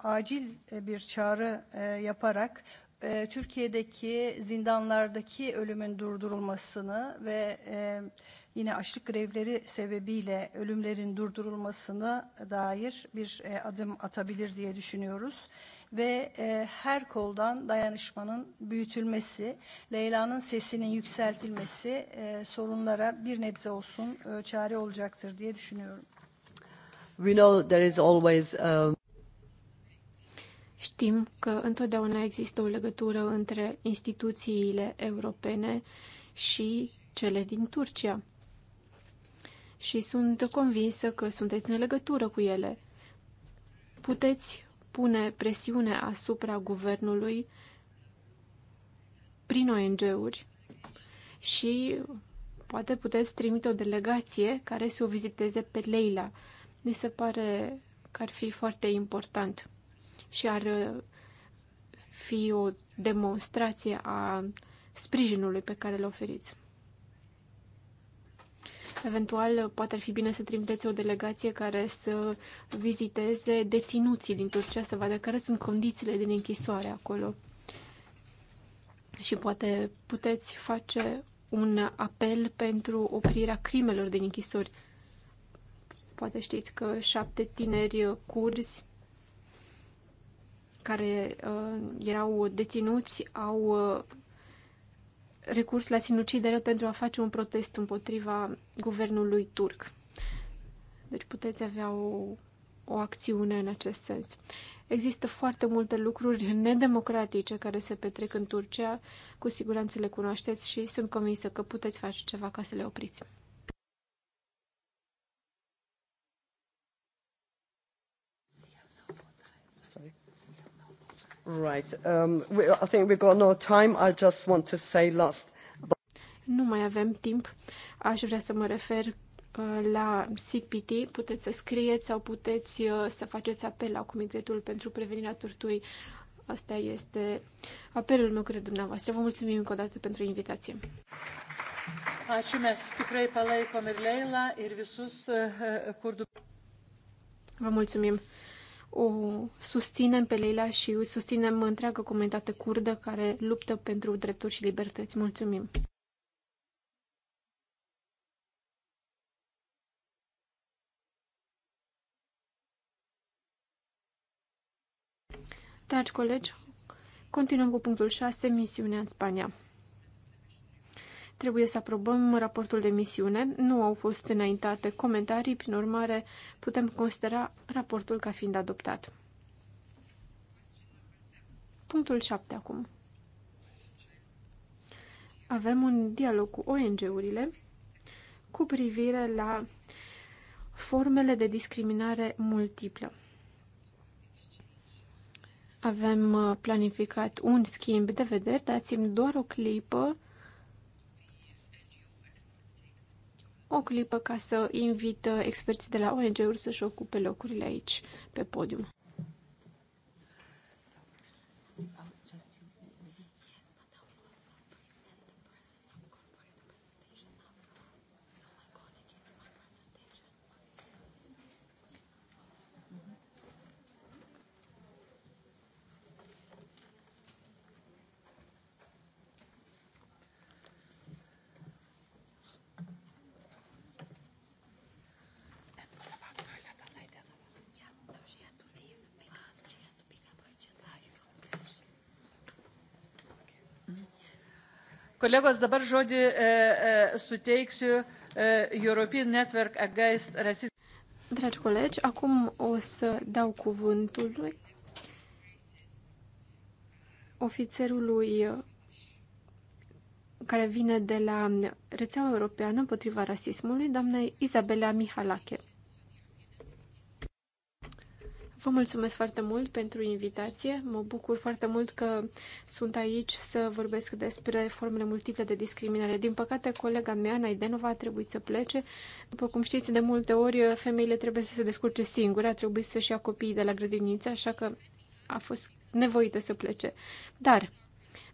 acil bir çağrı e, yaparak e, Türkiye'deki zindanlardaki ölümün durdurulmasını ve e, yine açlık grevleri sebebiyle ölümlerin durdurulmasına dair bir e, adım atabilir diye düşünüyoruz. E, ve e, her koldan dayanışmanın büyütülmesi, Leyla'nın sesinin yükseltilmesi e, sorunlara bir nebze olsun e, çare olacaktır diye düşünüyorum. We know there is always a... Știm că întotdeauna există o legătură între instituțiile europene și cele din Turcia. Și sunt convinsă că sunteți în legătură cu ele. Puteți pune presiune asupra guvernului prin ONG-uri și poate puteți trimite o delegație care să o viziteze pe Leila. Mi se pare că ar fi foarte important și ar uh, fi o demonstrație a sprijinului pe care le oferiți. Eventual, poate ar fi bine să trimiteți o delegație care să viziteze deținuții din Turcia, să vadă care sunt condițiile din închisoare acolo. Și poate puteți face un apel pentru oprirea crimelor din închisori. Poate știți că șapte tineri curzi care uh, erau deținuți au uh, recurs la sinucidere pentru a face un protest împotriva guvernului turc. Deci puteți avea o, o acțiune în acest sens. Există foarte multe lucruri nedemocratice care se petrec în Turcia, cu siguranță le cunoașteți și sunt convinsă că puteți face ceva ca să le opriți. Right. Um, we, I think we've got no time. I just want to say last. Nu mai avem timp. Aș vrea să mă refer uh, la CPT. Puteți să scrieți sau puteți uh, să faceți apel la Comitetul pentru Prevenirea Torturii. Asta este apelul meu către dumneavoastră. Vă mulțumim încă o dată pentru invitație. Uh, Vă mulțumim o susținem pe Leila și o susținem întreaga comunitate curdă care luptă pentru drepturi și libertăți. Mulțumim! Dragi colegi, continuăm cu punctul 6, misiunea în Spania. Trebuie să aprobăm raportul de misiune. Nu au fost înaintate comentarii, prin urmare putem considera raportul ca fiind adoptat. Punctul 7 acum. Avem un dialog cu ONG-urile cu privire la formele de discriminare multiplă. Avem uh, planificat un schimb de vederi, dați-mi doar o clipă o clipă ca să invit uh, experții de la ONG-uri să-și ocupe locurile aici, pe podium. Kolegos, dabar žodį e, e, suteiksiu e, European Network Against Racism. Dragi colegi, acum o să dau cuvântul lui ofițerului care vine de la Rețeaua Europeană împotriva rasismului, doamna Izabela Mihalache. Vă mulțumesc foarte mult pentru invitație. Mă bucur foarte mult că sunt aici să vorbesc despre formele multiple de discriminare. Din păcate, colega mea, Naidenova, a trebuit să plece. După cum știți, de multe ori uh, femeile trebuie să se descurce singure, a trebuit să-și ia copiii de la grădiniță, așa că a fost nevoită să plece. Dar,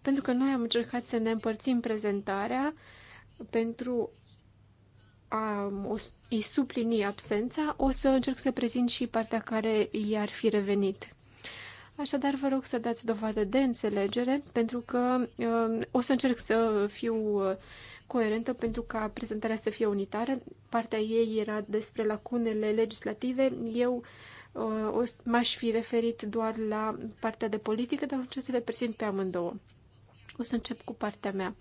pentru că noi am încercat să ne împărțim prezentarea pentru a îi suplini absența, o să încerc să prezint și partea care i-ar fi revenit. Așadar, vă rog să dați dovadă de înțelegere, pentru că um, o să încerc să fiu uh, coerentă pentru ca prezentarea să fie unitară. Partea ei era despre lacunele legislative. Eu uh, m-aș fi referit doar la partea de politică, dar ce să le prezint pe amândouă. O să încep cu partea mea.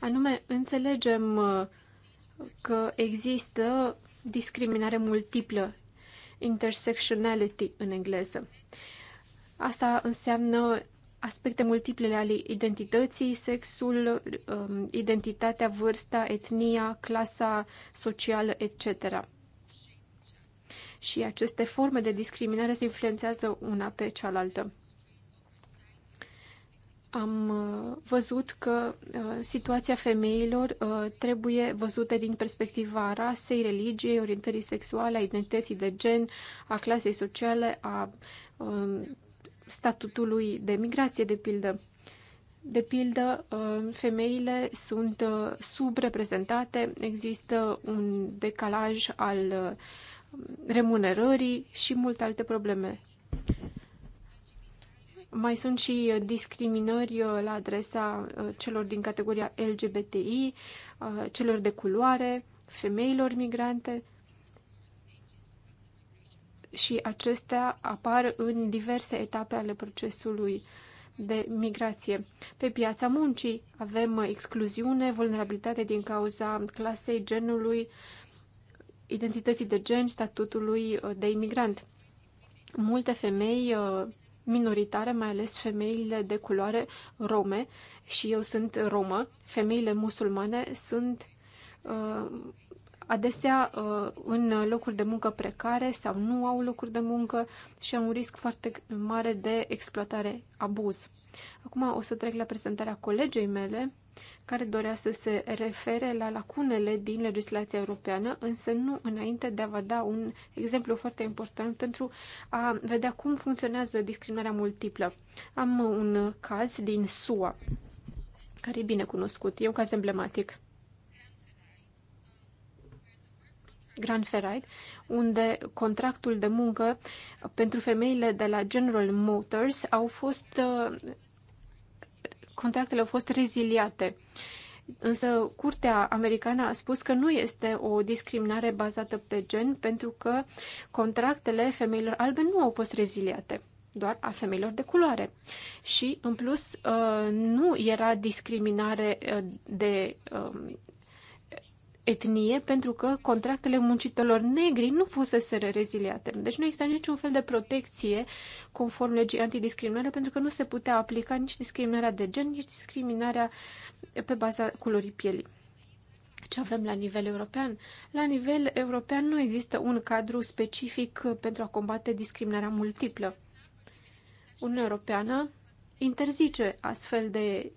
Anume, înțelegem uh, că există discriminare multiplă, intersectionality în engleză. Asta înseamnă aspecte multiple ale identității, sexul, um, identitatea, vârsta, etnia, clasa socială, etc. Și aceste forme de discriminare se influențează una pe cealaltă am uh, văzut că uh, situația femeilor uh, trebuie văzută din perspectiva rasei, religiei, orientării sexuale, a identității de gen, a clasei sociale, a um, statutului de migrație, de pildă. De pildă, femeile sunt subreprezentate, există un decalaj al remunerării și multe alte probleme. Mai sunt și uh, discriminări uh, la adresa uh, celor din categoria LGBTI, celor de culoare, femeilor migrante și acestea apar în diverse etape ale procesului de migrație. Pe piața muncii avem excluziune, vulnerabilitate din cauza clasei, genului, identității de gen, statutului de imigrant. Multe femei minoritare, mai ales femeile de culoare rome, și eu sunt romă, femeile musulmane sunt uh, adesea uh, în locuri de muncă precare sau nu au locuri de muncă și au un risc foarte mare de exploatare, abuz. Acum o să trec la prezentarea colegei mele, care dorea să se refere la lacunele din legislația europeană, însă nu înainte de a vă da un exemplu foarte important pentru a vedea cum funcționează discriminarea multiplă. Am un caz din SUA, care e bine cunoscut, e un caz emblematic. Grand Ferrite, unde contractul de muncă pentru femeile de la General Motors au fost uh, contractele au fost reziliate. Însă Curtea Americană a spus că nu este o discriminare bazată pe gen pentru că contractele femeilor albe nu au fost reziliate, doar a femeilor de culoare. Și, în plus, uh, nu era discriminare uh, de um, etnie pentru că contractele muncitorilor negri nu fusese reziliate. Deci nu exista niciun fel de protecție conform legii antidiscriminare pentru că nu se putea aplica nici discriminarea de gen, nici discriminarea pe baza culorii pielii. Ce avem la nivel european? La nivel european nu există un cadru specific pentru a combate discriminarea multiplă. Uniunea Europeană interzice astfel de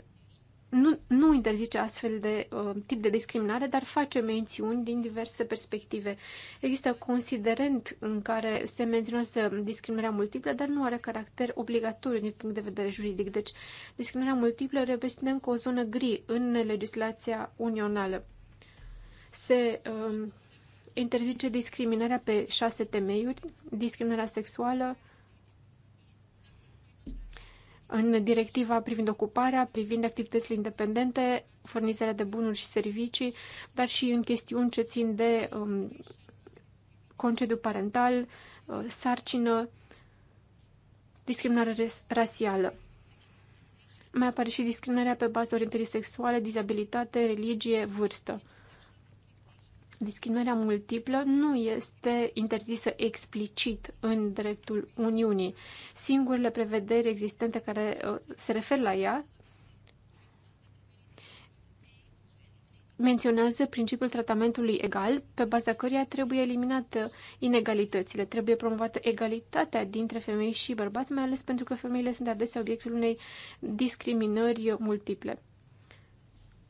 nu, nu interzice astfel de uh, tip de discriminare, dar face mențiuni din diverse perspective. Există considerent în care se menționează discriminarea multiplă, dar nu are caracter obligatoriu din punct de vedere juridic. Deci, discriminarea multiplă reprezintă încă o zonă gri în legislația unională. Se uh, interzice discriminarea pe șase temeiuri, discriminarea sexuală, în directiva privind ocuparea, privind activitățile independente, furnizarea de bunuri și servicii, dar și în chestiuni ce țin de um, concediu parental, uh, sarcină, discriminare rasială. Mai apare și discriminarea pe bază orientării sexuale, dizabilitate, religie, vârstă. Discriminarea multiplă nu este interzisă explicit în dreptul Uniunii. Singurele prevederi existente care uh, se referă la ea menționează principiul tratamentului egal, pe baza căruia trebuie eliminată inegalitățile, trebuie promovată egalitatea dintre femei și bărbați, mai ales pentru că femeile sunt adesea obiectul unei discriminări multiple.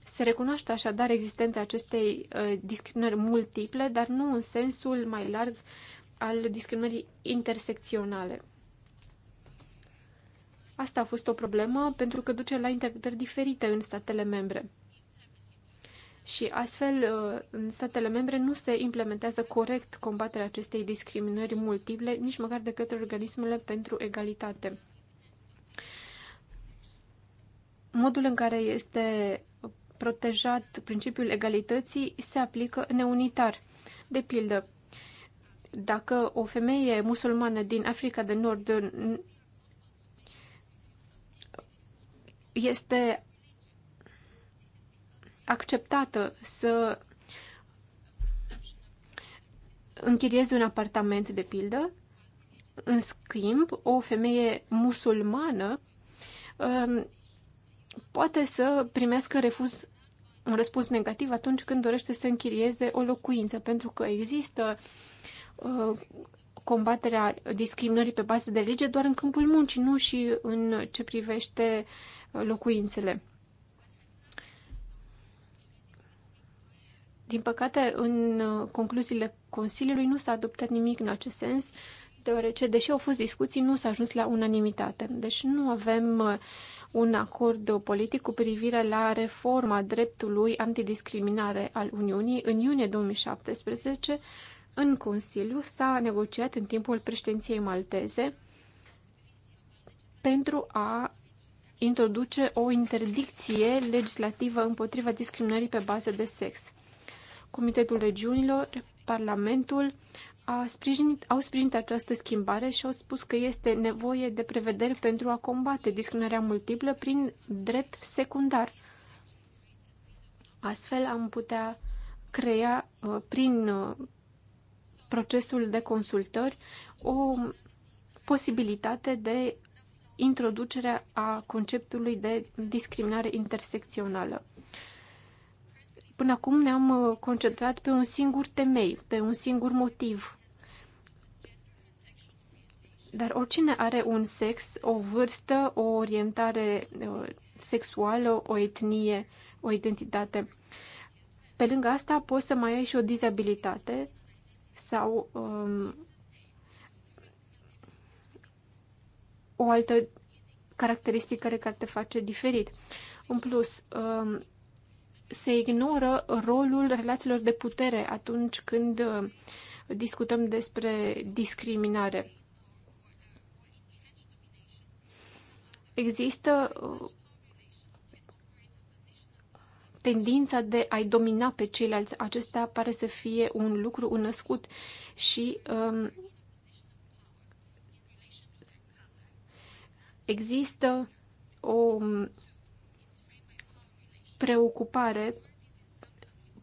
Se recunoaște așadar existența acestei uh, discriminări multiple, dar nu în sensul mai larg al discriminării intersecționale. Asta a fost o problemă pentru că duce la interpretări diferite în statele membre. Și astfel, uh, în statele membre nu se implementează corect combaterea acestei discriminări multiple, nici măcar de către organismele pentru egalitate. Modul în care este protejat principiul egalității se aplică neunitar. De pildă, dacă o femeie musulmană din Africa de Nord este acceptată să închirieze un apartament, de pildă, în schimb, o femeie musulmană um, poate să primească refuz un răspuns negativ atunci când dorește să închirieze o locuință, pentru că există uh, combaterea discriminării pe bază de lege doar în câmpul muncii, nu și în ce privește uh, locuințele. Din păcate, în uh, concluziile Consiliului nu s-a adoptat nimic în acest sens, deoarece, deși au fost discuții, nu s-a ajuns la unanimitate. Deci nu avem un acord politic cu privire la reforma dreptului antidiscriminare al Uniunii în iunie 2017 în Consiliu s-a negociat în timpul președinției malteze pentru a introduce o interdicție legislativă împotriva discriminării pe bază de sex. Comitetul Regiunilor, Parlamentul, a sprijinit, au sprijinit această schimbare și au spus că este nevoie de prevederi pentru a combate discriminarea multiplă prin drept secundar. Astfel am putea crea uh, prin uh, procesul de consultări o posibilitate de introducere a conceptului de discriminare intersecțională. Până acum ne-am uh, concentrat pe un singur temei, pe un singur motiv. Dar oricine are un sex, o vârstă, o orientare uh, sexuală, o etnie, o identitate. Pe lângă asta poți să mai ai și o dizabilitate sau um, o altă caracteristică care te face diferit. În plus, um, se ignoră rolul relațiilor de putere atunci când uh, discutăm despre discriminare. Există uh, tendința de a-i domina pe ceilalți. Acesta pare să fie un lucru înnăscut și um, există o um, preocupare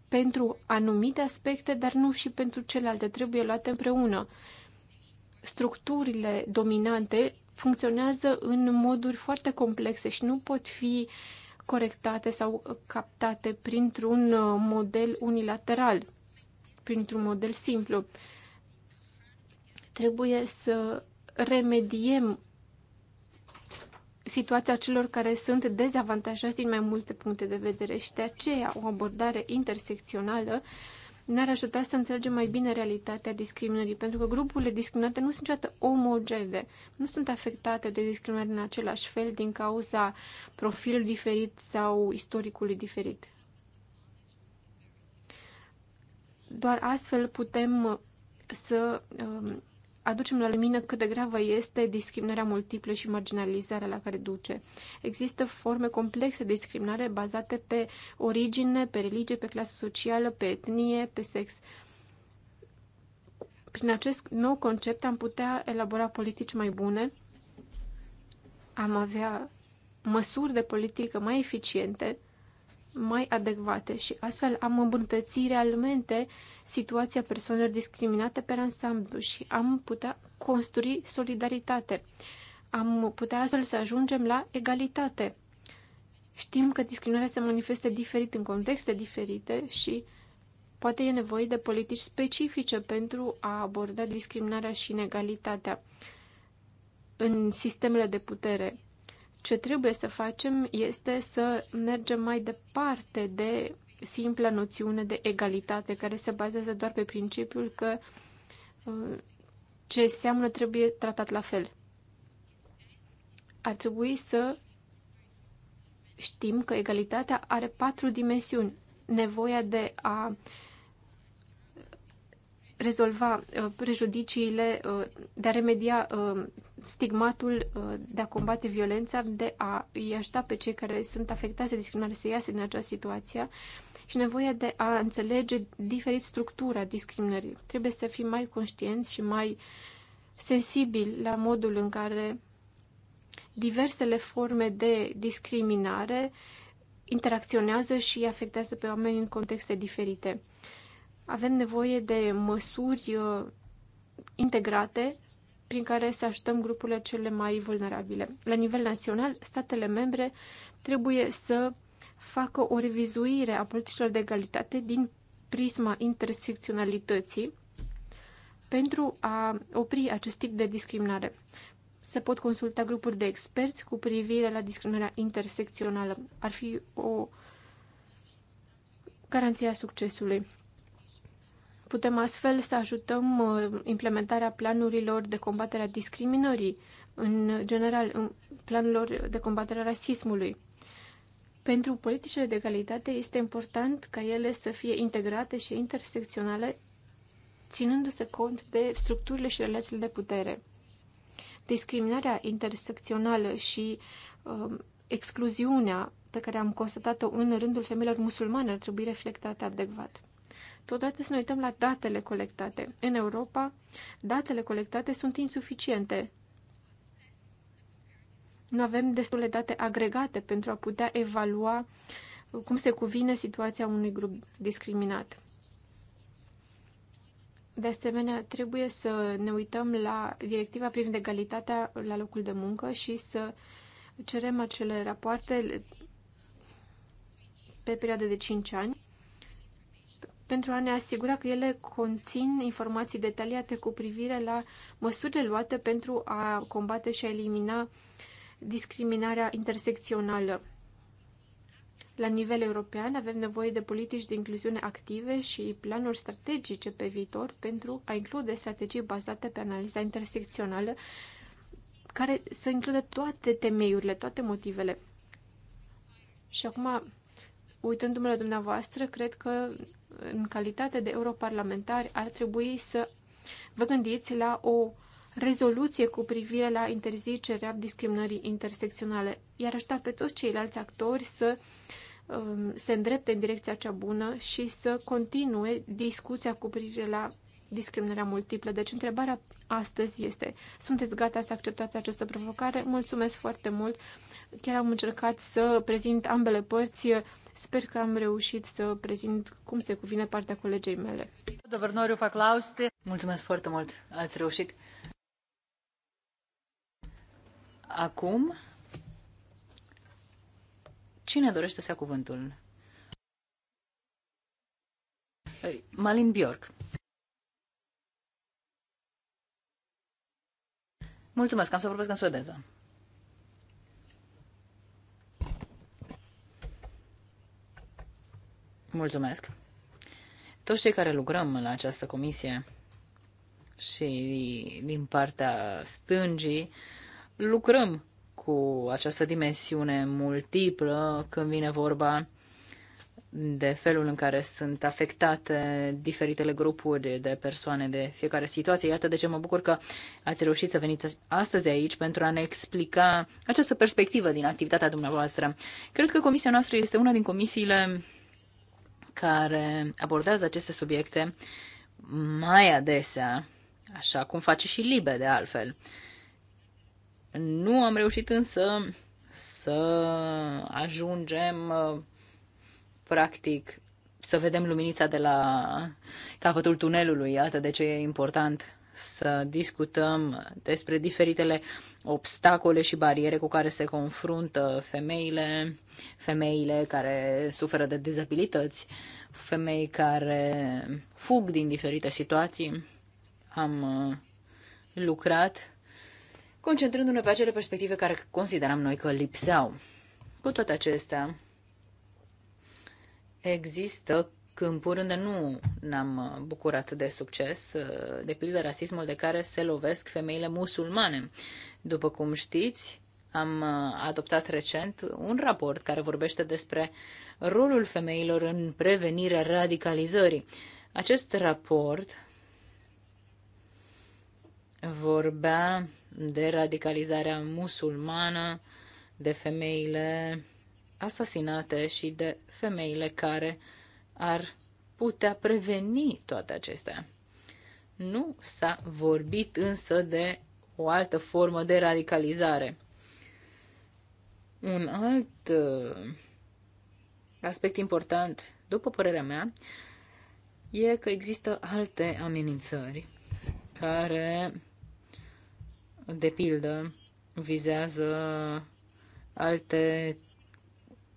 pentru anumite aspecte, dar nu și pentru celelalte. Trebuie luate împreună. Structurile dominante funcționează în moduri foarte complexe și nu pot fi corectate sau captate printr-un model unilateral, printr-un model simplu. Trebuie să remediem situația celor care sunt dezavantajați din mai multe puncte de vedere și de aceea o abordare intersecțională ne-ar ajuta să înțelegem mai bine realitatea discriminării, pentru că grupurile discriminate nu sunt niciodată omogene, nu sunt afectate de discriminare în același fel din cauza profilului diferit sau istoricului diferit. Doar astfel putem să um, aducem la lumină cât de gravă este discriminarea multiplă și marginalizarea la care duce. Există forme complexe de discriminare bazate pe origine, pe religie, pe clasă socială, pe etnie, pe sex. Prin acest nou concept am putea elabora politici mai bune, am avea măsuri de politică mai eficiente mai adecvate și astfel am îmbunătățit realmente situația persoanelor discriminate pe ansamblu și am putea construi solidaritate. Am putea astfel să ajungem la egalitate. Știm că discriminarea se manifestă diferit în contexte diferite și poate e nevoie de politici specifice pentru a aborda discriminarea și inegalitatea în sistemele de putere ce trebuie să facem este să mergem mai departe de simpla noțiune de egalitate, care se bazează doar pe principiul că uh, ce seamănă trebuie tratat la fel. Ar trebui să știm că egalitatea are patru dimensiuni. Nevoia de a rezolva uh, prejudiciile, uh, de a remedia stigmatul uh, de a combate violența, de a îi ajuta pe cei care sunt afectați de discriminare să iasă din această situație și nevoia de a înțelege diferit structura discriminării. Trebuie să fim mai conștienți și mai sensibili la modul în care diversele forme de discriminare interacționează și afectează pe oameni în contexte diferite. Avem nevoie de măsuri uh, integrate prin care să ajutăm grupurile cele mai vulnerabile. La nivel național, statele membre trebuie să facă o revizuire a politicilor de egalitate din prisma intersecționalității pentru a opri acest tip de discriminare. Se pot consulta grupuri de experți cu privire la discriminarea intersecțională. Ar fi o garanție a succesului. Putem astfel să ajutăm uh, implementarea planurilor de combatere a discriminării, în general, în planurilor de combatere a rasismului. Pentru politicile de egalitate este important ca ele să fie integrate și intersecționale, ținându-se cont de structurile și relațiile de putere. Discriminarea intersecțională și um, excluziunea pe care am constatat-o în rândul femeilor musulmane ar trebui reflectate adecvat. Totodată să ne uităm la datele colectate. În Europa, datele colectate sunt insuficiente. Nu avem destule date agregate pentru a putea evalua cum se cuvine situația unui grup discriminat. De asemenea, trebuie să ne uităm la directiva privind egalitatea la locul de muncă și să cerem acele rapoarte pe perioade de 5 ani pentru a ne asigura că ele conțin informații detaliate cu privire la măsurile luate pentru a combate și a elimina discriminarea intersecțională. La nivel european avem nevoie de politici de incluziune active și planuri strategice pe viitor pentru a include strategii bazate pe analiza intersecțională care să includă toate temeiurile, toate motivele. Și acum, uitându-mă la dumneavoastră, cred că în calitate de europarlamentari, ar trebui să vă gândiți la o rezoluție cu privire la interzicerea discriminării intersecționale. Iar aștepta pe toți ceilalți actori să um, se îndrepte în direcția cea bună și să continue discuția cu privire la discriminarea multiplă. Deci întrebarea astăzi este, sunteți gata să acceptați această provocare? Mulțumesc foarte mult! Chiar am încercat să prezint ambele părți. Sper că am reușit să prezint cum se cuvine partea colegei mele. Dovernoriu noriu Mulțumesc foarte mult. Ați reușit. Acum, cine dorește să ia cuvântul? Malin Bjork. Mulțumesc, am să vorbesc în suedeză. Mulțumesc! Toți cei care lucrăm la această comisie și din partea stângii lucrăm cu această dimensiune multiplă când vine vorba de felul în care sunt afectate diferitele grupuri de persoane de fiecare situație. Iată de ce mă bucur că ați reușit să veniți astăzi aici pentru a ne explica această perspectivă din activitatea dumneavoastră. Cred că comisia noastră este una din comisiile care abordează aceste subiecte mai adesea, așa cum face și Libe de altfel. Nu am reușit însă să ajungem practic să vedem luminița de la capătul tunelului, iată de ce e important să discutăm despre diferitele obstacole și bariere cu care se confruntă femeile, femeile care suferă de dizabilități, femei care fug din diferite situații. Am uh, lucrat concentrându-ne pe acele perspective care consideram noi că lipseau. Cu toate acestea, există câmpuri unde nu ne-am uh, bucurat de succes, uh, de pildă rasismul de care se lovesc femeile musulmane. După cum știți, am uh, adoptat recent un raport care vorbește despre rolul femeilor în prevenirea radicalizării. Acest raport vorbea de radicalizarea musulmană, de femeile asasinate și de femeile care uh, ar putea preveni toate acestea. Nu s-a vorbit însă de o altă formă de radicalizare. Un alt uh, aspect important, după părerea mea, e că există alte amenințări care, de pildă, vizează alte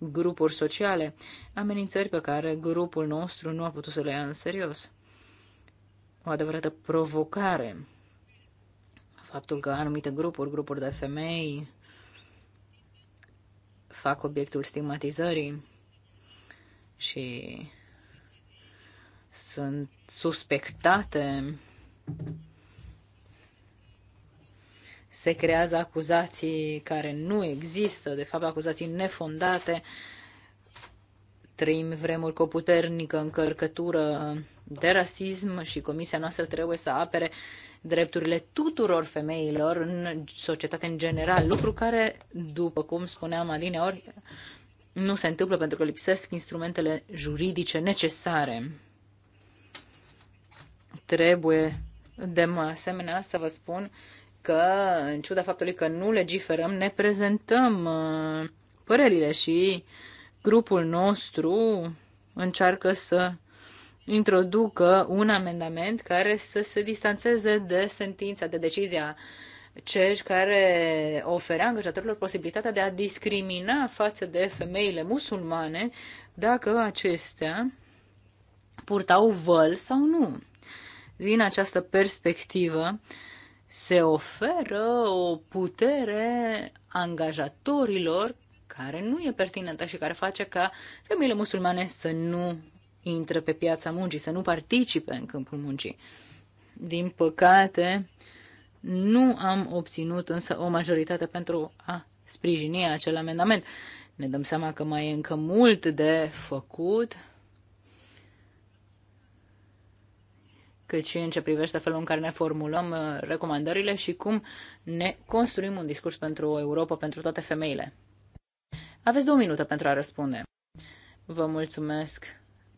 grupuri sociale, amenințări pe care grupul nostru nu a putut să le ia în serios. O adevărată provocare. Faptul că anumite grupuri, grupuri de femei, fac obiectul stigmatizării și sunt suspectate se creează acuzații care nu există, de fapt acuzații nefondate. Trăim vremuri cu o puternică încărcătură de rasism și comisia noastră trebuie să apere drepturile tuturor femeilor în societate în general, lucru care, după cum spuneam adineori, nu se întâmplă pentru că lipsesc instrumentele juridice necesare. Trebuie, de asemenea, să vă spun că, în ciuda faptului că nu legiferăm, ne prezentăm uh, părerile și grupul nostru încearcă să introducă un amendament care să se distanțeze de sentința, de decizia CEJ care oferea angajatorilor posibilitatea de a discrimina față de femeile musulmane dacă acestea purtau văl sau nu. Din această perspectivă, se oferă o putere angajatorilor care nu e pertinentă și care face ca femeile musulmane să nu intre pe piața muncii, să nu participe în câmpul muncii. Din păcate, nu am obținut însă o majoritate pentru a sprijini acel amendament. Ne dăm seama că mai e încă mult de făcut, cât și în ce privește felul în care ne formulăm uh, recomandările și cum ne construim un discurs pentru o Europa, pentru toate femeile. Aveți două minute pentru a răspunde. Vă mulțumesc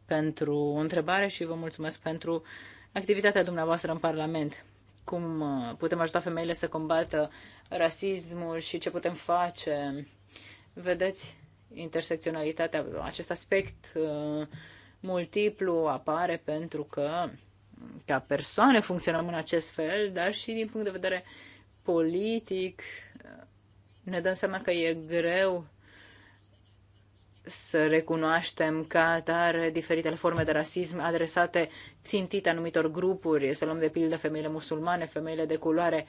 pentru întrebare și vă mulțumesc pentru activitatea dumneavoastră în Parlament. Cum uh, putem ajuta femeile să combată rasismul și ce putem face? Vedeți, intersecționalitatea, acest aspect uh, multiplu apare pentru că ca persoane funcționăm în acest fel, dar și din punct de vedere politic ne dăm seama că e greu să recunoaștem ca atare diferitele forme de rasism adresate țintite anumitor grupuri, să luăm de pildă femeile musulmane, femeile de culoare.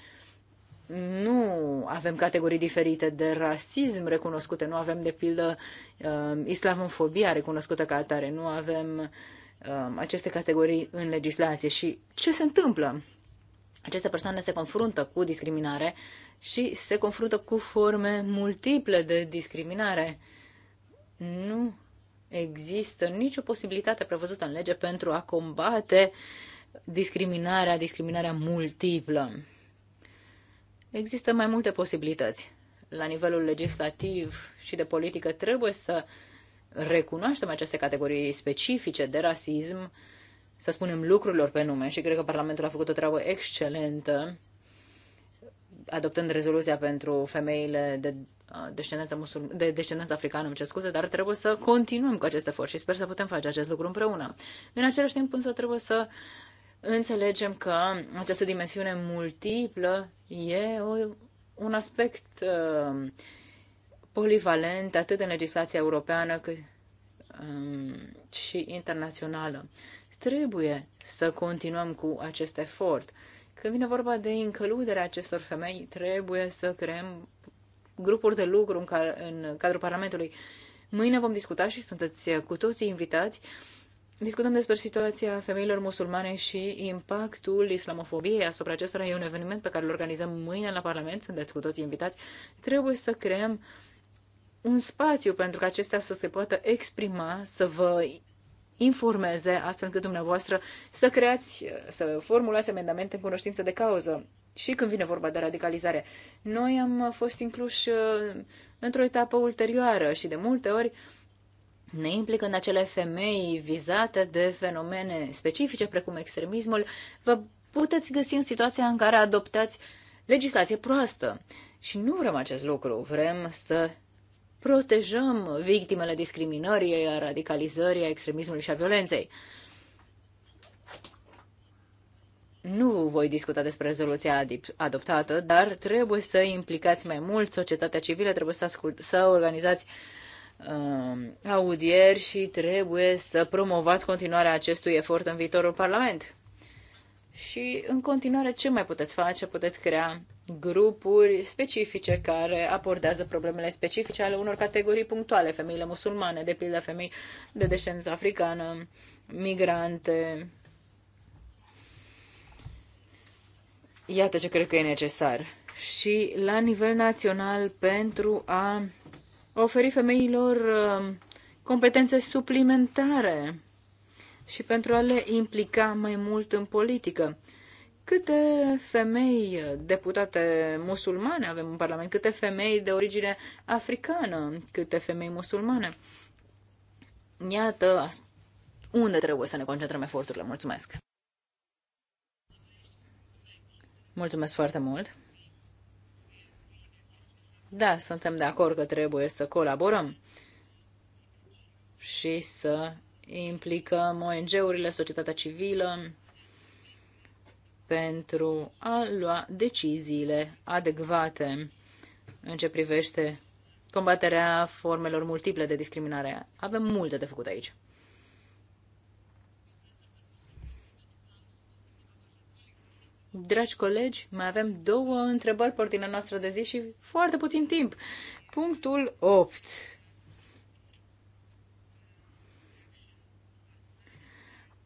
Nu avem categorii diferite de rasism recunoscute, nu avem de pildă uh, islamofobia recunoscută ca atare, nu avem uh, Um, aceste categorii în legislație și ce se întâmplă? Aceste persoane se confruntă cu discriminare și se confruntă cu forme multiple de discriminare. Nu există nicio posibilitate prevăzută în lege pentru a combate discriminarea, discriminarea multiplă. Există mai multe posibilități. La nivelul legislativ și de politică trebuie să uh, recunoaștem aceste categorii specifice de rasism, să spunem lucrurilor pe nume și cred că Parlamentul a făcut o treabă excelentă adoptând rezoluția pentru femeile de descendență, musulm- de descendență africană, îmi cer scuze, dar trebuie să continuăm cu acest efort și sper să putem face acest lucru împreună. În același timp însă trebuie să înțelegem că această dimensiune multiplă e o, un aspect uh, polivalent atât în legislația europeană cât um, și internațională. Trebuie să continuăm cu acest efort. Când vine vorba de includerea acestor femei, trebuie să creăm grupuri de lucru în, car- în cadrul Parlamentului. Mâine vom discuta și sunteți cu toții invitați. Discutăm despre situația femeilor musulmane și impactul islamofobiei asupra acestora. E un eveniment pe care îl organizăm mâine la Parlament, sunteți cu toții invitați. Trebuie să creăm un spațiu pentru că acestea să se poată exprima, să vă informeze, astfel încât dumneavoastră să creați, să formulați amendamente în cunoștință de cauză. Și când vine vorba de radicalizare, noi am fost incluși uh, într-o etapă ulterioară și de multe ori ne implică în acele femei vizate de fenomene specifice, precum extremismul, vă puteți găsi în situația în care adoptați legislație proastă. Și nu vrem acest lucru, vrem să protejăm victimele discriminării, a radicalizării, a extremismului și a violenței. Nu voi discuta despre rezoluția adoptată, dar trebuie să implicați mai mult societatea civilă, trebuie să, ascult, să organizați uh, audieri și trebuie să promovați continuarea acestui efort în viitorul Parlament. Și în continuare, ce mai puteți face? Puteți crea grupuri specifice care abordează problemele specifice ale unor categorii punctuale, femeile musulmane, de pildă femei de descendență africană, migrante. Iată ce cred că e necesar. Și la nivel național pentru a oferi femeilor uh, competențe suplimentare și pentru a le implica mai mult în politică. Câte femei deputate musulmane avem în Parlament? Câte femei de origine africană? Câte femei musulmane? Iată unde trebuie să ne concentrăm eforturile. Mulțumesc! Mulțumesc foarte mult! Da, suntem de acord că trebuie să colaborăm și să implicăm ONG-urile, societatea civilă, pentru a lua deciziile adecvate în ce privește combaterea formelor multiple de discriminare. Avem multe de făcut aici. Dragi colegi, mai avem două întrebări pe ordinea noastră de zi și foarte puțin timp. Punctul 8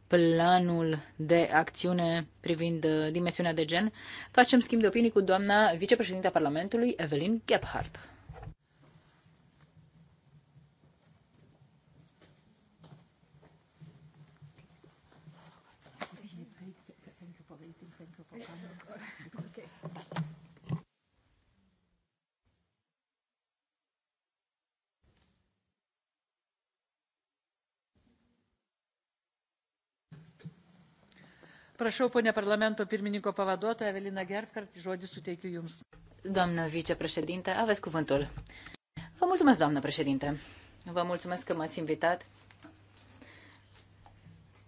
planul de acțiune privind uh, dimensiunea de gen, facem schimb de opinii cu doamna vicepreședinta Parlamentului, Evelyn Gebhardt. Prašau, ponia Doamnă vicepreședinte, aveți cuvântul. Vă mulțumesc, doamnă președinte. Vă mulțumesc că m-ați invitat.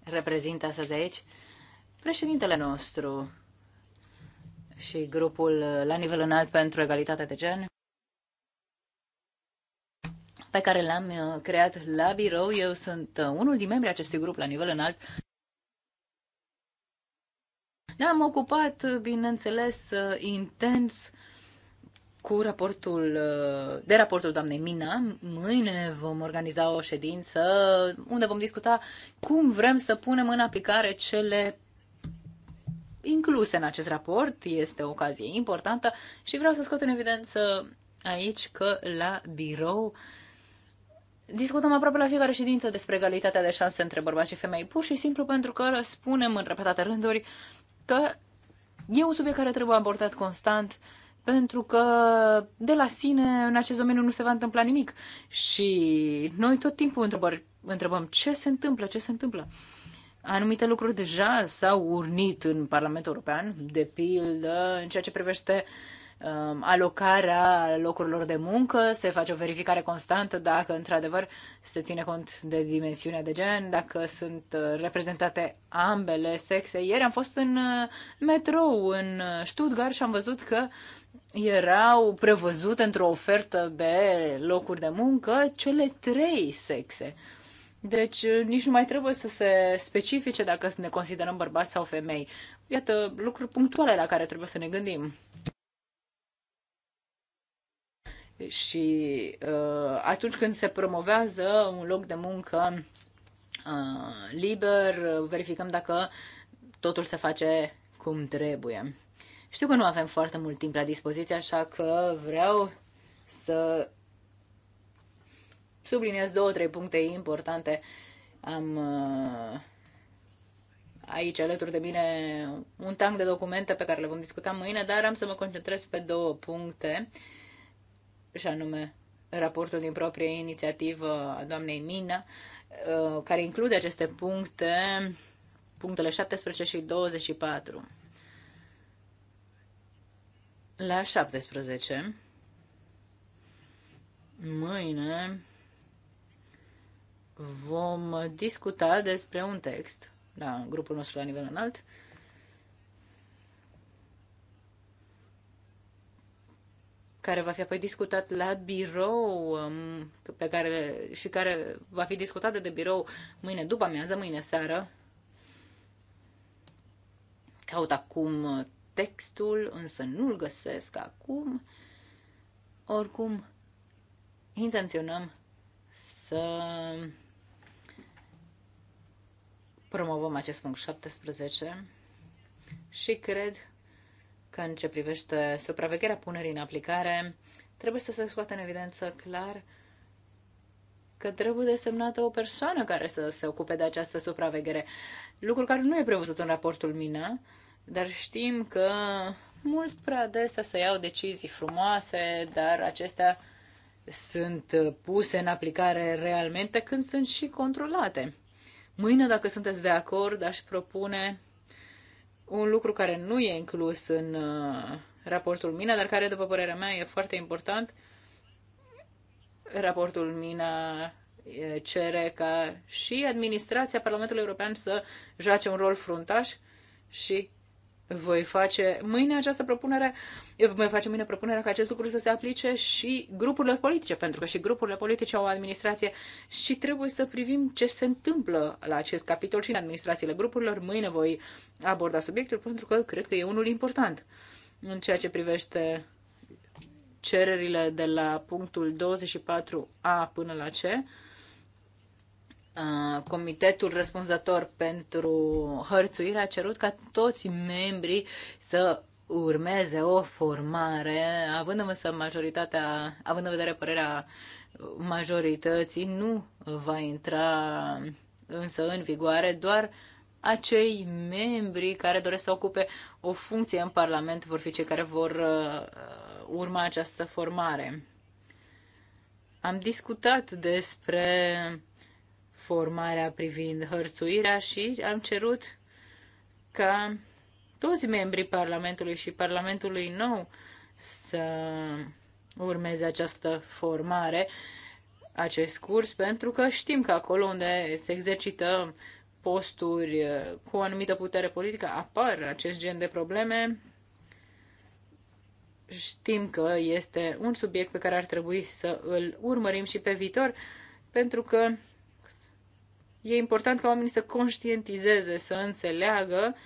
Reprezint astăzi aici președintele nostru și grupul la nivel înalt pentru egalitate de gen pe care l-am uh, creat la birou. Eu sunt uh, unul din membrii acestui grup la nivel înalt ne-am ocupat, bineînțeles, intens cu raportul, de raportul doamnei Mina. Mâine vom organiza o ședință unde vom discuta cum vrem să punem în aplicare cele incluse în acest raport. Este o ocazie importantă și vreau să scot în evidență aici că la birou discutăm aproape la fiecare ședință despre egalitatea de șanse între bărbați și femei, pur și simplu pentru că răspunem în repetate rânduri uh, că e un subiect care trebuie abordat constant, pentru că de la sine în acest domeniu nu se va întâmpla nimic. Și noi tot timpul întrebări, întrebăm ce se întâmplă, ce se întâmplă. Anumite lucruri deja s-au urnit în Parlamentul European, de pildă în ceea ce privește uh, Um, alocarea locurilor de muncă, se face o verificare constantă dacă într-adevăr se ține cont de dimensiunea de gen, dacă sunt uh, reprezentate ambele sexe. Ieri am fost în uh, metrou în uh, Stuttgart și am văzut că erau prevăzute într-o ofertă de locuri de muncă cele trei sexe. Deci nici nu mai trebuie să se specifice dacă ne considerăm bărbați sau femei. Iată lucruri punctuale la care trebuie să ne gândim și uh, atunci când se promovează un loc de muncă uh, liber, verificăm dacă totul se face cum trebuie. Știu că nu avem foarte mult timp la dispoziție, așa că vreau să subliniez două, trei puncte importante. Am uh, aici alături de mine un tank de documente pe care le vom discuta mâine, dar am să mă concentrez pe două puncte. Uh, și anume raportul din proprie inițiativă a doamnei Mina, uh, care include aceste puncte, punctele 17 și 24. La 17, mâine vom discuta despre un text la grupul nostru la nivel înalt, care va fi apoi discutat la birou um, pe care, și care va fi discutată de birou mâine după amiază, mâine seară. Caut acum uh, textul, însă nu-l găsesc acum. Oricum, intenționăm să promovăm acest punct 17 și cred că în ce privește supravegherea punerii în aplicare, trebuie să se scoată în evidență clar că trebuie desemnată o persoană care să se ocupe de această supraveghere. Lucru care nu e prevăzut în raportul MINA, dar știm că mult prea adesea se iau decizii frumoase, dar acestea sunt puse în aplicare realmente când sunt și controlate. Mâine, dacă sunteți de acord, aș propune un lucru care nu e inclus în uh, raportul MINA, dar care, după părerea mea, e foarte important. Raportul MINA uh, cere ca și administrația Parlamentului European să joace un rol fruntaș și voi face mâine această propunere, voi face mâine propunerea ca acest lucru să se aplice și grupurilor politice, pentru că și grupurile politice au o administrație și trebuie să privim ce se întâmplă la acest capitol și în administrațiile grupurilor. Mâine voi aborda subiectul pentru că cred că e unul important în ceea ce privește cererile de la punctul 24A până la C Uh, comitetul răspunzător pentru hărțuire a cerut ca toți membrii să urmeze o formare, având în însă majoritatea, având în vedere părerea majorității, nu va intra însă în vigoare doar acei membri care doresc să ocupe o funcție în Parlament vor fi cei care vor uh, urma această formare. Am discutat despre informarea privind hărțuirea și am cerut ca toți membrii Parlamentului și Parlamentului nou să urmeze această formare, acest curs, pentru că știm că acolo unde se exercită posturi cu o anumită putere politică apar acest gen de probleme. Știm că este un subiect pe care ar trebui să îl urmărim și pe viitor, pentru că E important ca oamenii să conștientizeze, să înțeleagă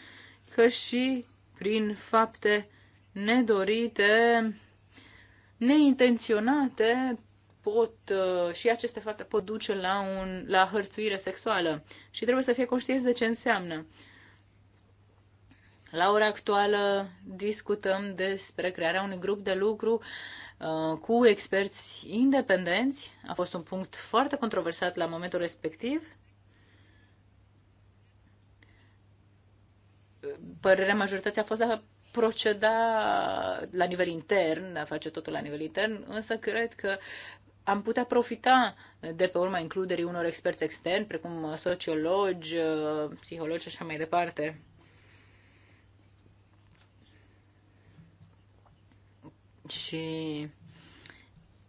că și prin fapte nedorite, neintenționate, pot, uh, și aceste fapte pot duce la, un, la hărțuire sexuală și trebuie să fie conștienți de ce înseamnă. La ora actuală discutăm despre crearea unui grup de lucru uh, cu experți independenți. A fost un punct foarte controversat la momentul respectiv părerea majorității a fost de a proceda la nivel intern, de a face totul la nivel intern, însă cred că am putea profita de pe urma includerii unor experți externi, precum sociologi, psihologi și așa mai departe. Și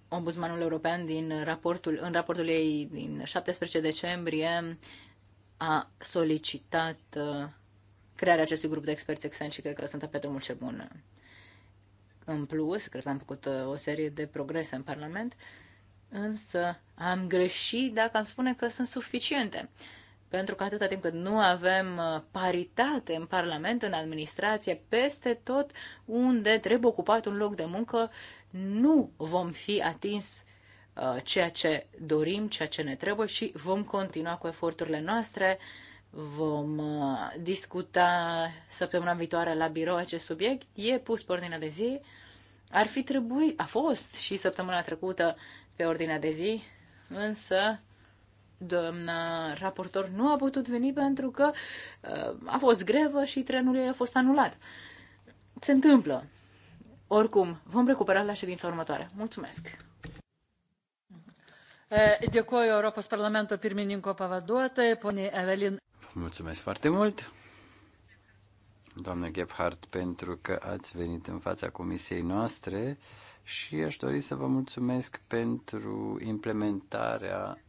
ombudsmanul european din raportul, în raportul ei din 17 decembrie a solicitat uh, crearea acestui grup de experți extern și cred că suntem pe drumul cel bun. În plus, cred că am făcut uh, o serie de progrese în Parlament, însă am greșit dacă am spune că sunt suficiente. Pentru că atâta timp cât nu avem uh, paritate în Parlament, în administrație, peste tot unde trebuie ocupat un loc de muncă, nu vom fi atins uh, ceea ce dorim, ceea ce ne trebuie și vom continua cu eforturile noastre Vom uh, discuta săptămâna viitoare la birou acest subiect. E pus pe ordinea de zi. Ar fi trebuit, a fost și săptămâna trecută pe ordinea de zi, însă doamna raportor nu a putut veni pentru că uh, a fost grevă și trenul ei a fost anulat. Se întâmplă. Oricum, vom recupera la ședința următoare. Mulțumesc! Eh, Dėkuoju Europos parlamento pirmininko pavaduotojai, poniai Evelin. Mulțumesc foarte mult, doamnă Gebhardt, pentru că ați venit în fața comisiei noastre și aș dori să vă mulțumesc pentru implementarea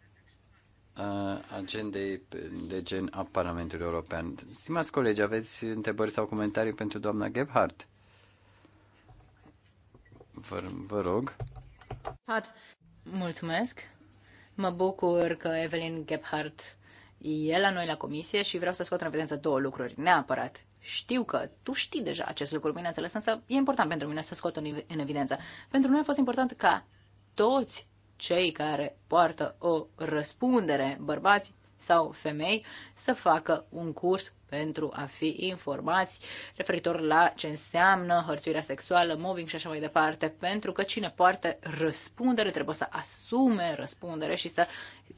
agendei de gen a Parlamentului European. Stimați colegi, aveți întrebări sau comentarii pentru doamna Gebhardt? Vă, vă rog. Pat, mulțumesc. Mă bucur că Evelyn Gebhardt e la noi la comisie și vreau să scot în evidență două lucruri, neapărat. Știu că tu știi deja acest lucru, bineînțeles, însă e important pentru mine să scot în, în evidență. Pentru noi a fost important ca toți cei care poartă o răspundere, bărbați sau femei, să facă un curs pentru a fi informați referitor la ce înseamnă hărțuirea sexuală, mobbing și așa mai departe, pentru că cine poartă răspundere trebuie să asume răspundere și să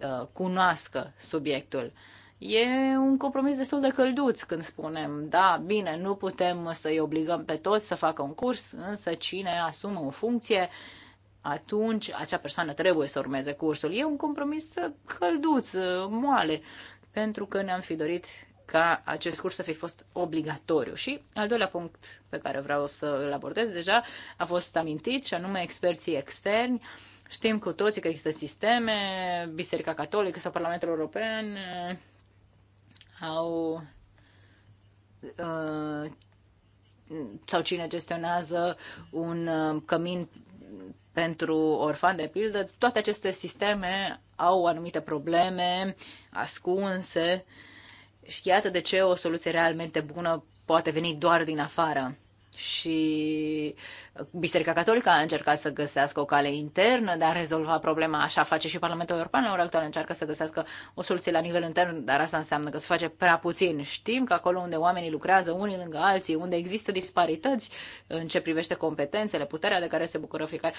Uh, cunoască subiectul. E un compromis destul de călduț când spunem, da, bine, nu putem să-i obligăm pe toți să facă un curs, însă cine asumă o funcție, atunci acea persoană trebuie să urmeze cursul. E un compromis călduț, uh, moale, pentru că ne-am fi dorit ca acest curs să fi fost obligatoriu. Și al doilea punct pe care vreau să îl abordez deja a fost amintit, și anume experții externi. Uh, Știm cu toții că există sisteme, Biserica Catolică sau Parlamentul European uh, au uh, sau cine gestionează un uh, cămin pentru orfan, de pildă, toate aceste sisteme au anumite probleme ascunse și iată de ce o soluție realmente bună poate veni doar din afară și Biserica Catolică a încercat să găsească o cale internă de a rezolva problema. Așa face și Parlamentul European la ora actuală, încearcă să găsească o soluție la nivel intern, dar asta înseamnă că se face prea puțin. Știm că acolo unde oamenii lucrează unii lângă alții, unde există disparități în ce privește competențele, puterea de care se bucură fiecare,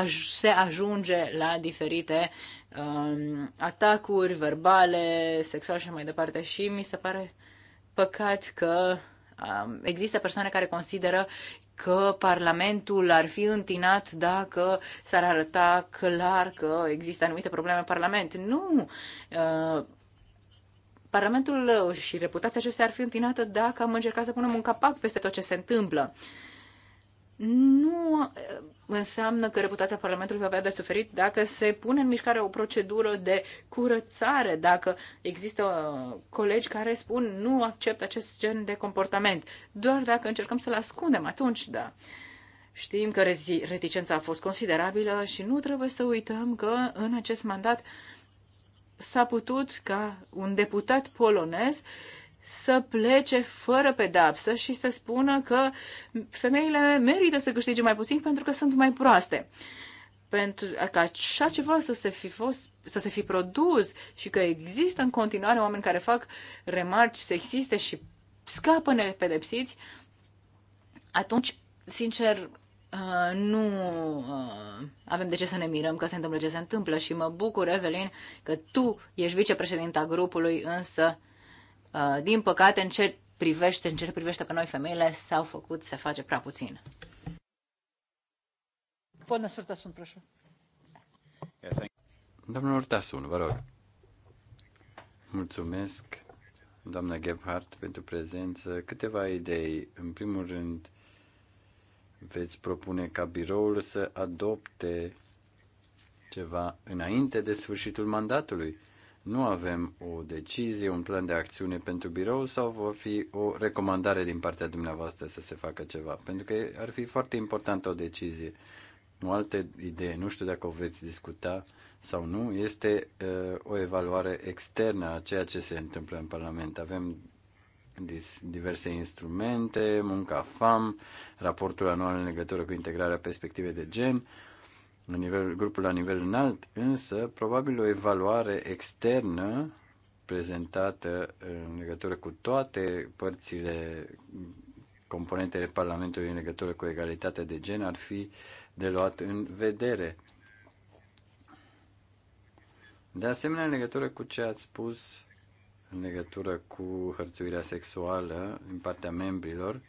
um, se ajunge la diferite um, atacuri verbale, sexuale și mai departe. Și mi se pare păcat că Există persoane care consideră că Parlamentul ar fi întinat dacă s-ar arăta clar că există anumite probleme în Parlament. Nu! Uh, Parlamentul și reputația acestea ar fi întinată dacă am încercat să punem un capac peste tot ce se întâmplă. Nu înseamnă că reputația Parlamentului va avea de suferit dacă se pune în mișcare o procedură de curățare, dacă există uh, colegi care spun nu accept acest gen de comportament. Doar dacă încercăm să-l ascundem, atunci da. Știm că reticența a fost considerabilă și nu trebuie să uităm că în acest mandat s-a putut ca un deputat polonez uh, să plece fără pedapsă și să spună că femeile merită să câștige mai puțin pentru că sunt mai proaste. Pentru că așa ceva să se fi fost să se fi produs și că există în continuare oameni care fac remarci sexiste și scapă nepedepsiți, atunci, sincer, uh, nu uh, avem de ce să ne mirăm că se întâmplă ce se întâmplă și mă bucur, Evelyn, că tu ești vicepreședinta grupului, însă uh, Uh, din păcate, în ce privește, în ce privește pe noi femeile, s-au făcut, se face prea puțin. Bună sortă sunt, proșu. Domnul Urtasun, vă rog. Mulțumesc, doamna Gebhardt, pentru prezență. Câteva idei. În primul rând, veți propune ca biroul să adopte ceva înainte de sfârșitul mandatului nu avem o decizie, un plan de acțiune pentru birou sau va fi o recomandare din partea dumneavoastră să se facă ceva? Pentru că ar fi foarte importantă o decizie. O altă idee, nu știu dacă o veți discuta sau nu, este uh, o evaluare externă a ceea ce se întâmplă în Parlament. Avem diverse instrumente, munca FAM, raportul anual în legătură cu integrarea perspective de gen, uh, la nivel, grupul la nivel înalt, însă probabil o evaluare externă prezentată în legătură cu toate părțile, componentele Parlamentului în legătură cu egalitatea de gen ar fi de luat în vedere. De asemenea, în legătură cu ce ați spus în legătură cu hărțuirea sexuală din partea membrilor,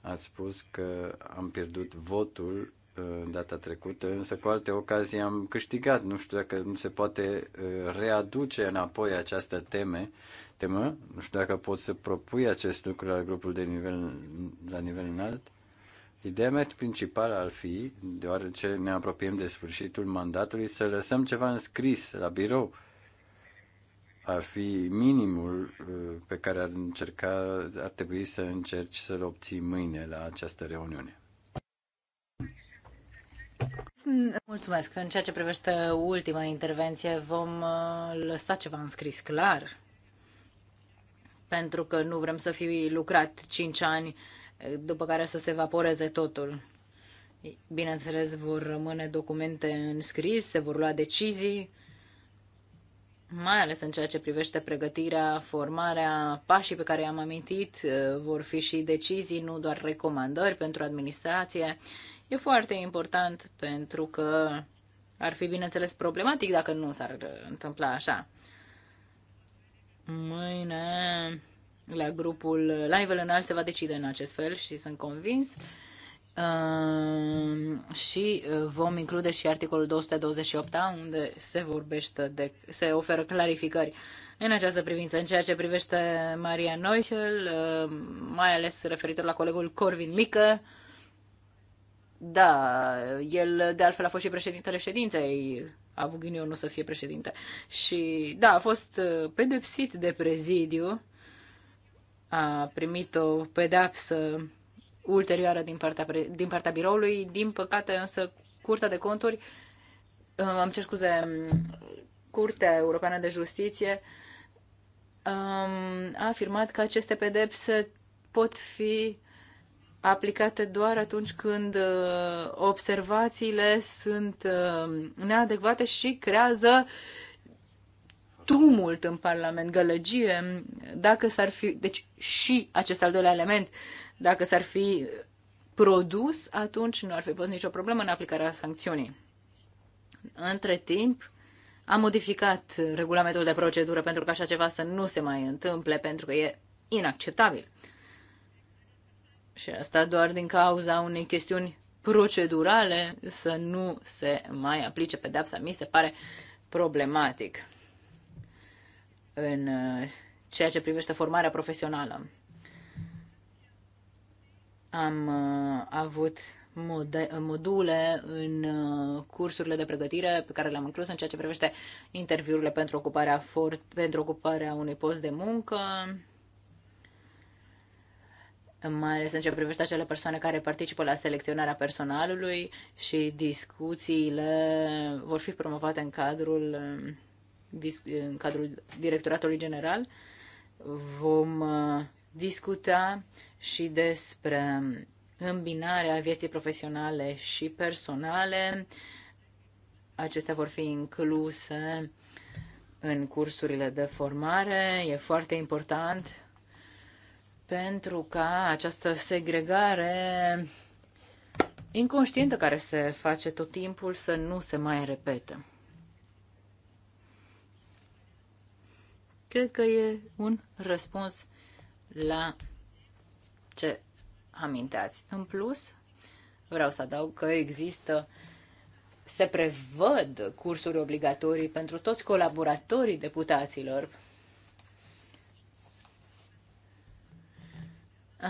ați spus că am pierdut votul Uh, data trecută, însă cu alte ocazii am câștigat. Nu știu dacă nu se poate uh, readuce înapoi această teme, temă. Nu știu dacă pot să propui acest lucru la grupul de nivel, la nivel înalt. Ideea mea principală ar fi, deoarece ne apropiem de sfârșitul mandatului, să lăsăm ceva înscris la birou. Ar fi minimul uh, pe care ar încerca, ar trebui să încerci să-l obții mâine la această reuniune. Mulțumesc. În ceea ce privește ultima intervenție, vom uh, lăsa ceva înscris clar, pentru că nu vrem să fi lucrat 5 ani uh, după care să se evaporeze totul. Bineînțeles, vor rămâne documente scris, se vor lua decizii, mai ales în ceea ce privește pregătirea, formarea, pașii pe care i-am amintit, uh, vor fi și decizii, nu doar recomandări pentru administrație. E foarte important pentru că ar fi, bineînțeles, problematic dacă nu s-ar întâmpla așa. Mâine, la grupul la nivel înalt se va decide în acest fel și sunt convins. Ehm, uh, și vom include și articolul 228a, unde se vorbește de, se oferă clarificări în această privință, în ceea ce privește Maria Noichel, uh, mai ales referitor la colegul Corvin Mică, da, el de altfel a fost și președintele ședinței, a avut ghinionul să fie președinte. Și da, a fost uh, pedepsit de prezidiu, a primit o pedapsă ulterioară din partea, din partea biroului, din păcate însă Curtea de Conturi, uh, am cer scuze, um, Curtea Europeană de Justiție um, a afirmat că aceste pedepse pot fi aplicate doar atunci când uh, observațiile sunt uh, neadecvate și creează tumult în Parlament, gălăgie, dacă s-ar fi, deci și acest al doilea element, dacă s-ar fi produs, atunci nu ar fi fost nicio problemă în aplicarea sancțiunii. Între timp, am modificat regulamentul de procedură pentru că așa ceva să nu se mai întâmple, pentru că e inacceptabil. Și asta doar din cauza unei chestiuni procedurale să nu se mai aplice pedepsa. Mi se pare problematic în uh, ceea ce privește formarea profesională. Am uh, avut module în uh, cursurile de pregătire pe care le-am inclus în ceea ce privește interviurile pentru ocuparea, for- pentru ocuparea unui post de muncă mai ales în ce privește acele persoane care participă la selecționarea personalului și discuțiile vor fi promovate în cadrul, um, în cadrul directoratului general. Vom uh, discuta și despre um, îmbinarea vieții profesionale și personale. Acestea vor fi incluse în cursurile de formare. E foarte important pentru ca această segregare inconștientă care se face tot timpul să nu se mai repete. Cred că e un răspuns la ce aminteați. În plus, vreau să adaug că există se prevăd cursuri obligatorii pentru toți colaboratorii deputaților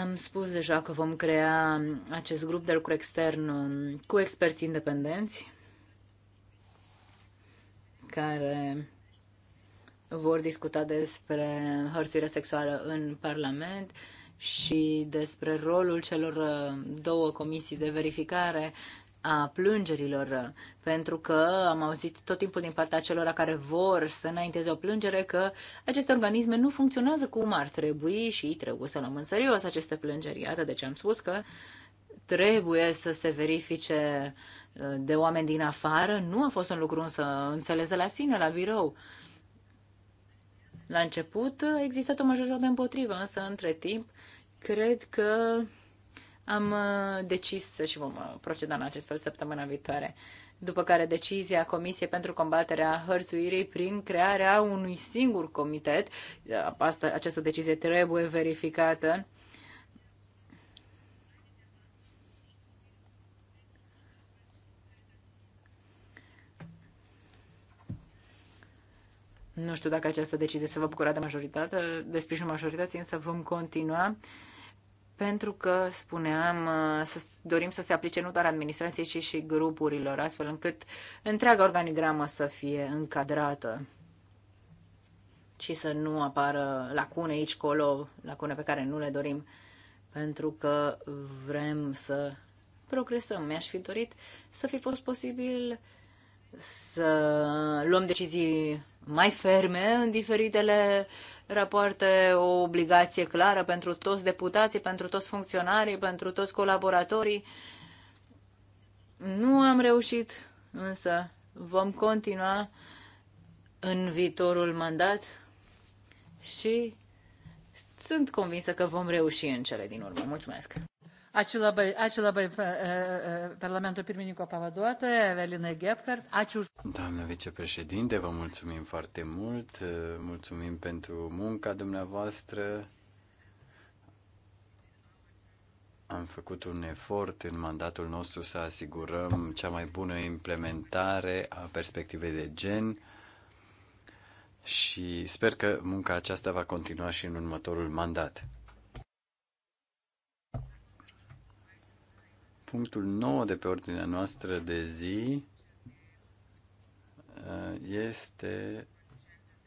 Am spus deja că vom crea acest grup de lucru extern um, cu experți independenți care vor discuta despre hărțuirea sexuală în Parlament și despre rolul celor uh, două comisii de verificare a plângerilor, pentru că am auzit tot timpul din partea celor care vor să înainteze o plângere că aceste organisme nu funcționează cum ar trebui și trebuie să luăm în serios aceste plângeri. Iată de ce am spus că trebuie să se verifice uh, de oameni din afară. Nu a fost un lucru să înțeleze la sine, la birou. La început a uh, existat o majoritate împotrivă, însă între timp cred că am uh, decis și vom uh, proceda în acest fel săptămâna viitoare. După care decizia Comisiei pentru combaterea hărțuirii prin crearea unui singur comitet, uh, asta, această decizie trebuie verificată, Nu știu dacă această decizie se va bucura de majoritate, de sprijinul majorității, însă vom continua uh, pentru că, spuneam, uh, să dorim să se aplice nu doar administrației, ci și grupurilor, astfel încât întreaga organigramă să fie încadrată și să nu apară lacune aici, colo, lacune pe care nu le dorim, pentru că vrem să progresăm. Mi-aș fi dorit să fi fost posibil uh, să luăm decizii mai ferme în diferitele rapoarte, o obligație clară pentru toți deputații, pentru toți funcționarii, pentru toți colaboratorii. Nu am reușit, însă vom continua în viitorul mandat și sunt convinsă că vom reuși în cele din urmă. Mulțumesc! doamnă vicepreședintă vicepreședinte, vă mulțumim foarte mult. Mulțumim pentru munca dumneavoastră. Am făcut un efort în mandatul nostru să asigurăm cea mai bună implementare a perspectivei de gen și sper că munca aceasta va continua și în următorul mandat. Punctul 9 de pe ordinea noastră de zi uh, este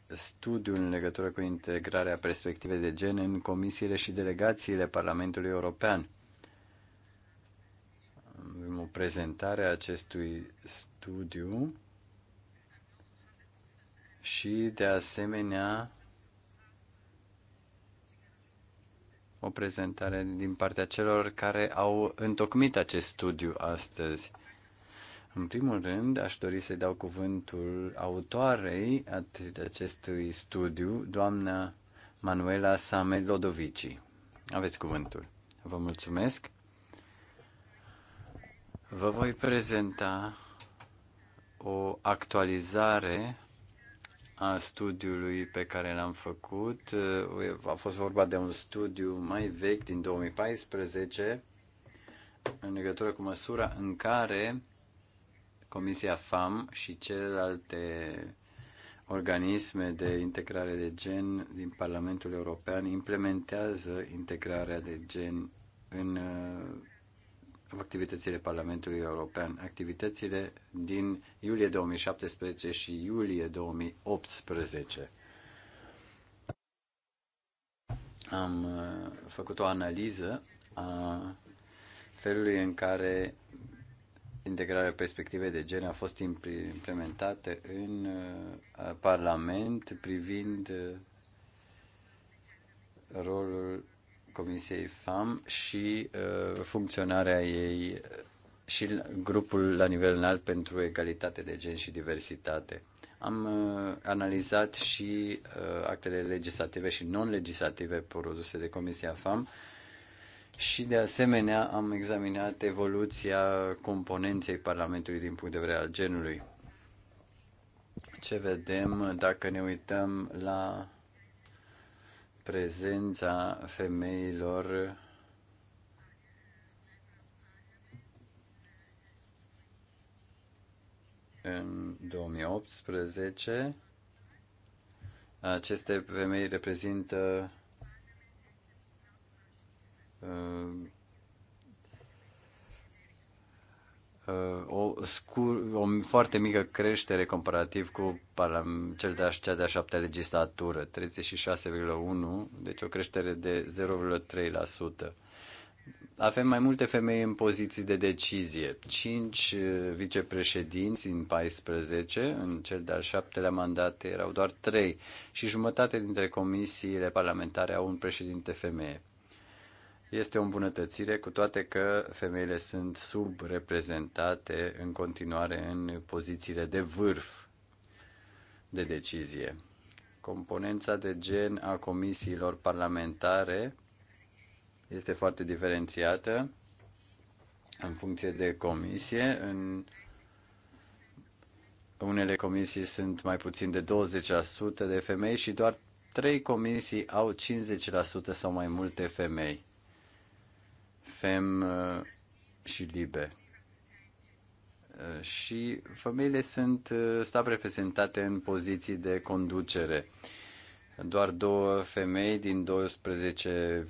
studiul în legătură cu integrarea perspectivei de gen în comisiile și delegațiile Parlamentului European. Avem o prezentare a acestui studiu și, de asemenea, o prezentare din partea celor care au întocmit acest studiu astăzi. În primul rând, aș dori să-i dau cuvântul autoarei acestui studiu, doamna Manuela Same Lodovici. Aveți cuvântul. Vă mulțumesc. Vă voi prezenta o actualizare a studiului pe care l-am făcut. A fost vorba de un studiu mai vechi din 2014 în legătură cu măsura în care Comisia FAM și celelalte organisme de integrare de gen din Parlamentul European implementează integrarea de gen în activitățile Parlamentului European, activitățile din iulie 2017 și iulie 2018. Am uh, făcut o analiză a felului în care integrarea perspectivei de gen a fost implementată în uh, Parlament privind uh, rolul Comisiei FAM și uh, funcționarea ei uh, și grupul la nivel înalt pentru egalitate de gen și diversitate. Am uh, analizat și uh, actele legislative și non-legislative produse de Comisia FAM și de asemenea am examinat evoluția componenței Parlamentului din punct de vedere al genului. Ce vedem dacă ne uităm la prezența femeilor în 2018. Aceste femei reprezintă uh, Uh, o, scur, o foarte mică creștere comparativ cu cel de-a, cea de-a șaptea legislatură, 36,1, deci o creștere de 0,3%. Avem mai multe femei în poziții de decizie, 5 uh, vicepreședinți în 14, în cel de-al șaptelea mandat erau doar 3 și jumătate dintre comisiile parlamentare au un președinte femeie. Este o îmbunătățire, cu toate că femeile sunt subreprezentate în continuare în pozițiile de vârf de decizie. Componența de gen a comisiilor parlamentare este foarte diferențiată în funcție de comisie. În unele comisii sunt mai puțin de 20% de femei și doar trei comisii au 50% sau mai multe femei avem uh, și LIBE. Uh, și femeile sunt uh, stau reprezentate în poziții de conducere. Doar două femei din 12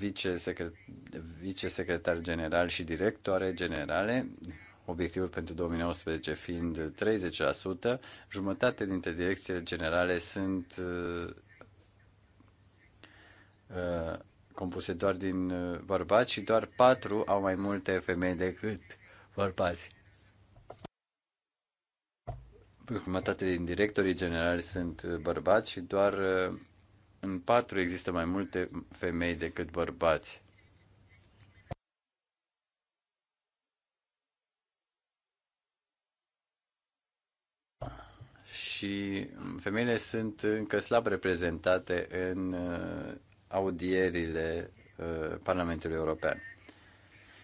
vicesecretari generali și directoare generale, obiectivul pentru 2019 fiind 30%, jumătate dintre direcțiile generale sunt uh, compuse doar din uh, bărbați și doar patru au mai multe femei decât bărbați. Jumătate din directorii generali sunt uh, bărbați și doar uh, în patru există mai multe femei decât bărbați. și um, femeile sunt încă slab reprezentate în audierile uh, Parlamentului European.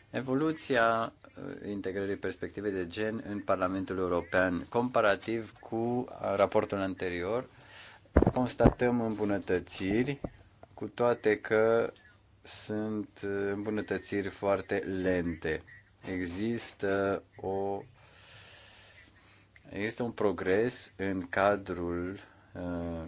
Evoluția uh, integrării perspectivei de gen în Parlamentul European comparativ cu uh, raportul anterior, constatăm îmbunătățiri, cu toate că sunt îmbunătățiri foarte lente. Există o există un progres în cadrul uh,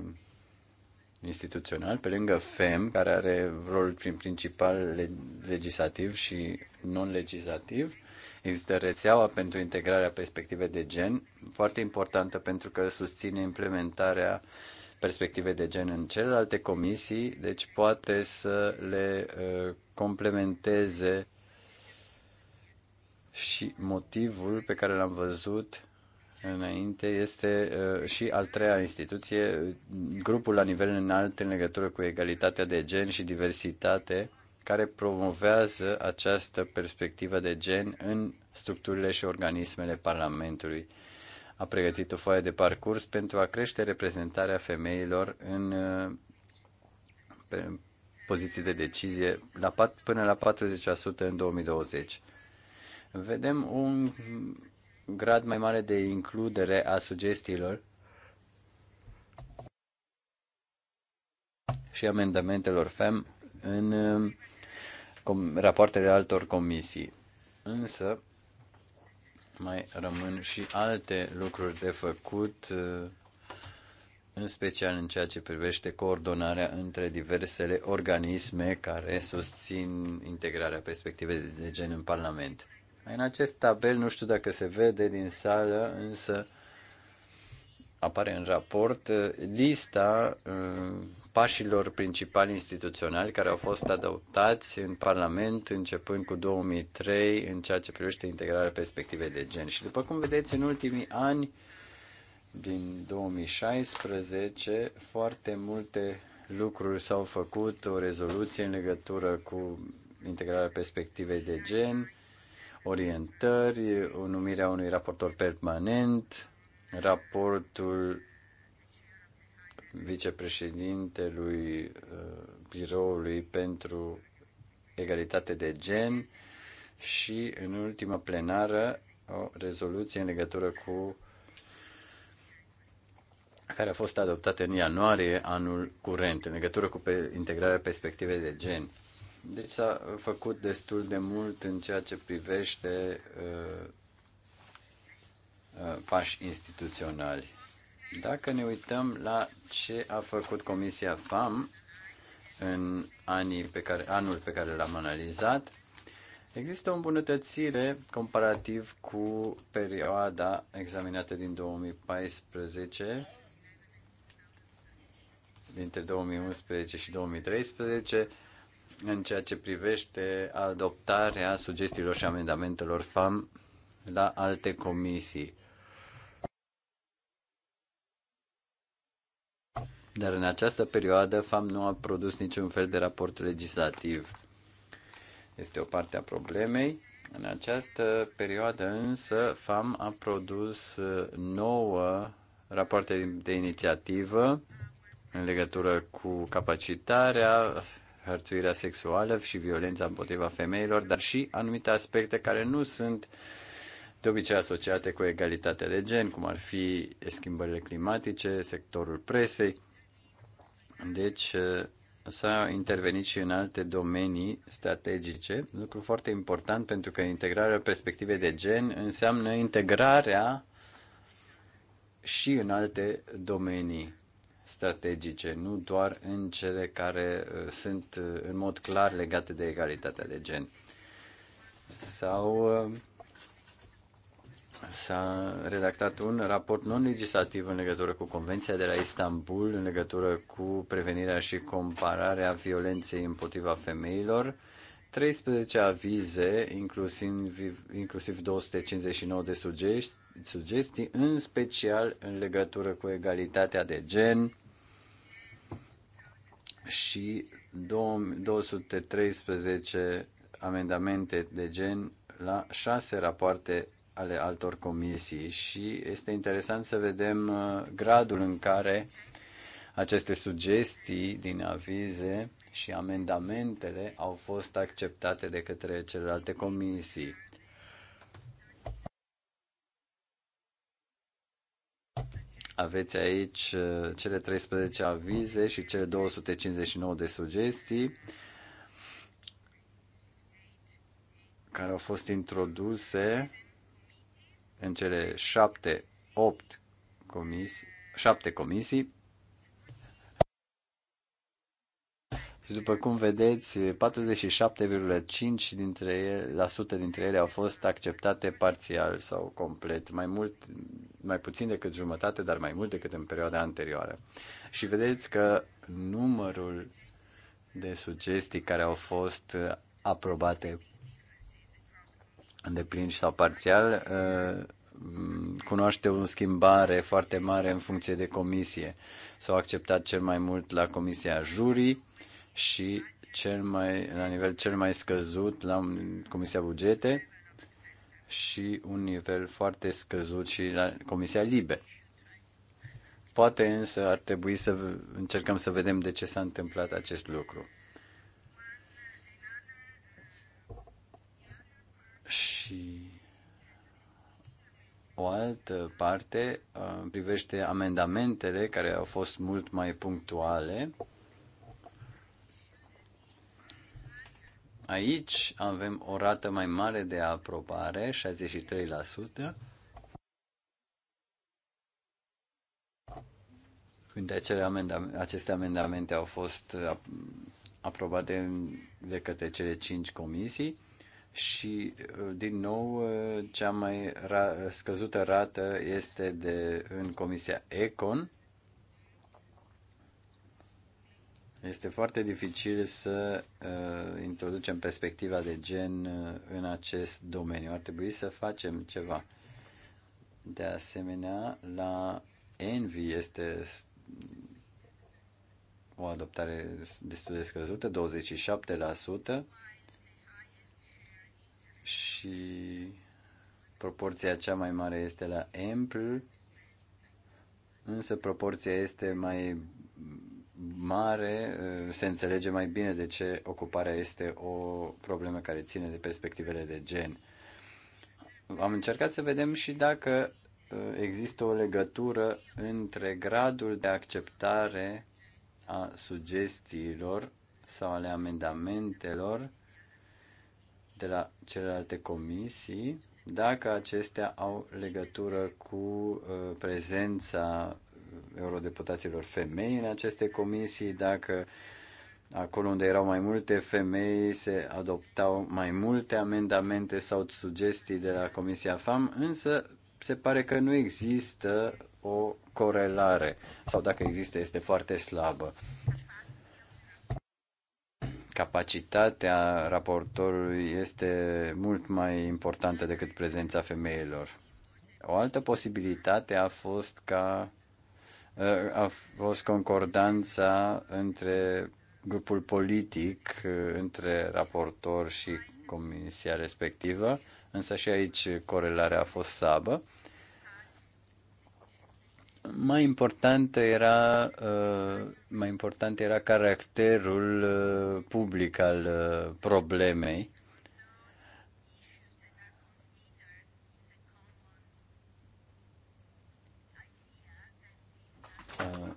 instituțional, pe lângă FEM, care are rol prin principal legislativ și non-legislativ, există rețeaua pentru integrarea perspectivei de gen, foarte importantă pentru că susține implementarea perspective de gen în celelalte comisii, deci poate să le uh, complementeze și motivul pe care l-am văzut înainte este uh, și al treia instituție, grupul la nivel înalt în legătură cu egalitatea de gen și diversitate, care promovează această perspectivă de gen în structurile și organismele Parlamentului. A pregătit o foaie de parcurs pentru a crește reprezentarea femeilor în uh, poziții de decizie la, până la 40% în 2020. Vedem un grad mai mare de includere a sugestiilor și amendamentelor FEM în um, rapoartele altor comisii. Însă, mai rămân și alte lucruri de făcut, uh, în special în ceea ce privește coordonarea între diversele organisme care susțin integrarea perspectivei de gen în Parlament. În acest tabel, nu știu dacă se vede din sală, însă apare în raport uh, lista uh, pașilor principali instituționali care au fost adoptați în Parlament începând cu 2003 în ceea ce privește integrarea perspectivei de gen. Și după cum vedeți, în ultimii ani, din 2016, foarte multe lucruri s-au făcut, o rezoluție în legătură cu integrarea perspectivei de gen, orientări, numirea unui raportor permanent, raportul vicepreședintelui uh, biroului pentru egalitate de gen și, în ultima plenară, o rezoluție în legătură cu care a fost adoptată în ianuarie anul curent, în legătură cu integrarea perspectivei de gen. Deci s-a făcut destul de mult în ceea ce privește uh, uh, pași instituționali. Dacă ne uităm la ce a făcut Comisia FAM în anii pe care, anul pe care l-am analizat, există o îmbunătățire comparativ cu perioada examinată din 2014 dintre 2011 și 2013 în ceea ce privește adoptarea sugestiilor și amendamentelor FAM la alte comisii. Dar în această perioadă FAM nu a produs niciun fel de raport legislativ. Este o parte a problemei. În această perioadă însă FAM a produs uh, nouă rapoarte de inițiativă în legătură cu capacitarea, hărțuirea sexuală și violența împotriva femeilor, dar și anumite aspecte care nu sunt de obicei asociate cu egalitatea de gen, cum ar fi schimbările climatice, sectorul presei. Deci eh, s-a intervenit și în alte domenii strategice, lucru foarte important pentru că integrarea perspectivei de gen înseamnă integrarea și în alte domenii strategice, nu doar în cele care uh, sunt uh, în mod clar legate de egalitatea de gen. Sau uh, s-a redactat un raport non-legislativ în legătură cu Convenția de la Istanbul, în legătură cu prevenirea și compararea violenței împotriva femeilor, 13 avize, inclusiv, inclusiv 259 de sugestii, sugestii, în special în legătură cu egalitatea de gen și 213 amendamente de gen la 6 rapoarte ale altor comisii și este interesant să vedem uh, gradul în care aceste sugestii din avize și amendamentele au fost acceptate de către celelalte comisii. Aveți aici uh, cele 13 avize și cele 259 de sugestii care au fost introduse în cele 7, 8 comisii, 7 comisii Și după cum vedeți, 47,5% dintre ele, la sută dintre ele au fost acceptate parțial sau complet, mai mult, mai puțin decât jumătate, dar mai mult decât în perioada anterioară. Și vedeți că numărul de sugestii care au fost uh, aprobate în deplin sau parțial uh, cunoaște o schimbare foarte mare în funcție de comisie. S-au acceptat cel mai mult la comisia jurii, și cel mai, la nivel cel mai scăzut la Comisia Bugete și un nivel foarte scăzut și la Comisia Libe. Poate însă ar trebui să încercăm să vedem de ce s-a întâmplat acest lucru. Și o altă parte privește amendamentele care au fost mult mai punctuale Aici avem o rată mai mare de aprobare, 63%. Când acele amendamente, aceste amendamente au fost uh, aprobate de către cele cinci comisii și, uh, din nou, uh, cea mai ra- scăzută rată este de, în Comisia ECON, Este foarte dificil să uh, introducem perspectiva de gen uh, în acest domeniu. Ar trebui să facem ceva. De asemenea, la Envy este o adoptare destul de scăzută, 27%, și proporția cea mai mare este la Ample, însă proporția este mai mare, uh, se înțelege mai bine de ce ocuparea este o problemă care ține de perspectivele de gen. Am încercat să vedem și dacă uh, există o legătură între gradul de acceptare a sugestiilor sau ale amendamentelor de la celelalte comisii, dacă acestea au legătură cu uh, prezența eurodeputaților femei în aceste comisii, dacă acolo unde erau mai multe femei se adoptau mai multe amendamente sau sugestii de la Comisia FAM, însă se pare că nu există o corelare sau dacă există este foarte slabă. Capacitatea raportorului este mult mai importantă decât prezența femeilor. O altă posibilitate a fost ca Uh, a fost concordanța între grupul politic, uh, între raportor și comisia respectivă, însă și aici corelarea a fost sabă. Mai important era, uh, mai important era caracterul public al problemei Uh,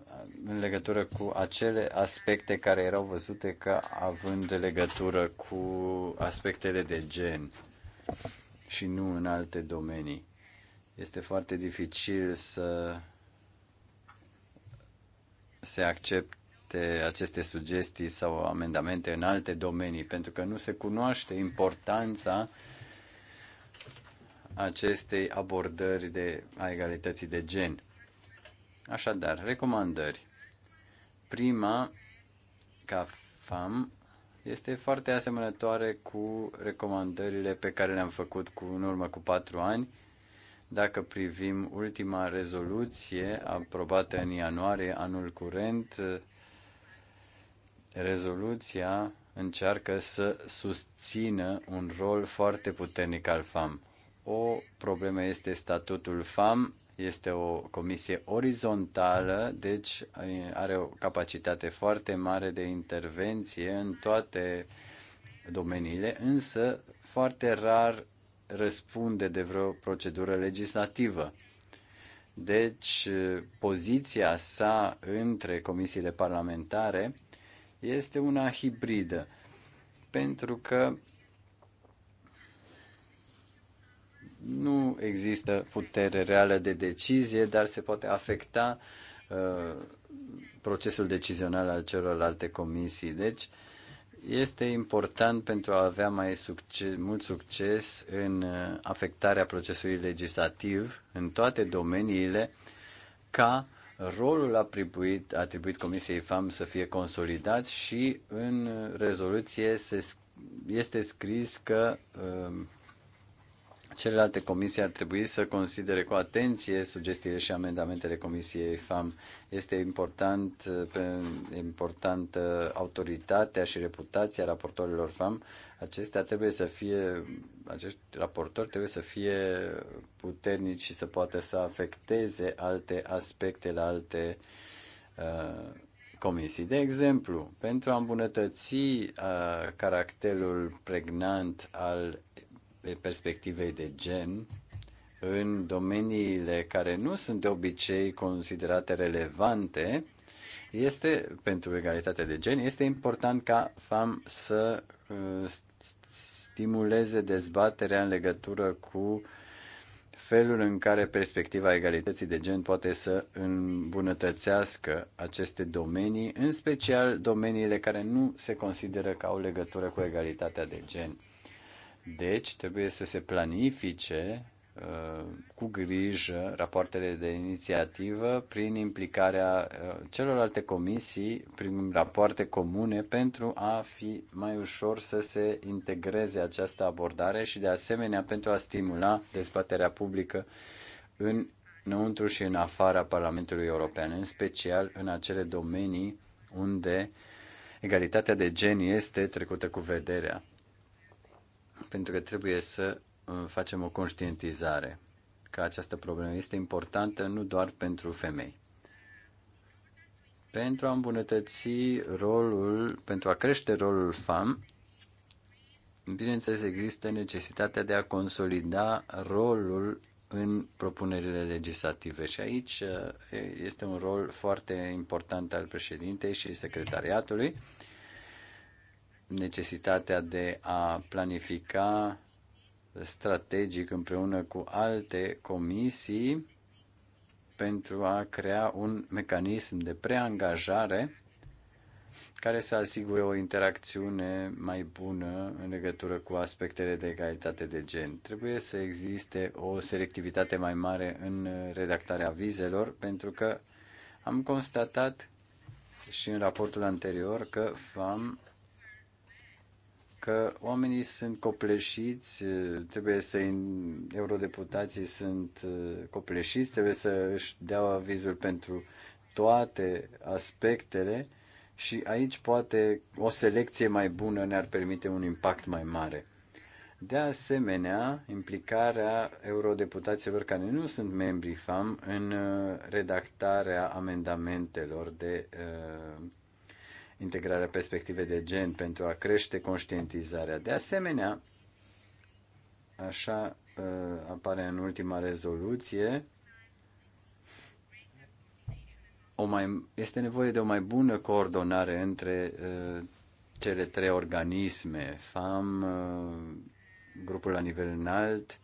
în legătură cu acele aspecte care erau văzute ca având legătură cu aspectele de gen și nu în alte domenii. Este foarte dificil să se accepte aceste sugestii sau amendamente în alte domenii, pentru că nu se cunoaște importanța acestei abordări de, a egalității de gen Așadar, recomandări. Prima, ca FAM, este foarte asemănătoare cu recomandările pe care le-am făcut cu, în urmă cu patru ani. Dacă privim ultima rezoluție aprobată în ianuarie anul curent, rezoluția încearcă să susțină un rol foarte puternic al FAM. O problemă este statutul FAM este o comisie orizontală, deci are o capacitate foarte mare de intervenție în toate domeniile, însă foarte rar răspunde de vreo procedură legislativă. Deci, poziția sa între comisiile parlamentare este una hibridă, pentru că nu există putere reală de decizie, dar se poate afecta uh, procesul decizional al celorlalte comisii. Deci, este important pentru a avea mai succes, mult succes în uh, afectarea procesului legislativ în toate domeniile ca rolul atribuit, atribuit Comisiei FAM să fie consolidat și în rezoluție se, este scris că uh, Celelalte comisii ar trebui să considere cu atenție sugestiile și amendamentele Comisiei FAM. Este important, important uh, autoritatea și reputația raportorilor FAM. Acestea trebuie să fie, acești raportori trebuie să fie puternici și să poată să afecteze alte aspecte la alte uh, comisii. De exemplu, pentru a îmbunătăți uh, caracterul pregnant al perspectivei de gen în domeniile care nu sunt de obicei considerate relevante, este pentru egalitatea de gen, este important ca FAM să uh, stimuleze dezbaterea în legătură cu felul în care perspectiva egalității de gen poate să îmbunătățească aceste domenii, în special domeniile care nu se consideră că au legătură cu egalitatea de gen deci trebuie să se planifice uh, cu grijă rapoartele de inițiativă prin implicarea uh, celorlalte comisii, prin rapoarte comune, pentru a fi mai ușor să se integreze această abordare și, de asemenea, pentru a stimula dezbaterea publică în înăuntru și în afara Parlamentului European, în special în acele domenii unde egalitatea de gen este trecută cu vederea pentru că trebuie să uh, facem o conștientizare că această problemă este importantă nu doar pentru femei. Pentru a îmbunătăți rolul, pentru a crește rolul FAM, bineînțeles există necesitatea de a consolida rolul în propunerile legislative și aici uh, este un rol foarte important al președintei și secretariatului necesitatea de a planifica strategic împreună cu alte comisii pentru a crea un mecanism de preangajare care să asigure o interacțiune mai bună în legătură cu aspectele de egalitate de gen. Trebuie să existe o selectivitate mai mare în redactarea vizelor, pentru că am constatat și în raportul anterior că FAM că oamenii sunt copleșiți, trebuie să eurodeputații sunt uh, copleșiți, trebuie să își dea avizul pentru toate aspectele și aici poate o selecție mai bună ne-ar permite un impact mai mare. De asemenea, implicarea eurodeputaților care nu sunt membri FAM în uh, redactarea amendamentelor de uh, integrarea perspective de gen pentru a crește conștientizarea. De asemenea, așa uh, apare în ultima rezoluție, o mai, este nevoie de o mai bună coordonare între uh, cele trei organisme, FAM, uh, grupul la nivel înalt,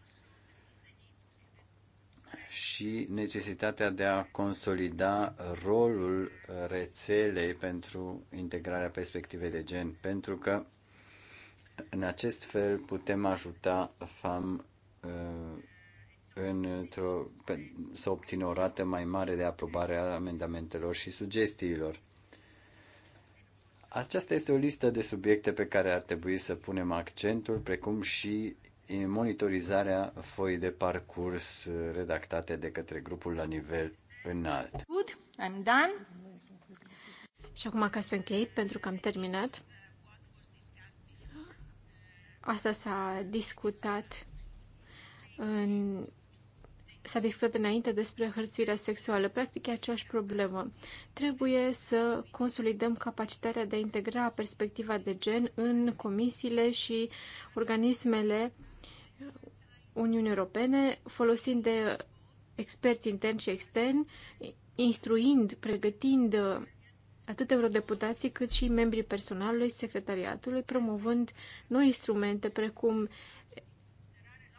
și necesitatea de a consolida rolul rețelei pentru integrarea perspectivei de gen, pentru că în acest fel putem ajuta FAM uh, în, o să obțină o rată mai mare de aprobare a amendamentelor și sugestiilor. Aceasta este o listă de subiecte pe care ar trebui să punem accentul, precum și monitorizarea foi de parcurs redactate de către grupul la nivel înalt. Good, I'm done. Și acum ca să închei, pentru că am terminat, asta s-a discutat în s-a discutat înainte despre hărțuirea sexuală. Practic e aceeași problemă. Trebuie să consolidăm capacitatea de a integra perspectiva de gen în comisiile și organismele Uniunii Europene, folosind de experți interni și externi, instruind, pregătind atât eurodeputații cât și membrii personalului secretariatului, promovând noi instrumente precum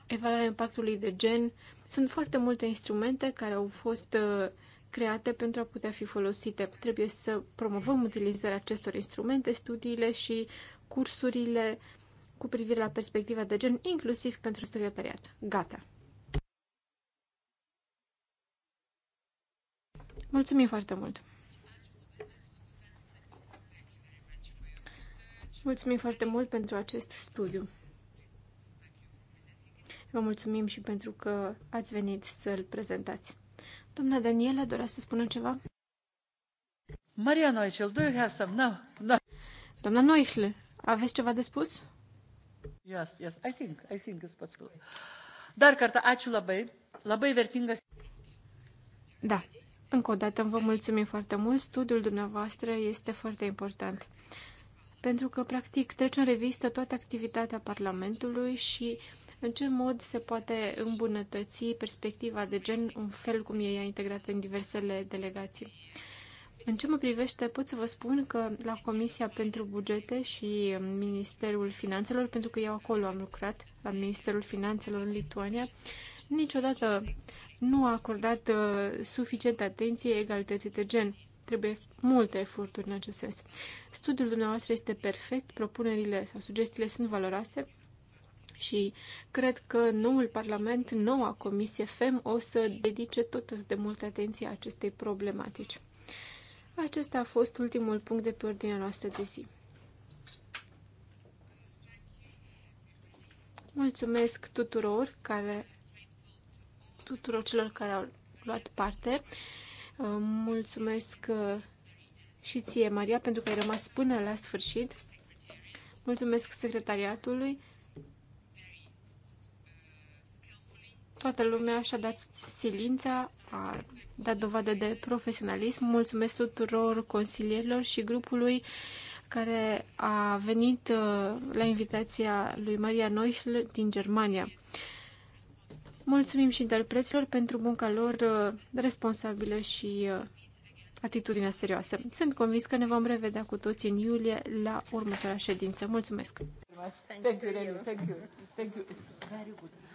evaluarea impactului de gen. Sunt foarte multe instrumente care au fost uh, create pentru a putea fi folosite. Trebuie să promovăm utilizarea acestor instrumente, studiile și cursurile cu privire la perspectiva de gen, inclusiv pentru secretariat. Gata! Mulțumim foarte mult! Mulțumim foarte mult pentru acest studiu. Vă mulțumim și pentru că ați venit să-l prezentați. Doamna Daniela, dorea să spună ceva? Maria Noichel, do you have some? No, no. Doamna Noichel, aveți ceva de spus? Yes, yes, I think, I think it's possible. Dar kartą ačiū labai, labai vertingas. Da, încă o dată vă mulțumim foarte mult. Studiul dumneavoastră este foarte important. Pentru că, practic, trece în revistă toată activitatea Parlamentului și în ce mod se poate îmbunătăți perspectiva de gen în fel cum e ea integrată în diversele delegații. În ce mă privește, pot să vă spun că la Comisia pentru Bugete și Ministerul Finanțelor, pentru că eu acolo am lucrat, la Ministerul Finanțelor în Lituania, niciodată nu a acordat uh, suficientă atenție egalității de gen. Trebuie multe eforturi în acest sens. Studiul dumneavoastră este perfect, propunerile sau sugestiile sunt valoroase și cred că noul Parlament, noua Comisie FEM o să dedice tot de multă atenție acestei problematici. Acesta a fost ultimul punct de pe ordinea noastră de zi. Mulțumesc tuturor care tuturor celor care au luat parte. Uh, mulțumesc uh, și ție, Maria, pentru că ai rămas până la sfârșit. Mulțumesc secretariatului. Toată lumea și-a dat silința, a dat dovadă de profesionalism. Mulțumesc tuturor consilierilor și grupului care a venit uh, la invitația lui Maria Neuchl din Germania. Mulțumim și interpreților pentru munca lor uh, responsabilă și uh, atitudinea serioasă. Sunt convins că ne vom revedea cu toții în iulie la următoarea ședință. Mulțumesc! Thank you. Thank you. Thank you. It's very good.